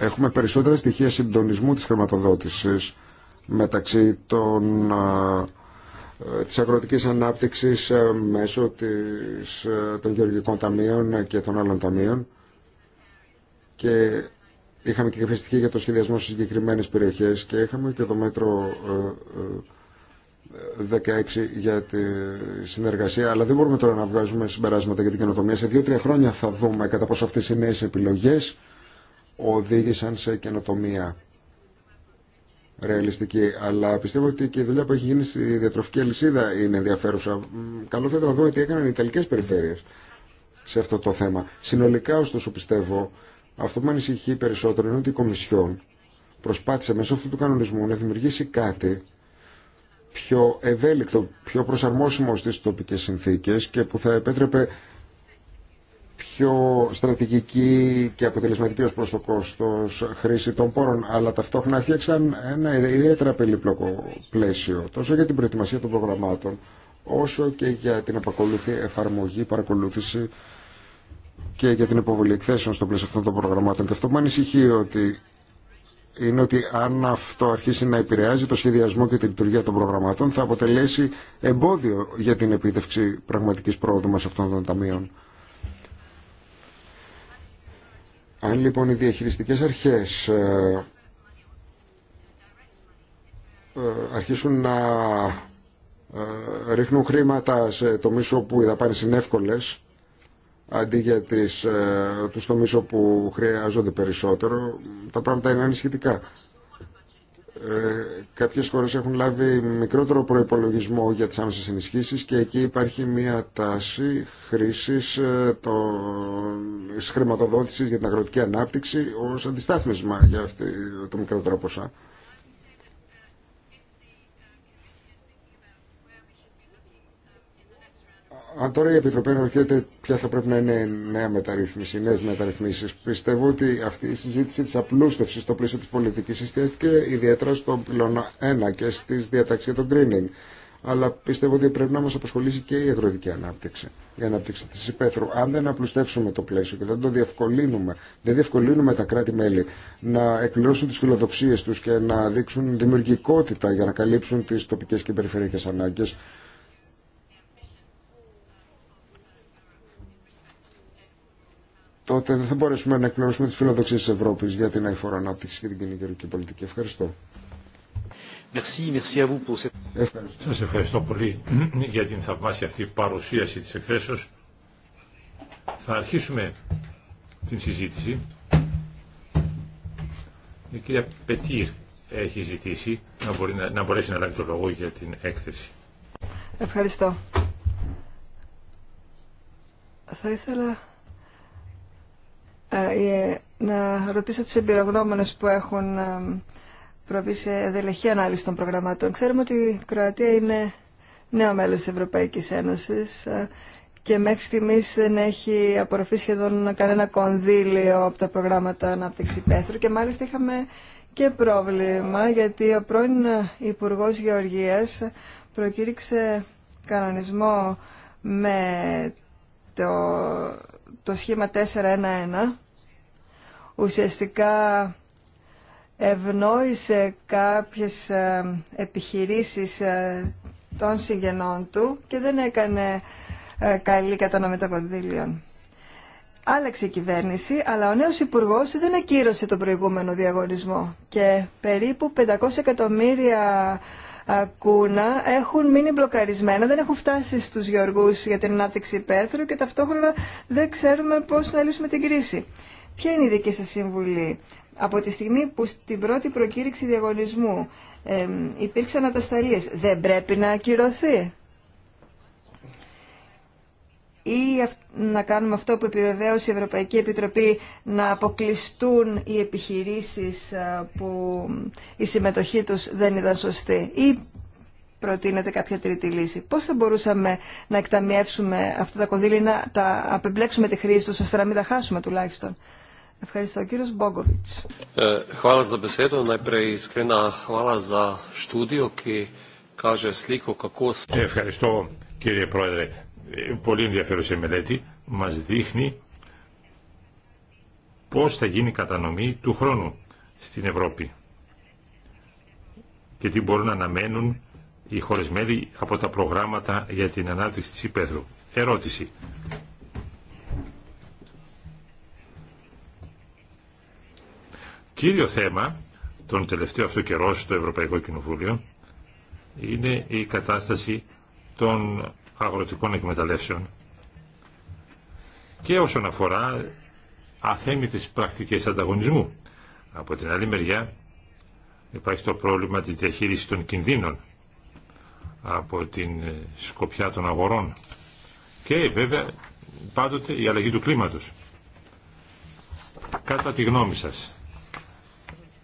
έχουμε περισσότερα στοιχεία συντονισμού της χρηματοδότησης μεταξύ των, ε, της αγροτικής ανάπτυξης ε, μέσω της, ε, των γεωργικών ταμείων και των άλλων ταμείων και είχαμε και κάποια για το σχεδιασμό στις συγκεκριμένες περιοχές και είχαμε και το μέτρο 16 για τη συνεργασία, αλλά δεν μπορούμε τώρα να βγάζουμε συμπεράσματα για την καινοτομία. Σε δύο-τρία χρόνια θα δούμε κατά πόσο αυτές οι νέες επιλογές οδήγησαν σε καινοτομία ρεαλιστική. Αλλά πιστεύω ότι και η δουλειά που έχει γίνει στη διατροφική αλυσίδα είναι ενδιαφέρουσα. Καλό θα να δούμε τι έκαναν οι Ιταλικές περιφέρειες σε αυτό το θέμα. Συνολικά, ωστόσο, πιστεύω, αυτό που με ανησυχεί περισσότερο είναι ότι η Κομισιόν προσπάθησε μέσω αυτού του κανονισμού να δημιουργήσει κάτι πιο ευέλικτο, πιο προσαρμόσιμο στις τοπικές συνθήκες και που θα επέτρεπε πιο στρατηγική και αποτελεσματική ως προς το κόστος χρήση των πόρων, αλλά ταυτόχρονα έφτιαξαν ένα ιδιαίτερα περίπλοκο πλαίσιο, τόσο για την προετοιμασία των προγραμμάτων, όσο και για την επακολούθη εφαρμογή, παρακολούθηση και για την υποβολή εκθέσεων στο πλαίσιο αυτών των προγραμμάτων. Και αυτό που με ανησυχεί ότι είναι ότι αν αυτό αρχίσει να επηρεάζει το σχεδιασμό και τη λειτουργία των προγραμμάτων, θα αποτελέσει εμπόδιο για την επίτευξη πραγματικής πρόοδου μας αυτών των ταμείων. Αν λοιπόν οι διαχειριστικές αρχές ε, ε, αρχίσουν να ε, ρίχνουν χρήματα σε τομείς όπου οι δαπάνες είναι εύκολες αντί για τις, τους τομείς όπου χρειάζονται περισσότερο τα πράγματα είναι ανησυχητικά ε, κάποιες χώρες έχουν λάβει μικρότερο προϋπολογισμό για τις άμεσες ενισχύσεις και εκεί υπάρχει μια τάση χρήσης ε, της χρηματοδότησης για την αγροτική ανάπτυξη ως αντιστάθμισμα για αυτή, το μικρότερο ποσά. αν τώρα η Επιτροπή αναρωτιέται ποια θα πρέπει να είναι νέα μεταρρύθμιση, νέε μεταρρυθμίσει, πιστεύω ότι αυτή η συζήτηση τη απλούστευση στο πλαίσιο τη πολιτική εστιάστηκε ιδιαίτερα στο πυλώνα 1 και στη διαταξία των greening. Αλλά πιστεύω ότι πρέπει να μα απασχολήσει και η αγροτική ανάπτυξη, η ανάπτυξη τη υπαίθρου. Αν δεν απλουστεύσουμε το πλαίσιο και δεν το διευκολύνουμε, δεν διευκολύνουμε τα κράτη-μέλη να εκπληρώσουν τι φιλοδοξίε του και να δείξουν δημιουργικότητα για να καλύψουν τι τοπικέ και περιφερειακέ ανάγκε, τότε δεν θα μπορέσουμε να εκπληρώσουμε τις φιλοδοξίες της Ευρώπης για την αηφόρα ανάπτυξη και την κοινωνική πολιτική. Ευχαριστώ. Merci, merci à vous pour cette... ευχαριστώ. Σας ευχαριστώ πολύ για την θαυμάσια αυτή παρουσίαση της εκθέσεως. Θα αρχίσουμε την συζήτηση. Η κυρία Πετήρ έχει ζητήσει να, να, μπορέσει να λάβει το λόγο για την έκθεση. Ευχαριστώ. Θα ήθελα ε, ε, να ρωτήσω τους εμπειρογνώμονες που έχουν ε, προβεί σε δελεχή ανάλυση των προγραμμάτων. Ξέρουμε ότι η Κροατία είναι νέο μέλος της Ευρωπαϊκής Ένωσης και μέχρι στιγμής δεν έχει απορροφεί σχεδόν κανένα κονδύλιο από τα προγράμματα ανάπτυξη πέθρου και μάλιστα είχαμε και πρόβλημα γιατί ο πρώην υπουργό Γεωργίας προκήρυξε κανονισμό με το το σχήμα ουσιαστικά ουσιαστικά ευνόησε κάποιες ε, επιχειρήσεις ε, των συγγενών του και δεν έκανε ε, καλή κατανομή των κονδύλιων. Άλλαξε η κυβέρνηση, αλλά ο νέος υπουργός δεν ακύρωσε τον προηγούμενο διαγωνισμό και περίπου 500 εκατομμύρια ακούνα έχουν μείνει μπλοκαρισμένα, δεν έχουν φτάσει στους γεωργούς για την ανάπτυξη πέθρου και ταυτόχρονα δεν ξέρουμε πώς να λύσουμε την κρίση. Ποια είναι η δική σας συμβουλή. Από τη στιγμή που στην πρώτη προκήρυξη διαγωνισμού ε, υπήρξαν ατασταλίες, δεν πρέπει να ακυρωθεί ή να κάνουμε αυτό που επιβεβαίωσε η Ευρωπαϊκή Επιτροπή να αποκλειστούν οι επιχειρήσεις ε, που η συμμετοχή τους δεν ήταν σωστή ή προτείνεται κάποια τρίτη λύση. Πώς θα μπορούσαμε να εκταμιεύσουμε αυτά τα κονδύλια, να τα απεμπλέξουμε τη χρήση τους ώστε να μην τα χάσουμε τουλάχιστον. Ευχαριστώ. Ο κύριος Μπόγκοβιτς. Ευχαριστώ κύριε Πρόεδρε. Ε, πολύ ενδιαφέρουσα μελέτη, μας δείχνει πώς θα γίνει η κατανομή του χρόνου στην Ευρώπη και τι μπορούν να αναμένουν οι χώρες μέλη από τα προγράμματα για την ανάπτυξη της υπαίθρου. Ερώτηση. Κύριο θέμα τον τελευταίο αυτό καιρό στο Ευρωπαϊκό Κοινοβούλιο είναι η κατάσταση των αγροτικών εκμεταλλεύσεων και όσον αφορά αθέμητες πρακτικές ανταγωνισμού. Από την άλλη μεριά υπάρχει το πρόβλημα της διαχείρισης των κινδύνων από την ε, σκοπιά των αγορών και βέβαια πάντοτε η αλλαγή του κλίματος. Κατά τη γνώμη σας,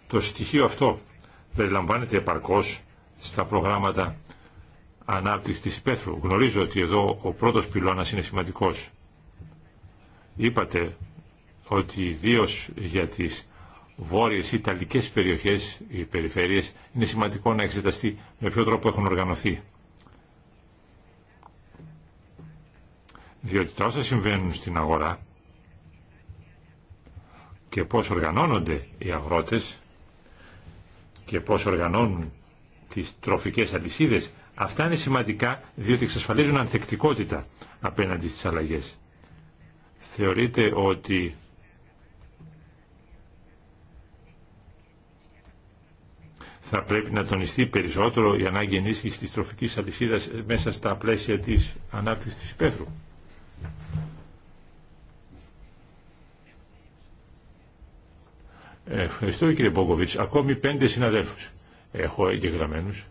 το στοιχείο αυτό περιλαμβάνεται επαρκώς στα προγράμματα ανάπτυξη της υπαίθρου. Γνωρίζω ότι εδώ ο πρώτος πυλώνας είναι σημαντικός. Είπατε ότι ιδίω για τις βόρειες ιταλικές περιοχές, οι περιφέρειες, είναι σημαντικό να εξεταστεί με ποιο τρόπο έχουν οργανωθεί. Διότι τα όσα συμβαίνουν στην αγορά και πώς οργανώνονται οι αγρότες και πώς οργανώνουν τις τροφικές αλυσίδες Αυτά είναι σημαντικά διότι εξασφαλίζουν ανθεκτικότητα απέναντι στις αλλαγές. Θεωρείτε ότι θα πρέπει να τονιστεί περισσότερο η ανάγκη ενίσχυσης της τροφικής αλυσίδας μέσα στα πλαίσια της ανάπτυξης της υπαίθρου. Ευχαριστώ κύριε Μπόγκοβιτς. Ακόμη πέντε συναδέλφους έχω εγγεγραμμένους.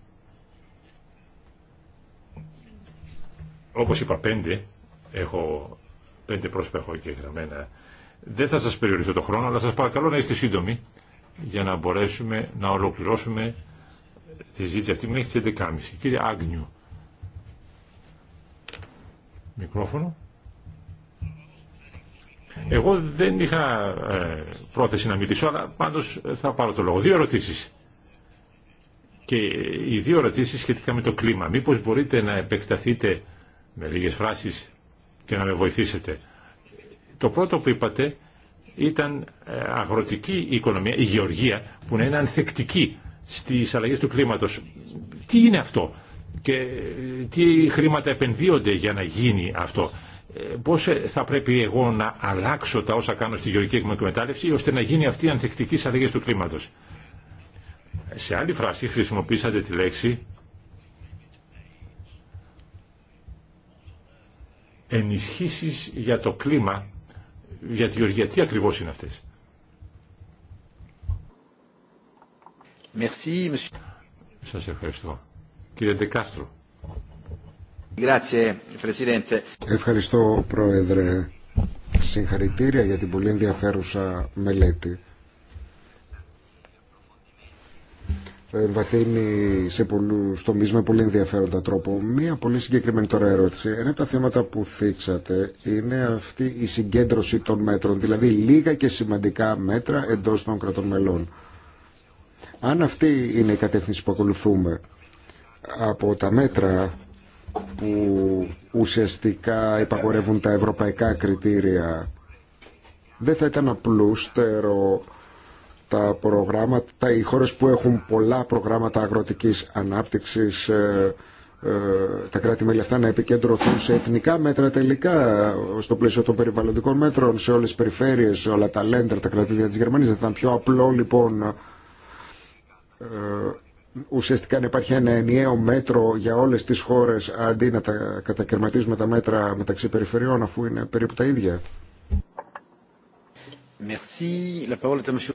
όπως είπα πέντε, έχω πέντε πρόσωπα έχω και γραμμένα. Δεν θα σας περιορίσω το χρόνο, αλλά σας παρακαλώ να είστε σύντομοι για να μπορέσουμε να ολοκληρώσουμε τη ζήτηση αυτή μέχρι τις 11.30. Κύριε Άγνιου. Μικρόφωνο. Εγώ δεν είχα ε, πρόθεση να μιλήσω, αλλά πάντως θα πάρω το λόγο. Δύο ερωτήσεις. Και οι δύο ερωτήσεις σχετικά με το κλίμα. Μήπως μπορείτε να επεκταθείτε με λίγες φράσεις και να με βοηθήσετε. Το πρώτο που είπατε ήταν ε, αγροτική οικονομία, η γεωργία, που να είναι ανθεκτική στις αλλαγές του κλίματος. Τι είναι αυτό και ε, τι χρήματα επενδύονται για να γίνει αυτό. Ε, πώς θα πρέπει εγώ να αλλάξω τα όσα κάνω στη γεωργική εκμετάλλευση ώστε να γίνει αυτή η ανθεκτική στις αλλαγές του κλίματος. Σε άλλη φράση χρησιμοποίησατε τη λέξη ενισχύσεις για το κλίμα, για τη Γεωργία. Τι ακριβώς είναι αυτές. Merci, Σας ευχαριστώ. Κύριε Ντεκάστρο. Ευχαριστώ, Πρόεδρε. Συγχαρητήρια για την πολύ ενδιαφέρουσα μελέτη. βαθύνει σε πολλού τομεί με πολύ ενδιαφέροντα τρόπο. Μία πολύ συγκεκριμένη τώρα ερώτηση. Ένα από τα θέματα που θίξατε είναι αυτή η συγκέντρωση των μέτρων, δηλαδή λίγα και σημαντικά μέτρα εντό των κρατών μελών. Αν αυτή είναι η κατεύθυνση που ακολουθούμε από τα μέτρα που ουσιαστικά υπαγορεύουν τα ευρωπαϊκά κριτήρια, δεν θα ήταν απλούστερο τα προγράμματα, οι χώρες που έχουν πολλά προγράμματα αγροτικής ανάπτυξης, ε, ε, τα κράτη-μέλη λεφτά να επικεντρωθούν σε εθνικά μέτρα τελικά στο πλαίσιο των περιβαλλοντικών μέτρων σε όλες τις περιφέρειες, σε όλα τα λέντρα, τα κρατήδια της Γερμανίας. Δεν θα ήταν πιο απλό λοιπόν ε, ουσιαστικά να υπάρχει ένα ενιαίο μέτρο για όλες τις χώρες αντί να τα κατακαιρματίζουμε τα μέτρα μεταξύ περιφερειών αφού είναι περίπου τα ίδια.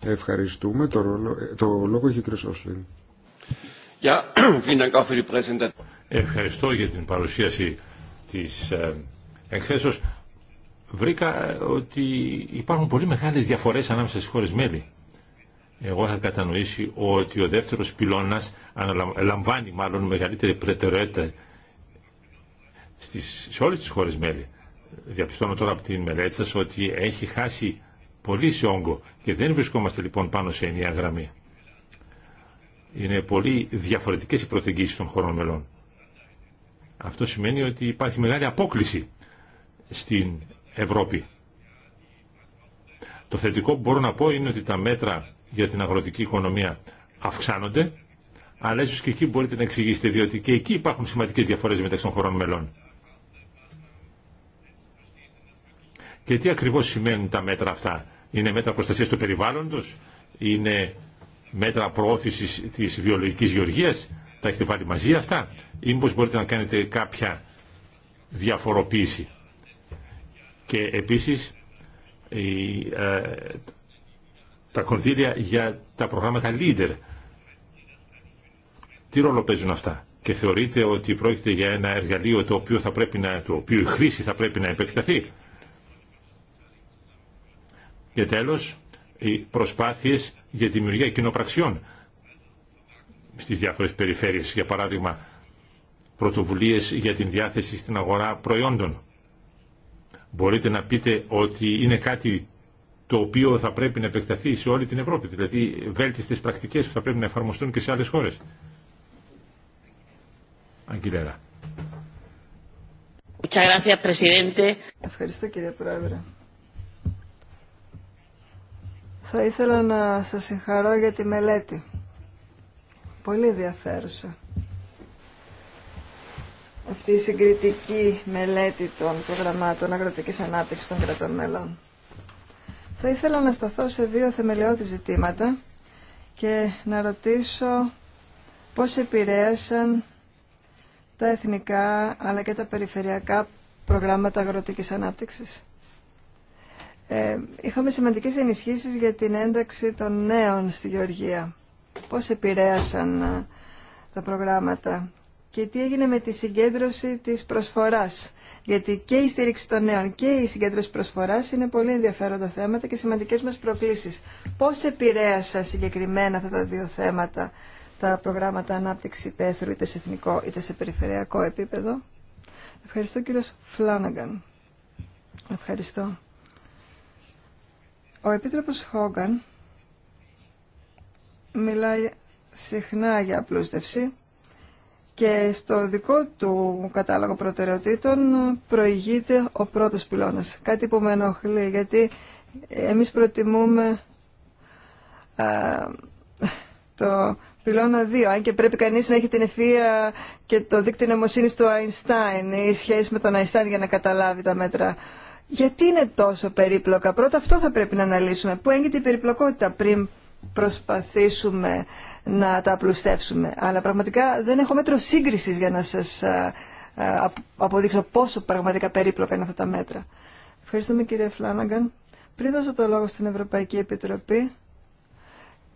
Ευχαριστούμε. Το, λόγο έχει ο κ. Ευχαριστώ για την παρουσίαση της ε, εκθέσεως. Βρήκα ε, ότι υπάρχουν πολύ μεγάλες διαφορές ανάμεσα στις χώρες μέλη. Εγώ είχα κατανοήσει ότι ο δεύτερος πυλώνας λαμβάνει μάλλον μεγαλύτερη προτεραιότητα σε όλες τις χώρες μέλη. Διαπιστώνω τώρα από την μελέτη σας ότι έχει χάσει πολύ σε όγκο και δεν βρισκόμαστε λοιπόν πάνω σε ενιαία γραμμή. Είναι πολύ διαφορετικές οι προτεγγίσεις των χωρών μελών. Αυτό σημαίνει ότι υπάρχει μεγάλη απόκληση στην Ευρώπη. Το θετικό που μπορώ να πω είναι ότι τα μέτρα για την αγροτική οικονομία αυξάνονται, αλλά ίσως και εκεί μπορείτε να εξηγήσετε, διότι και εκεί υπάρχουν σημαντικές διαφορές μεταξύ των χωρών μελών. Και τι ακριβώς σημαίνουν τα μέτρα αυτά. Είναι μέτρα προστασίας του περιβάλλοντος, είναι μέτρα προώθησης της βιολογικής γεωργίας, τα έχετε βάλει μαζί αυτά ή μήπως μπορείτε να κάνετε κάποια διαφοροποίηση. Και επίσης ε, τα κονδύλια για τα προγράμματα leader. Τι ρόλο παίζουν αυτά και θεωρείτε ότι πρόκειται για ένα εργαλείο το οποίο, θα πρέπει να, το οποίο η χρήση θα πρέπει να επεκταθεί. Και τέλος, οι προσπάθειες για τη δημιουργία κοινοπραξιών στις διάφορες περιφέρειες, για παράδειγμα πρωτοβουλίες για την διάθεση στην αγορά προϊόντων. Μπορείτε να πείτε ότι είναι κάτι το οποίο θα πρέπει να επεκταθεί σε όλη την Ευρώπη, δηλαδή βέλτιστες πρακτικές που θα πρέπει να εφαρμοστούν και σε άλλες χώρες. Αγγιλέρα. Ευχαριστώ κύριε Πρόεδρε. Θα ήθελα να σας συγχαρώ για τη μελέτη. Πολύ ενδιαφέρουσα. Αυτή η συγκριτική μελέτη των προγραμμάτων αγροτικής ανάπτυξης των κρατών μελών. Θα ήθελα να σταθώ σε δύο θεμελιώδη ζητήματα και να ρωτήσω πώς επηρέασαν τα εθνικά αλλά και τα περιφερειακά προγράμματα αγροτικής ανάπτυξης. Ε, είχαμε σημαντικές ενισχύσεις για την ένταξη των νέων στη Γεωργία. Πώς επηρέασαν ε, τα προγράμματα και τι έγινε με τη συγκέντρωση της προσφοράς. Γιατί και η στήριξη των νέων και η συγκέντρωση προσφοράς είναι πολύ ενδιαφέροντα θέματα και σημαντικές μας προκλήσεις. Πώς επηρέασαν συγκεκριμένα αυτά τα δύο θέματα τα προγράμματα ανάπτυξη υπαίθρου είτε σε εθνικό είτε σε περιφερειακό επίπεδο. Ευχαριστώ κύριος Φλάνναγκαν. Ευχαριστώ. Ο Επίτροπος Χόγκαν μιλάει συχνά για απλούστευση και στο δικό του κατάλογο προτεραιοτήτων προηγείται ο πρώτος πυλώνας. Κάτι που με ενοχλεί, γιατί εμείς προτιμούμε το πυλώνα 2, αν και πρέπει κανείς να έχει την ευφία και το δίκτυο νομοσύνης του Αϊνστάιν ή σχέση με τον Αϊνστάιν για να καταλάβει τα μέτρα γιατί είναι τόσο περίπλοκα. Πρώτα αυτό θα πρέπει να αναλύσουμε. Πού έγινε η περιπλοκότητα πριν προσπαθήσουμε να τα απλουστεύσουμε. Αλλά πραγματικά δεν έχω μέτρο σύγκρισης για να σας αποδείξω πόσο πραγματικά περίπλοκα είναι αυτά τα μέτρα. Ευχαριστούμε κύριε Φλάνναγκαν. Πριν δώσω το λόγο στην Ευρωπαϊκή Επιτροπή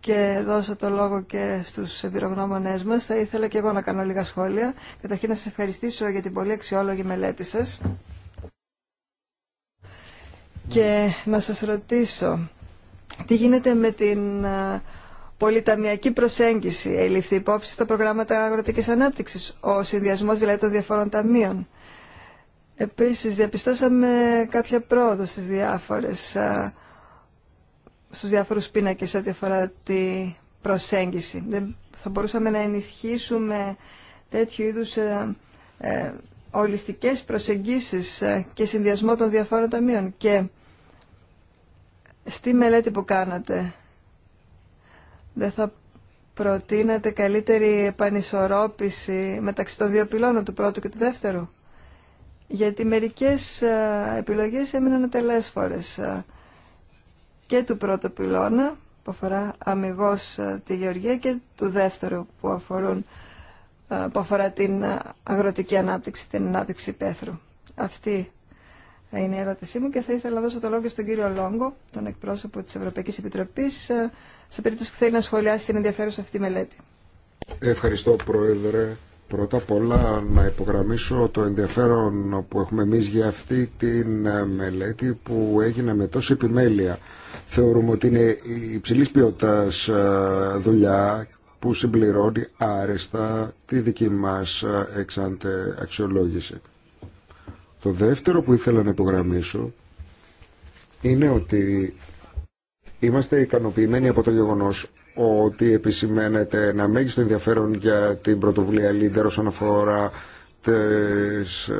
και δώσω το λόγο και στους εμπειρογνώμονές μας, θα ήθελα και εγώ να κάνω λίγα σχόλια. Καταρχήν να σα ευχαριστήσω για την πολύ αξιόλογη μελέτη σας. Και να σας ρωτήσω, τι γίνεται με την ε, πολυταμιακή προσέγγιση, ελήφθη υπόψη στα προγράμματα αγροτικής ανάπτυξης, ο συνδυασμός δηλαδή των διαφορών ταμείων. Επίσης, διαπιστώσαμε κάποια πρόοδο στις διάφορες, ε, στους διάφορους πίνακες ό,τι αφορά τη προσέγγιση. Δεν θα μπορούσαμε να ενισχύσουμε τέτοιου είδους ε, ολιστικές προσεγγίσεις και συνδυασμό των διαφόρων ταμείων. Και Στη μελέτη που κάνατε, δεν θα προτείνατε καλύτερη επανισορρόπηση μεταξύ των δύο πυλώνων, του πρώτου και του δεύτερου. Γιατί μερικές ε, επιλογές έμειναν ατελέσφορες ε, και του πρώτου πυλώνα που αφορά αμυγός ε, τη γεωργία και του δεύτερου που, αφορούν, που αφορά την αγροτική ανάπτυξη, την ανάπτυξη πέθρου. Αυτή θα είναι η ερώτησή μου και θα ήθελα να δώσω το λόγο στον κύριο Λόγκο, τον εκπρόσωπο της Ευρωπαϊκής Επιτροπής, ε, σε περίπτωση που θέλει να σχολιάσει την ενδιαφέρουσα αυτή μελέτη. Ευχαριστώ Πρόεδρε. Πρώτα απ' όλα να υπογραμμίσω το ενδιαφέρον που έχουμε εμεί για αυτή τη ε, μελέτη που έγινε με τόση επιμέλεια. Θεωρούμε ότι είναι υψηλή ποιότητα ε, δουλειά που συμπληρώνει άρεστα τη δική μας εξάντε αξιολόγηση. Το δεύτερο που ήθελα να υπογραμμίσω είναι ότι είμαστε ικανοποιημένοι από το γεγονός ότι επισημαίνεται ένα μέγιστο ενδιαφέρον για την πρωτοβουλία Λίντερ όσον αφορά τις ε,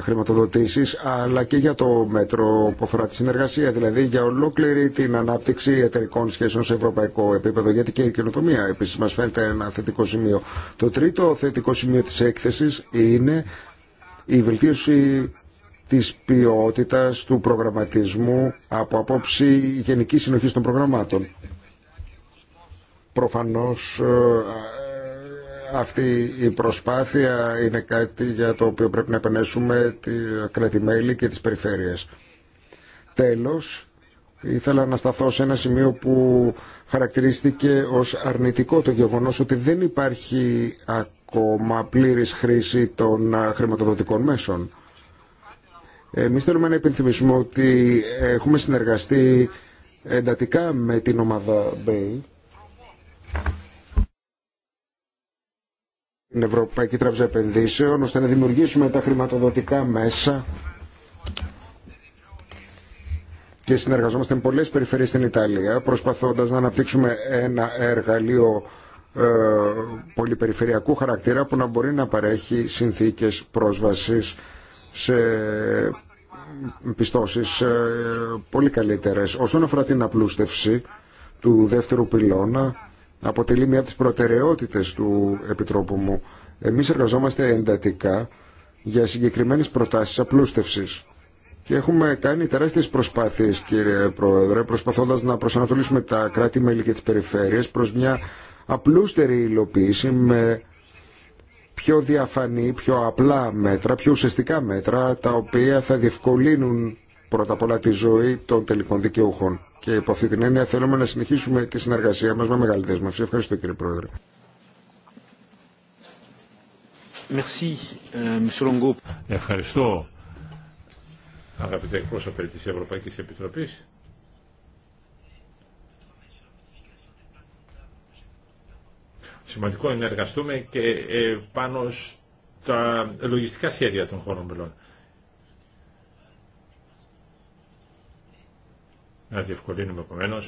χρηματοδοτήσεις αλλά και για το μέτρο που αφορά τη συνεργασία δηλαδή για ολόκληρη την ανάπτυξη εταιρικών σχέσεων σε ευρωπαϊκό επίπεδο γιατί και η καινοτομία επίσης μας φαίνεται ένα θετικό σημείο. Το τρίτο θετικό σημείο της έκθεσης είναι η βελτίωση της ποιότητας του προγραμματισμού από απόψη γενικής συνοχής των προγραμμάτων. Προφανώς ε, ε, αυτή η προσπάθεια είναι κάτι για το οποίο πρέπει να επενέσουμε τη κρατημέλη και τις περιφέρειες. Τέλος, ήθελα να σταθώ σε ένα σημείο που χαρακτηρίστηκε ως αρνητικό το γεγονός ότι δεν υπάρχει ακόμα πλήρης χρήση των ε, χρηματοδοτικών μέσων. Εμείς θέλουμε να επιθυμίσουμε ότι έχουμε συνεργαστεί εντατικά με την ομάδα Bay την Ευρωπαϊκή Τράπεζα Επενδύσεων ώστε να δημιουργήσουμε τα χρηματοδοτικά μέσα και συνεργαζόμαστε με πολλές περιφερειές στην Ιταλία προσπαθώντας να αναπτύξουμε ένα εργαλείο ε, πολυπεριφερειακού χαρακτήρα που να μπορεί να παρέχει συνθήκες πρόσβασης σε πιστώσεις πολύ καλύτερες. Όσον αφορά την απλούστευση του δεύτερου πυλώνα, αποτελεί μια από τις προτεραιότητες του Επιτρόπου μου. Εμείς εργαζόμαστε εντατικά για συγκεκριμένες προτάσεις απλούστευσης. Και έχουμε κάνει τεράστιες προσπάθειες, κύριε Πρόεδρε, προσπαθώντας να προσανατολίσουμε τα κράτη-μέλη και τις περιφέρειες προς μια απλούστερη υλοποίηση με πιο διαφανή, πιο απλά μέτρα, πιο ουσιαστικά μέτρα, τα οποία θα διευκολύνουν πρώτα απ' όλα τη ζωή των τελικών δικαιούχων. Και υπό αυτή την έννοια θέλουμε να συνεχίσουμε τη συνεργασία μας με μεγάλη δέσμευση. Ευχαριστώ κύριε Πρόεδρε. Euh, Ευχαριστώ αγαπητέ εκπρόσωπε της Ευρωπαϊκής Επιτροπής. Σημαντικό είναι να εργαστούμε και ε, πάνω στα λογιστικά σχέδια των χώρων μελών. Να διευκολύνουμε επομένω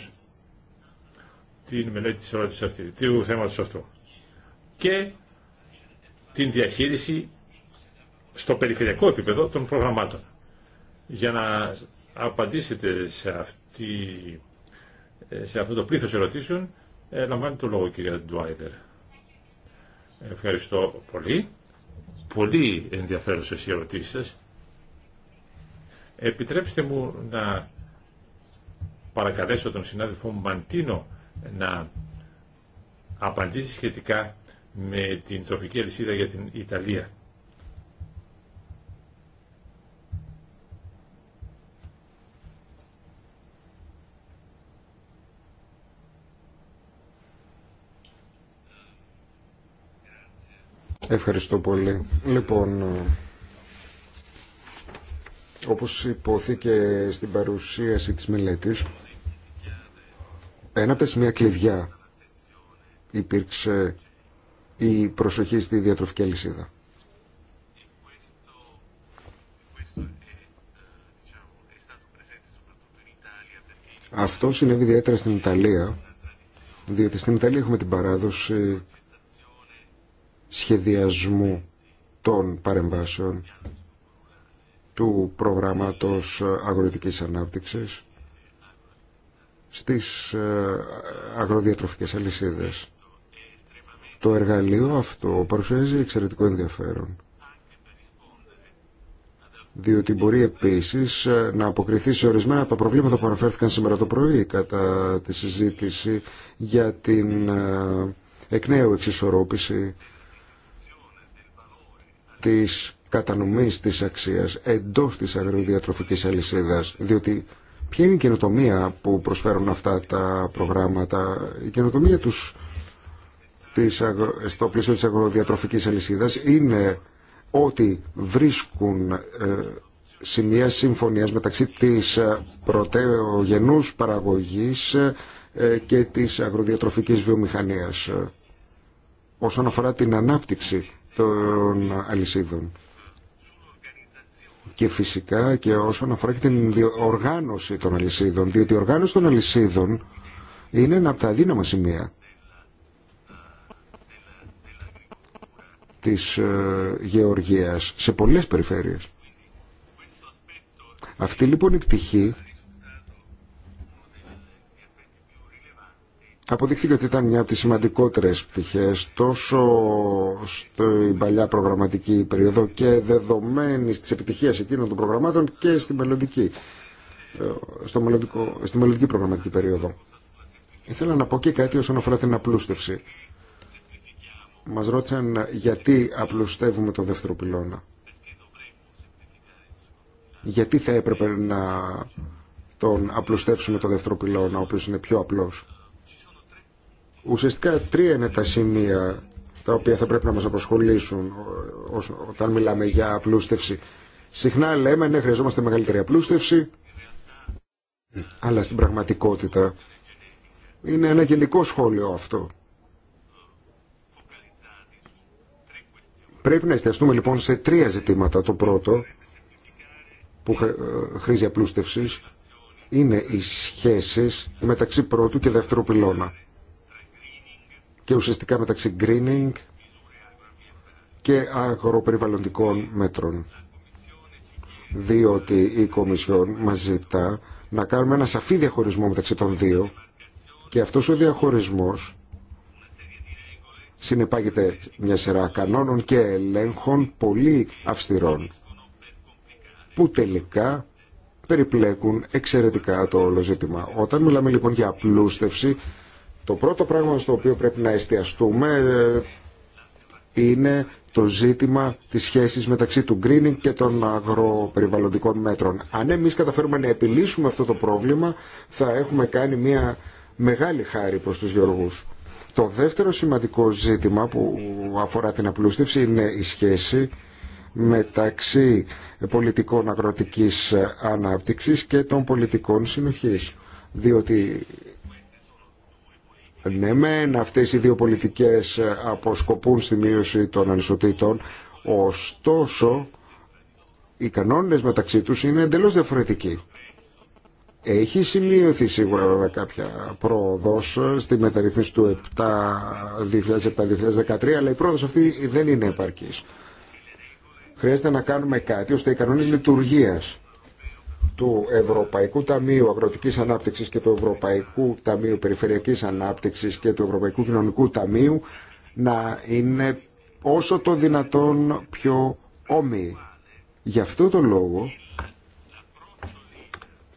την μελέτη της ερώτησης αυτή, του θέματος αυτού. Και την διαχείριση στο περιφερειακό επίπεδο των προγραμμάτων. Για να απαντήσετε σε, αυτή, ε, σε αυτό το πλήθος ερωτήσεων, ε, λαμβάνει το λόγο κυρία Ντουάιλερ. Ευχαριστώ πολύ. Πολύ ενδιαφέρουσες οι ερωτήσεις σας. Επιτρέψτε μου να παρακαλέσω τον συνάδελφό μου Μαντίνο να απαντήσει σχετικά με την τροφική αλυσίδα για την Ιταλία. Ευχαριστώ πολύ. Λοιπόν, όπως υπόθηκε στην παρουσίαση της μελέτης, ένα από τα σημεία κλειδιά υπήρξε η προσοχή στη διατροφική αλυσίδα. Αυτό συνέβη ιδιαίτερα στην Ιταλία, διότι στην Ιταλία έχουμε την παράδοση σχεδιασμού των παρεμβάσεων του προγράμματος αγροτικής ανάπτυξης στις ε, αγροδιατροφικές αλυσίδες. Το εργαλείο αυτό παρουσιάζει εξαιρετικό ενδιαφέρον διότι μπορεί επίσης ε, να αποκριθεί σε ορισμένα από τα προβλήματα που αναφέρθηκαν σήμερα το πρωί κατά τη συζήτηση για την ε, εκ νέου εξισορρόπηση της κατανομής της αξίας εντός της αγροδιατροφικής αλυσίδας, διότι ποια είναι η καινοτομία που προσφέρουν αυτά τα προγράμματα, η καινοτομία τους της, στο πλαίσιο της αγροδιατροφικής αλυσίδας είναι ότι βρίσκουν ε, σημεία συμφωνίας μεταξύ της ε, πρωτεογενούς παραγωγής ε, και της αγροδιατροφικής βιομηχανίας όσον αφορά την ανάπτυξη των αλυσίδων. Και φυσικά και όσον αφορά και την οργάνωση των αλυσίδων, διότι η οργάνωση των αλυσίδων είναι ένα από τα δύναμα σημεία της ε, γεωργίας σε πολλές περιφέρειες. Αυτή λοιπόν η πτυχή Αποδείχθηκε ότι ήταν μια από τις σημαντικότερες πτυχές τόσο στην παλιά προγραμματική περίοδο και δεδομένη της επιτυχίας εκείνων των προγραμμάτων και στη μελλοντική, ε, στο μελλοντικό, στη μελλοντική προγραμματική περίοδο. Ήθελα να πω και κάτι όσον αφορά την απλούστευση. Μας ρώτησαν γιατί απλουστεύουμε το δεύτερο πυλώνα. Γιατί θα έπρεπε να τον απλουστεύσουμε το δεύτερο πυλώνα, ο οποίος είναι πιο απλός. Ουσιαστικά τρία είναι τα σημεία τα οποία θα πρέπει να μας απασχολήσουν όταν μιλάμε για απλούστευση. Συχνά λέμε ναι χρειαζόμαστε μεγαλύτερη απλούστευση, αλλά στην πραγματικότητα είναι ένα γενικό σχόλιο αυτό. Πρέπει να εστιαστούμε λοιπόν σε τρία ζητήματα. Το πρώτο που ε, χρήζει απλούστευσης είναι οι σχέσεις μεταξύ πρώτου και δεύτερου πυλώνα και ουσιαστικά μεταξύ greening και αγροπεριβαλλοντικών μέτρων. Διότι η Κομισιόν μας ζητά να κάνουμε ένα σαφή διαχωρισμό μεταξύ των δύο και αυτός ο διαχωρισμός συνεπάγεται μια σειρά κανόνων και ελέγχων πολύ αυστηρών που τελικά περιπλέκουν εξαιρετικά το όλο ζήτημα. Όταν μιλάμε λοιπόν για απλούστευση το πρώτο πράγμα στο οποίο πρέπει να εστιαστούμε ε, είναι το ζήτημα της σχέσης μεταξύ του greening και των αγροπεριβαλλοντικών μέτρων. Αν εμείς καταφέρουμε να επιλύσουμε αυτό το πρόβλημα, θα έχουμε κάνει μια μεγάλη χάρη προς τους γεωργούς. Το δεύτερο σημαντικό ζήτημα που αφορά την απλούστευση είναι η σχέση μεταξύ πολιτικών αγροτικής ανάπτυξης και των πολιτικών συνοχής. Διότι ναι, μεν αυτές οι δύο πολιτικέ αποσκοπούν στη μείωση των ανισοτήτων, ωστόσο οι κανόνες μεταξύ του είναι εντελώ διαφορετικοί. Έχει σημειωθεί σίγουρα κάποια πρόοδο στη μεταρρύθμιση του 2007-2013, αλλά η πρόοδο αυτή δεν είναι επαρκής. Χρειάζεται να κάνουμε κάτι ώστε οι κανόνε λειτουργίας του Ευρωπαϊκού Ταμείου Αγροτικής Ανάπτυξης και του Ευρωπαϊκού Ταμείου Περιφερειακής Ανάπτυξης και του Ευρωπαϊκού Κοινωνικού Ταμείου να είναι όσο το δυνατόν πιο όμοιοι. Γι' αυτό το λόγο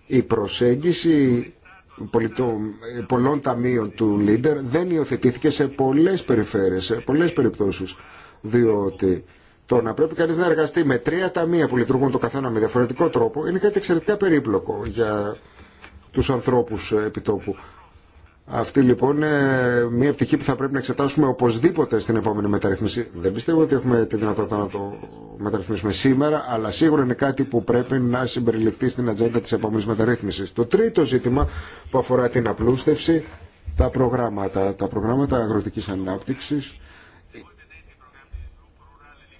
η προσέγγιση πολλών ταμείων του Λίντερ δεν υιοθετήθηκε σε πολλές περιφέρειες, σε πολλές περιπτώσεις, διότι το να πρέπει κανεί να εργαστεί με τρία ταμεία που λειτουργούν το καθένα με διαφορετικό τρόπο είναι κάτι εξαιρετικά περίπλοκο για του ανθρώπου επιτόπου. Αυτή λοιπόν είναι μια πτυχή που θα πρέπει να εξετάσουμε οπωσδήποτε στην επόμενη μεταρρύθμιση. Δεν πιστεύω ότι έχουμε τη δυνατότητα να το μεταρρυθμίσουμε σήμερα, αλλά σίγουρα είναι κάτι που πρέπει να συμπεριληφθεί στην ατζέντα τη επόμενη μεταρρύθμιση. Το τρίτο ζήτημα που αφορά την απλούστευση, τα προγράμματα, τα προγράμματα αγροτική ανάπτυξη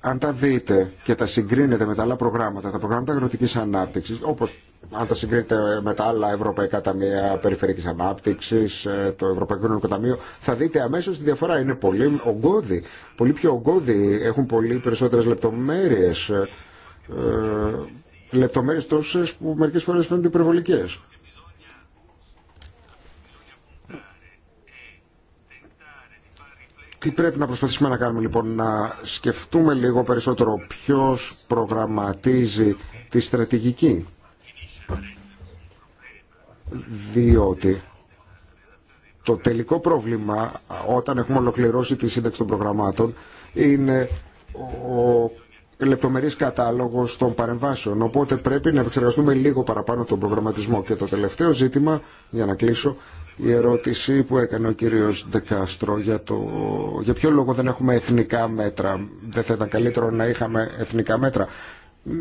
αν τα δείτε και τα συγκρίνετε με τα άλλα προγράμματα, τα προγράμματα αγροτική ανάπτυξης, όπως αν τα συγκρίνετε με τα άλλα ευρωπαϊκά ταμεία Περιφερειακή ανάπτυξης, ε, το Ευρωπαϊκό Κοινωνικό Ταμείο, θα δείτε αμέσως τη διαφορά. Είναι πολύ ογκώδη, πολύ πιο ογκώδη, έχουν πολύ περισσότερες λεπτομέρειες, ε, ε λεπτομέρειες τόσες που μερικέ φορές φαίνονται υπερβολικέ. Τι πρέπει να προσπαθήσουμε να κάνουμε λοιπόν, να σκεφτούμε λίγο περισσότερο ποιος προγραμματίζει τη στρατηγική. Διότι το τελικό πρόβλημα όταν έχουμε ολοκληρώσει τη σύνταξη των προγραμμάτων είναι ο λεπτομερής κατάλογος των παρεμβάσεων. Οπότε πρέπει να επεξεργαστούμε λίγο παραπάνω τον προγραμματισμό. Και το τελευταίο ζήτημα, για να κλείσω, η ερώτηση που έκανε ο κύριος Ντεκάστρο για, το... για ποιο λόγο δεν έχουμε εθνικά μέτρα. Δεν θα ήταν καλύτερο να είχαμε εθνικά μέτρα.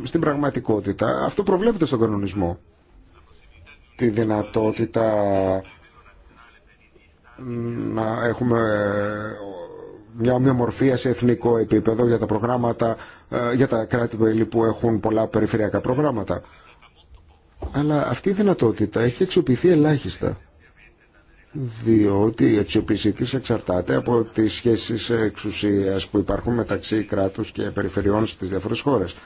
Στην πραγματικότητα αυτό προβλέπεται στον κανονισμό. Τη δυνατότητα να έχουμε ε, μια ομοιομορφία σε εθνικό επίπεδο για τα προγράμματα, ε, για τα κράτη που έχουν πολλά περιφερειακά προγράμματα. Αλλά αυτή η δυνατότητα έχει αξιοποιηθεί ελάχιστα διότι η αξιοποίησή της εξαρτάται από τις σχέσεις εξουσίας που υπάρχουν μεταξύ κράτους και περιφερειών στις διάφορες χώρες.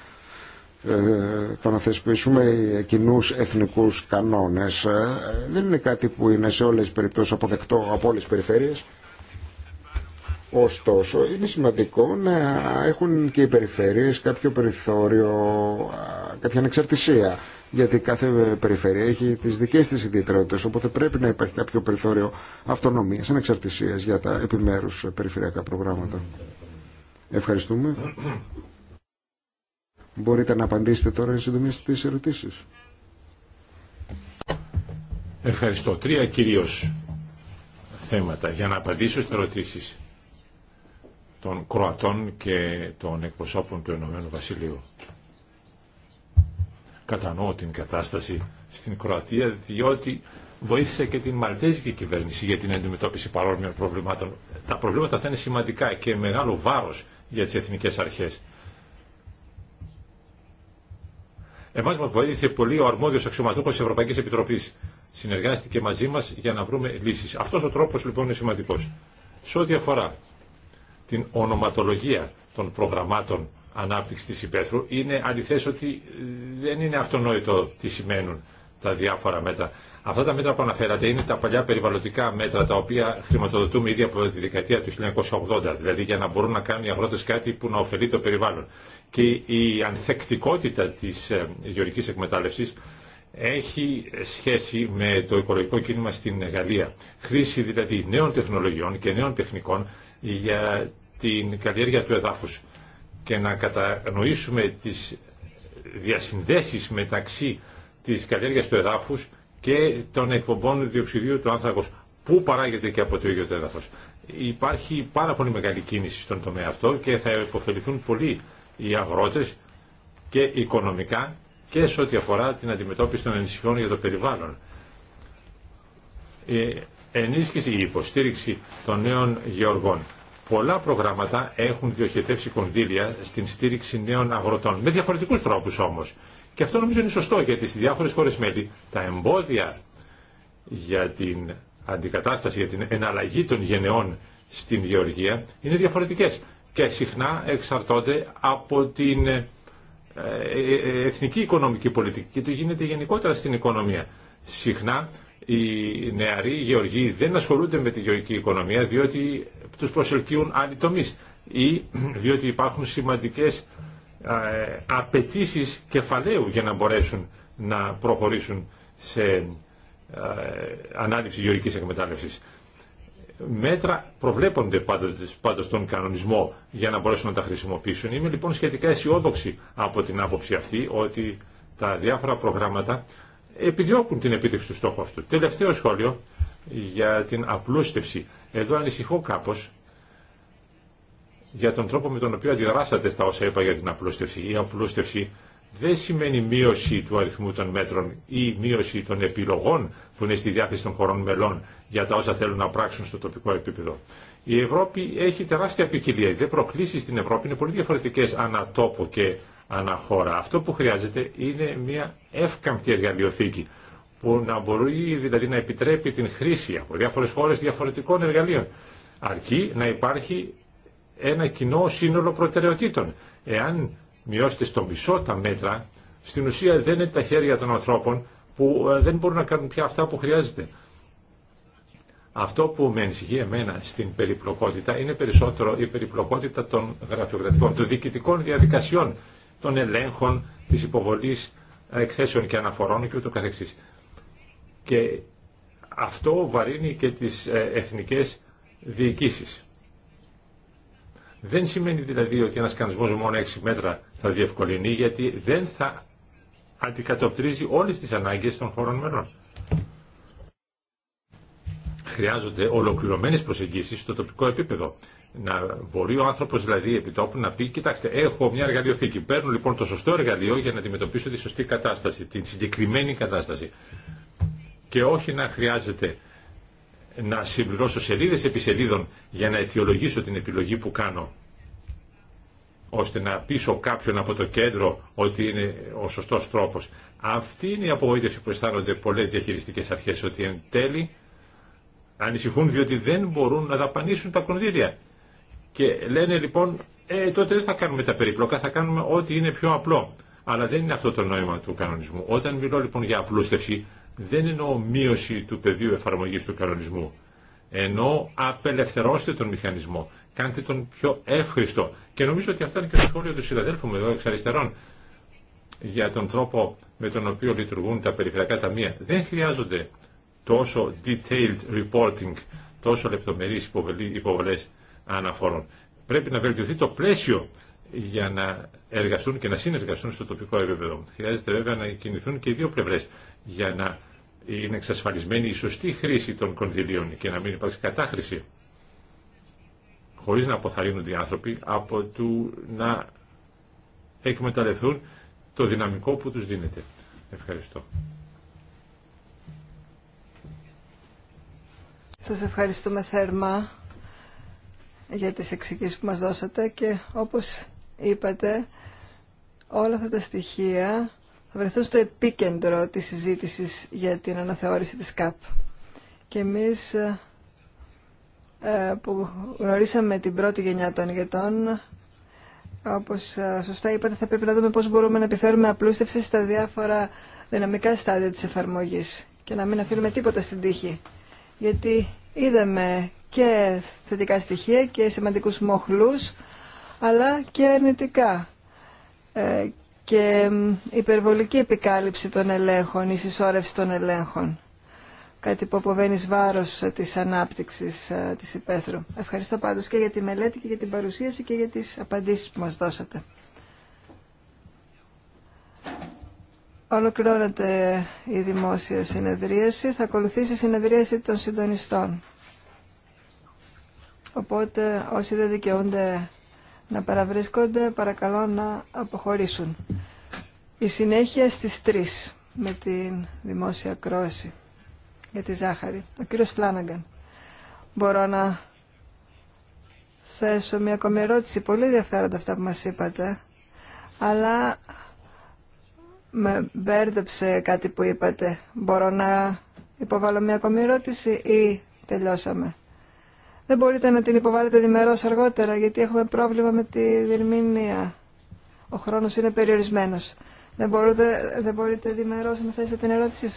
Ε, το να θεσπίσουμε κοινού εθνικούς κανόνες ε, δεν είναι κάτι που είναι σε όλες τις περιπτώσεις αποδεκτό από όλες τις περιφέρειες. Ωστόσο, είναι σημαντικό να έχουν και οι περιφέρειες κάποιο περιθώριο, κάποια ανεξαρτησία γιατί κάθε περιφέρεια έχει τις δικές της ιδιαιτερότητε. οπότε πρέπει να υπάρχει κάποιο περιθώριο αυτονομίας, ανεξαρτησία για τα επιμέρους περιφερειακά προγράμματα. Ευχαριστούμε. Μπορείτε να απαντήσετε τώρα εν συντομία στις ερωτήσεις. Ευχαριστώ. Τρία κυρίως θέματα για να απαντήσω στις ερωτήσεις των Κροατών και των εκπροσώπων του Ηνωμένου Βασιλείου κατανοώ την κατάσταση στην Κροατία, διότι βοήθησε και την Μαλτέζικη κυβέρνηση για την αντιμετώπιση παρόμοιων προβλημάτων. Τα προβλήματα θα είναι σημαντικά και μεγάλο βάρος για τις εθνικές αρχές. Εμάς μας βοήθησε πολύ ο αρμόδιος αξιωματούχος της Ευρωπαϊκής Επιτροπής. Συνεργάστηκε μαζί μας για να βρούμε λύσεις. Αυτός ο τρόπος λοιπόν είναι σημαντικός. Σε ό,τι αφορά την ονοματολογία των προγραμμάτων ανάπτυξη της υπαίθρου. Είναι αληθές ότι δεν είναι αυτονόητο τι σημαίνουν τα διάφορα μέτρα. Αυτά τα μέτρα που αναφέρατε είναι τα παλιά περιβαλλοντικά μέτρα τα οποία χρηματοδοτούμε ήδη από τη δεκαετία του 1980, δηλαδή για να μπορούν να κάνουν οι αγρότες κάτι που να ωφελεί το περιβάλλον. Και η ανθεκτικότητα της ε, γεωργικής εκμετάλλευσης έχει σχέση με το οικολογικό κίνημα στην Γαλλία. Χρήση δηλαδή νέων τεχνολογιών και νέων τεχνικών για την καλλιέργεια του εδάφους και να κατανοήσουμε τις διασυνδέσεις μεταξύ της καλλιέργειας του εδάφους και των εκπομπών διοξιδίου του άνθρακος που παράγεται και από το ίδιο το έδαφος. Υπάρχει πάρα πολύ μεγάλη κίνηση στον τομέα αυτό και θα υποφεληθούν πολύ οι αγρότες και οικονομικά και σε ό,τι αφορά την αντιμετώπιση των ενισχυών για το περιβάλλον. Η ε, ενίσχυση, η υποστήριξη των νέων γεωργών πολλά προγράμματα έχουν διοχετεύσει κονδύλια στην στήριξη νέων αγροτών. Με διαφορετικού τρόπου όμω. Και αυτό νομίζω είναι σωστό γιατί στι διάφορε χώρε μέλη τα εμπόδια για την αντικατάσταση, για την εναλλαγή των γενεών στην γεωργία είναι διαφορετικέ. Και συχνά εξαρτώνται από την ε, ε, εθνική οικονομική πολιτική και το γίνεται γενικότερα στην οικονομία. Συχνά οι νεαροί γεωργοί δεν ασχολούνται με τη γεωργική οικονομία διότι τους προσελκύουν άλλοι τομείς ή διότι υπάρχουν σημαντικές ε, απαιτήσει κεφαλαίου για να μπορέσουν να προχωρήσουν σε ε, ανάληψη γεωρικής εκμετάλλευσης. Μέτρα προβλέπονται πάντω στον κανονισμό για να μπορέσουν να τα χρησιμοποιήσουν. Είμαι λοιπόν σχετικά αισιόδοξη από την άποψη αυτή ότι τα διάφορα προγράμματα επιδιώκουν την επίτευξη του στόχου αυτού. Τελευταίο σχόλιο για την απλούστευση. Εδώ ανησυχώ κάπως για τον τρόπο με τον οποίο αντιδράσατε στα όσα είπα για την απλούστευση. Η απλούστευση δεν σημαίνει μείωση του αριθμού των μέτρων ή μείωση των επιλογών που είναι στη διάθεση των χωρών μελών για τα όσα θέλουν να πράξουν στο τοπικό επίπεδο. Η Ευρώπη έχει τεράστια ποικιλία. Οι δε προκλήσει στην Ευρώπη είναι πολύ διαφορετικέ ανά τόπο και ανά χώρα. Αυτό που χρειάζεται είναι μια εύκαμπτη εργαλειοθήκη που να μπορεί δηλαδή να επιτρέπει την χρήση από διάφορες χώρες διαφορετικών εργαλείων. Αρκεί να υπάρχει ένα κοινό σύνολο προτεραιοτήτων. Εάν μειώσετε στο μισό τα μέτρα, στην ουσία δεν είναι τα χέρια των ανθρώπων που ε, δεν μπορούν να κάνουν πια αυτά που χρειάζεται. Αυτό που με ανησυχεί εμένα στην περιπλοκότητα είναι περισσότερο η περιπλοκότητα των γραφειοκρατικών, των διοικητικών διαδικασιών, των ελέγχων, της υποβολής ε, εκθέσεων και αναφορών και ούτω και αυτό βαρύνει και τις ε, εθνικές διοικήσεις. Δεν σημαίνει δηλαδή ότι ένας κανονισμός μόνο 6 μέτρα θα διευκολυνεί γιατί δεν θα αντικατοπτρίζει όλες τις ανάγκες των χωρών μελών. Χρειάζονται ολοκληρωμένες προσεγγίσεις στο τοπικό επίπεδο. Να μπορεί ο άνθρωπος δηλαδή επιτόπου να πει «Κοιτάξτε, έχω μια εργαλειοθήκη, παίρνω λοιπόν το σωστό εργαλείο για να αντιμετωπίσω τη σωστή κατάσταση, την συγκεκριμένη κατάσταση» και όχι να χρειάζεται να συμπληρώσω σελίδες επί σελίδων για να αιτιολογήσω την επιλογή που κάνω ώστε να πείσω κάποιον από το κέντρο ότι είναι ο σωστός τρόπος. Αυτή είναι η απογοήτευση που αισθάνονται πολλές διαχειριστικές αρχές, ότι εν τέλει ανησυχούν διότι δεν μπορούν να δαπανίσουν τα κονδύλια. Και λένε λοιπόν, ε, τότε δεν θα κάνουμε τα περιπλοκά, θα κάνουμε ό,τι είναι πιο απλό. Αλλά δεν είναι αυτό το νόημα του κανονισμού. Όταν μιλώ λοιπόν για απλούστευση, δεν εννοώ μείωση του πεδίου εφαρμογή του κανονισμού, ενώ απελευθερώστε τον μηχανισμό, κάντε τον πιο εύχριστο. Και νομίζω ότι αυτό είναι και το σχόλιο του συναδέλφου μου εδώ εξ αριστερών για τον τρόπο με τον οποίο λειτουργούν τα περιφερειακά ταμεία. Δεν χρειάζονται τόσο detailed reporting, τόσο λεπτομερείς υποβολές αναφορών. Πρέπει να βελτιωθεί το πλαίσιο για να εργαστούν και να συνεργαστούν στο τοπικό επίπεδο. Χρειάζεται βέβαια να κινηθούν και οι δύο πλευρέ για να είναι εξασφαλισμένη η σωστή χρήση των κονδυλίων και να μην υπάρξει κατάχρηση χωρίς να αποθαρρύνουν οι άνθρωποι από το να εκμεταλλευτούν το δυναμικό που τους δίνεται. Ευχαριστώ. Σας ευχαριστούμε θερμά για τις εξηγήσεις που μας δώσατε και όπως είπατε όλα αυτά τα στοιχεία βρεθούν στο επίκεντρο της συζήτησης για την αναθεώρηση της ΚΑΠ. Και εμείς ε, ε, που γνωρίσαμε την πρώτη γενιά των ηγετών, όπως ε, σωστά είπατε, θα πρέπει να δούμε πώς μπορούμε να επιφέρουμε απλούστευση στα διάφορα δυναμικά στάδια της εφαρμογής και να μην αφήνουμε τίποτα στην τύχη. Γιατί είδαμε και θετικά στοιχεία και σημαντικούς μοχλούς, αλλά και αρνητικά και υπερβολική επικάλυψη των ελέγχων, η συσσόρευση των ελέγχων. Κάτι που αποβαίνει βάρο ε, της ανάπτυξη ε, της υπαίθρου. Ευχαριστώ πάντως και για τη μελέτη και για την παρουσίαση και για τι απαντήσει που μα δώσατε. Ολοκληρώνεται η δημόσια συνεδρίαση. Θα ακολουθήσει η συνεδρίαση των συντονιστών. Οπότε όσοι δεν δικαιούνται να παραβρίσκονται, παρακαλώ να αποχωρήσουν. Η συνέχεια στις 3 με την δημόσια κρόση για τη ζάχαρη. Ο κύριος Φλάναγκαν. Μπορώ να θέσω μια ακόμη ερώτηση. Πολύ ενδιαφέροντα αυτά που μας είπατε. Αλλά με μπέρδεψε κάτι που είπατε. Μπορώ να υποβάλω μια ακόμη ερώτηση ή τελειώσαμε δεν μπορείτε να την υποβάλλετε διμερώς αργότερα, γιατί έχουμε πρόβλημα με τη διερμηνία. Ο χρόνος είναι περιορισμένος. Δεν μπορείτε, δεν μπορείτε να θέσετε την ερώτηση.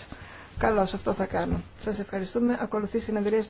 Καλώς, αυτό θα κάνω. Σας ευχαριστούμε. Ακολουθεί συνεδρία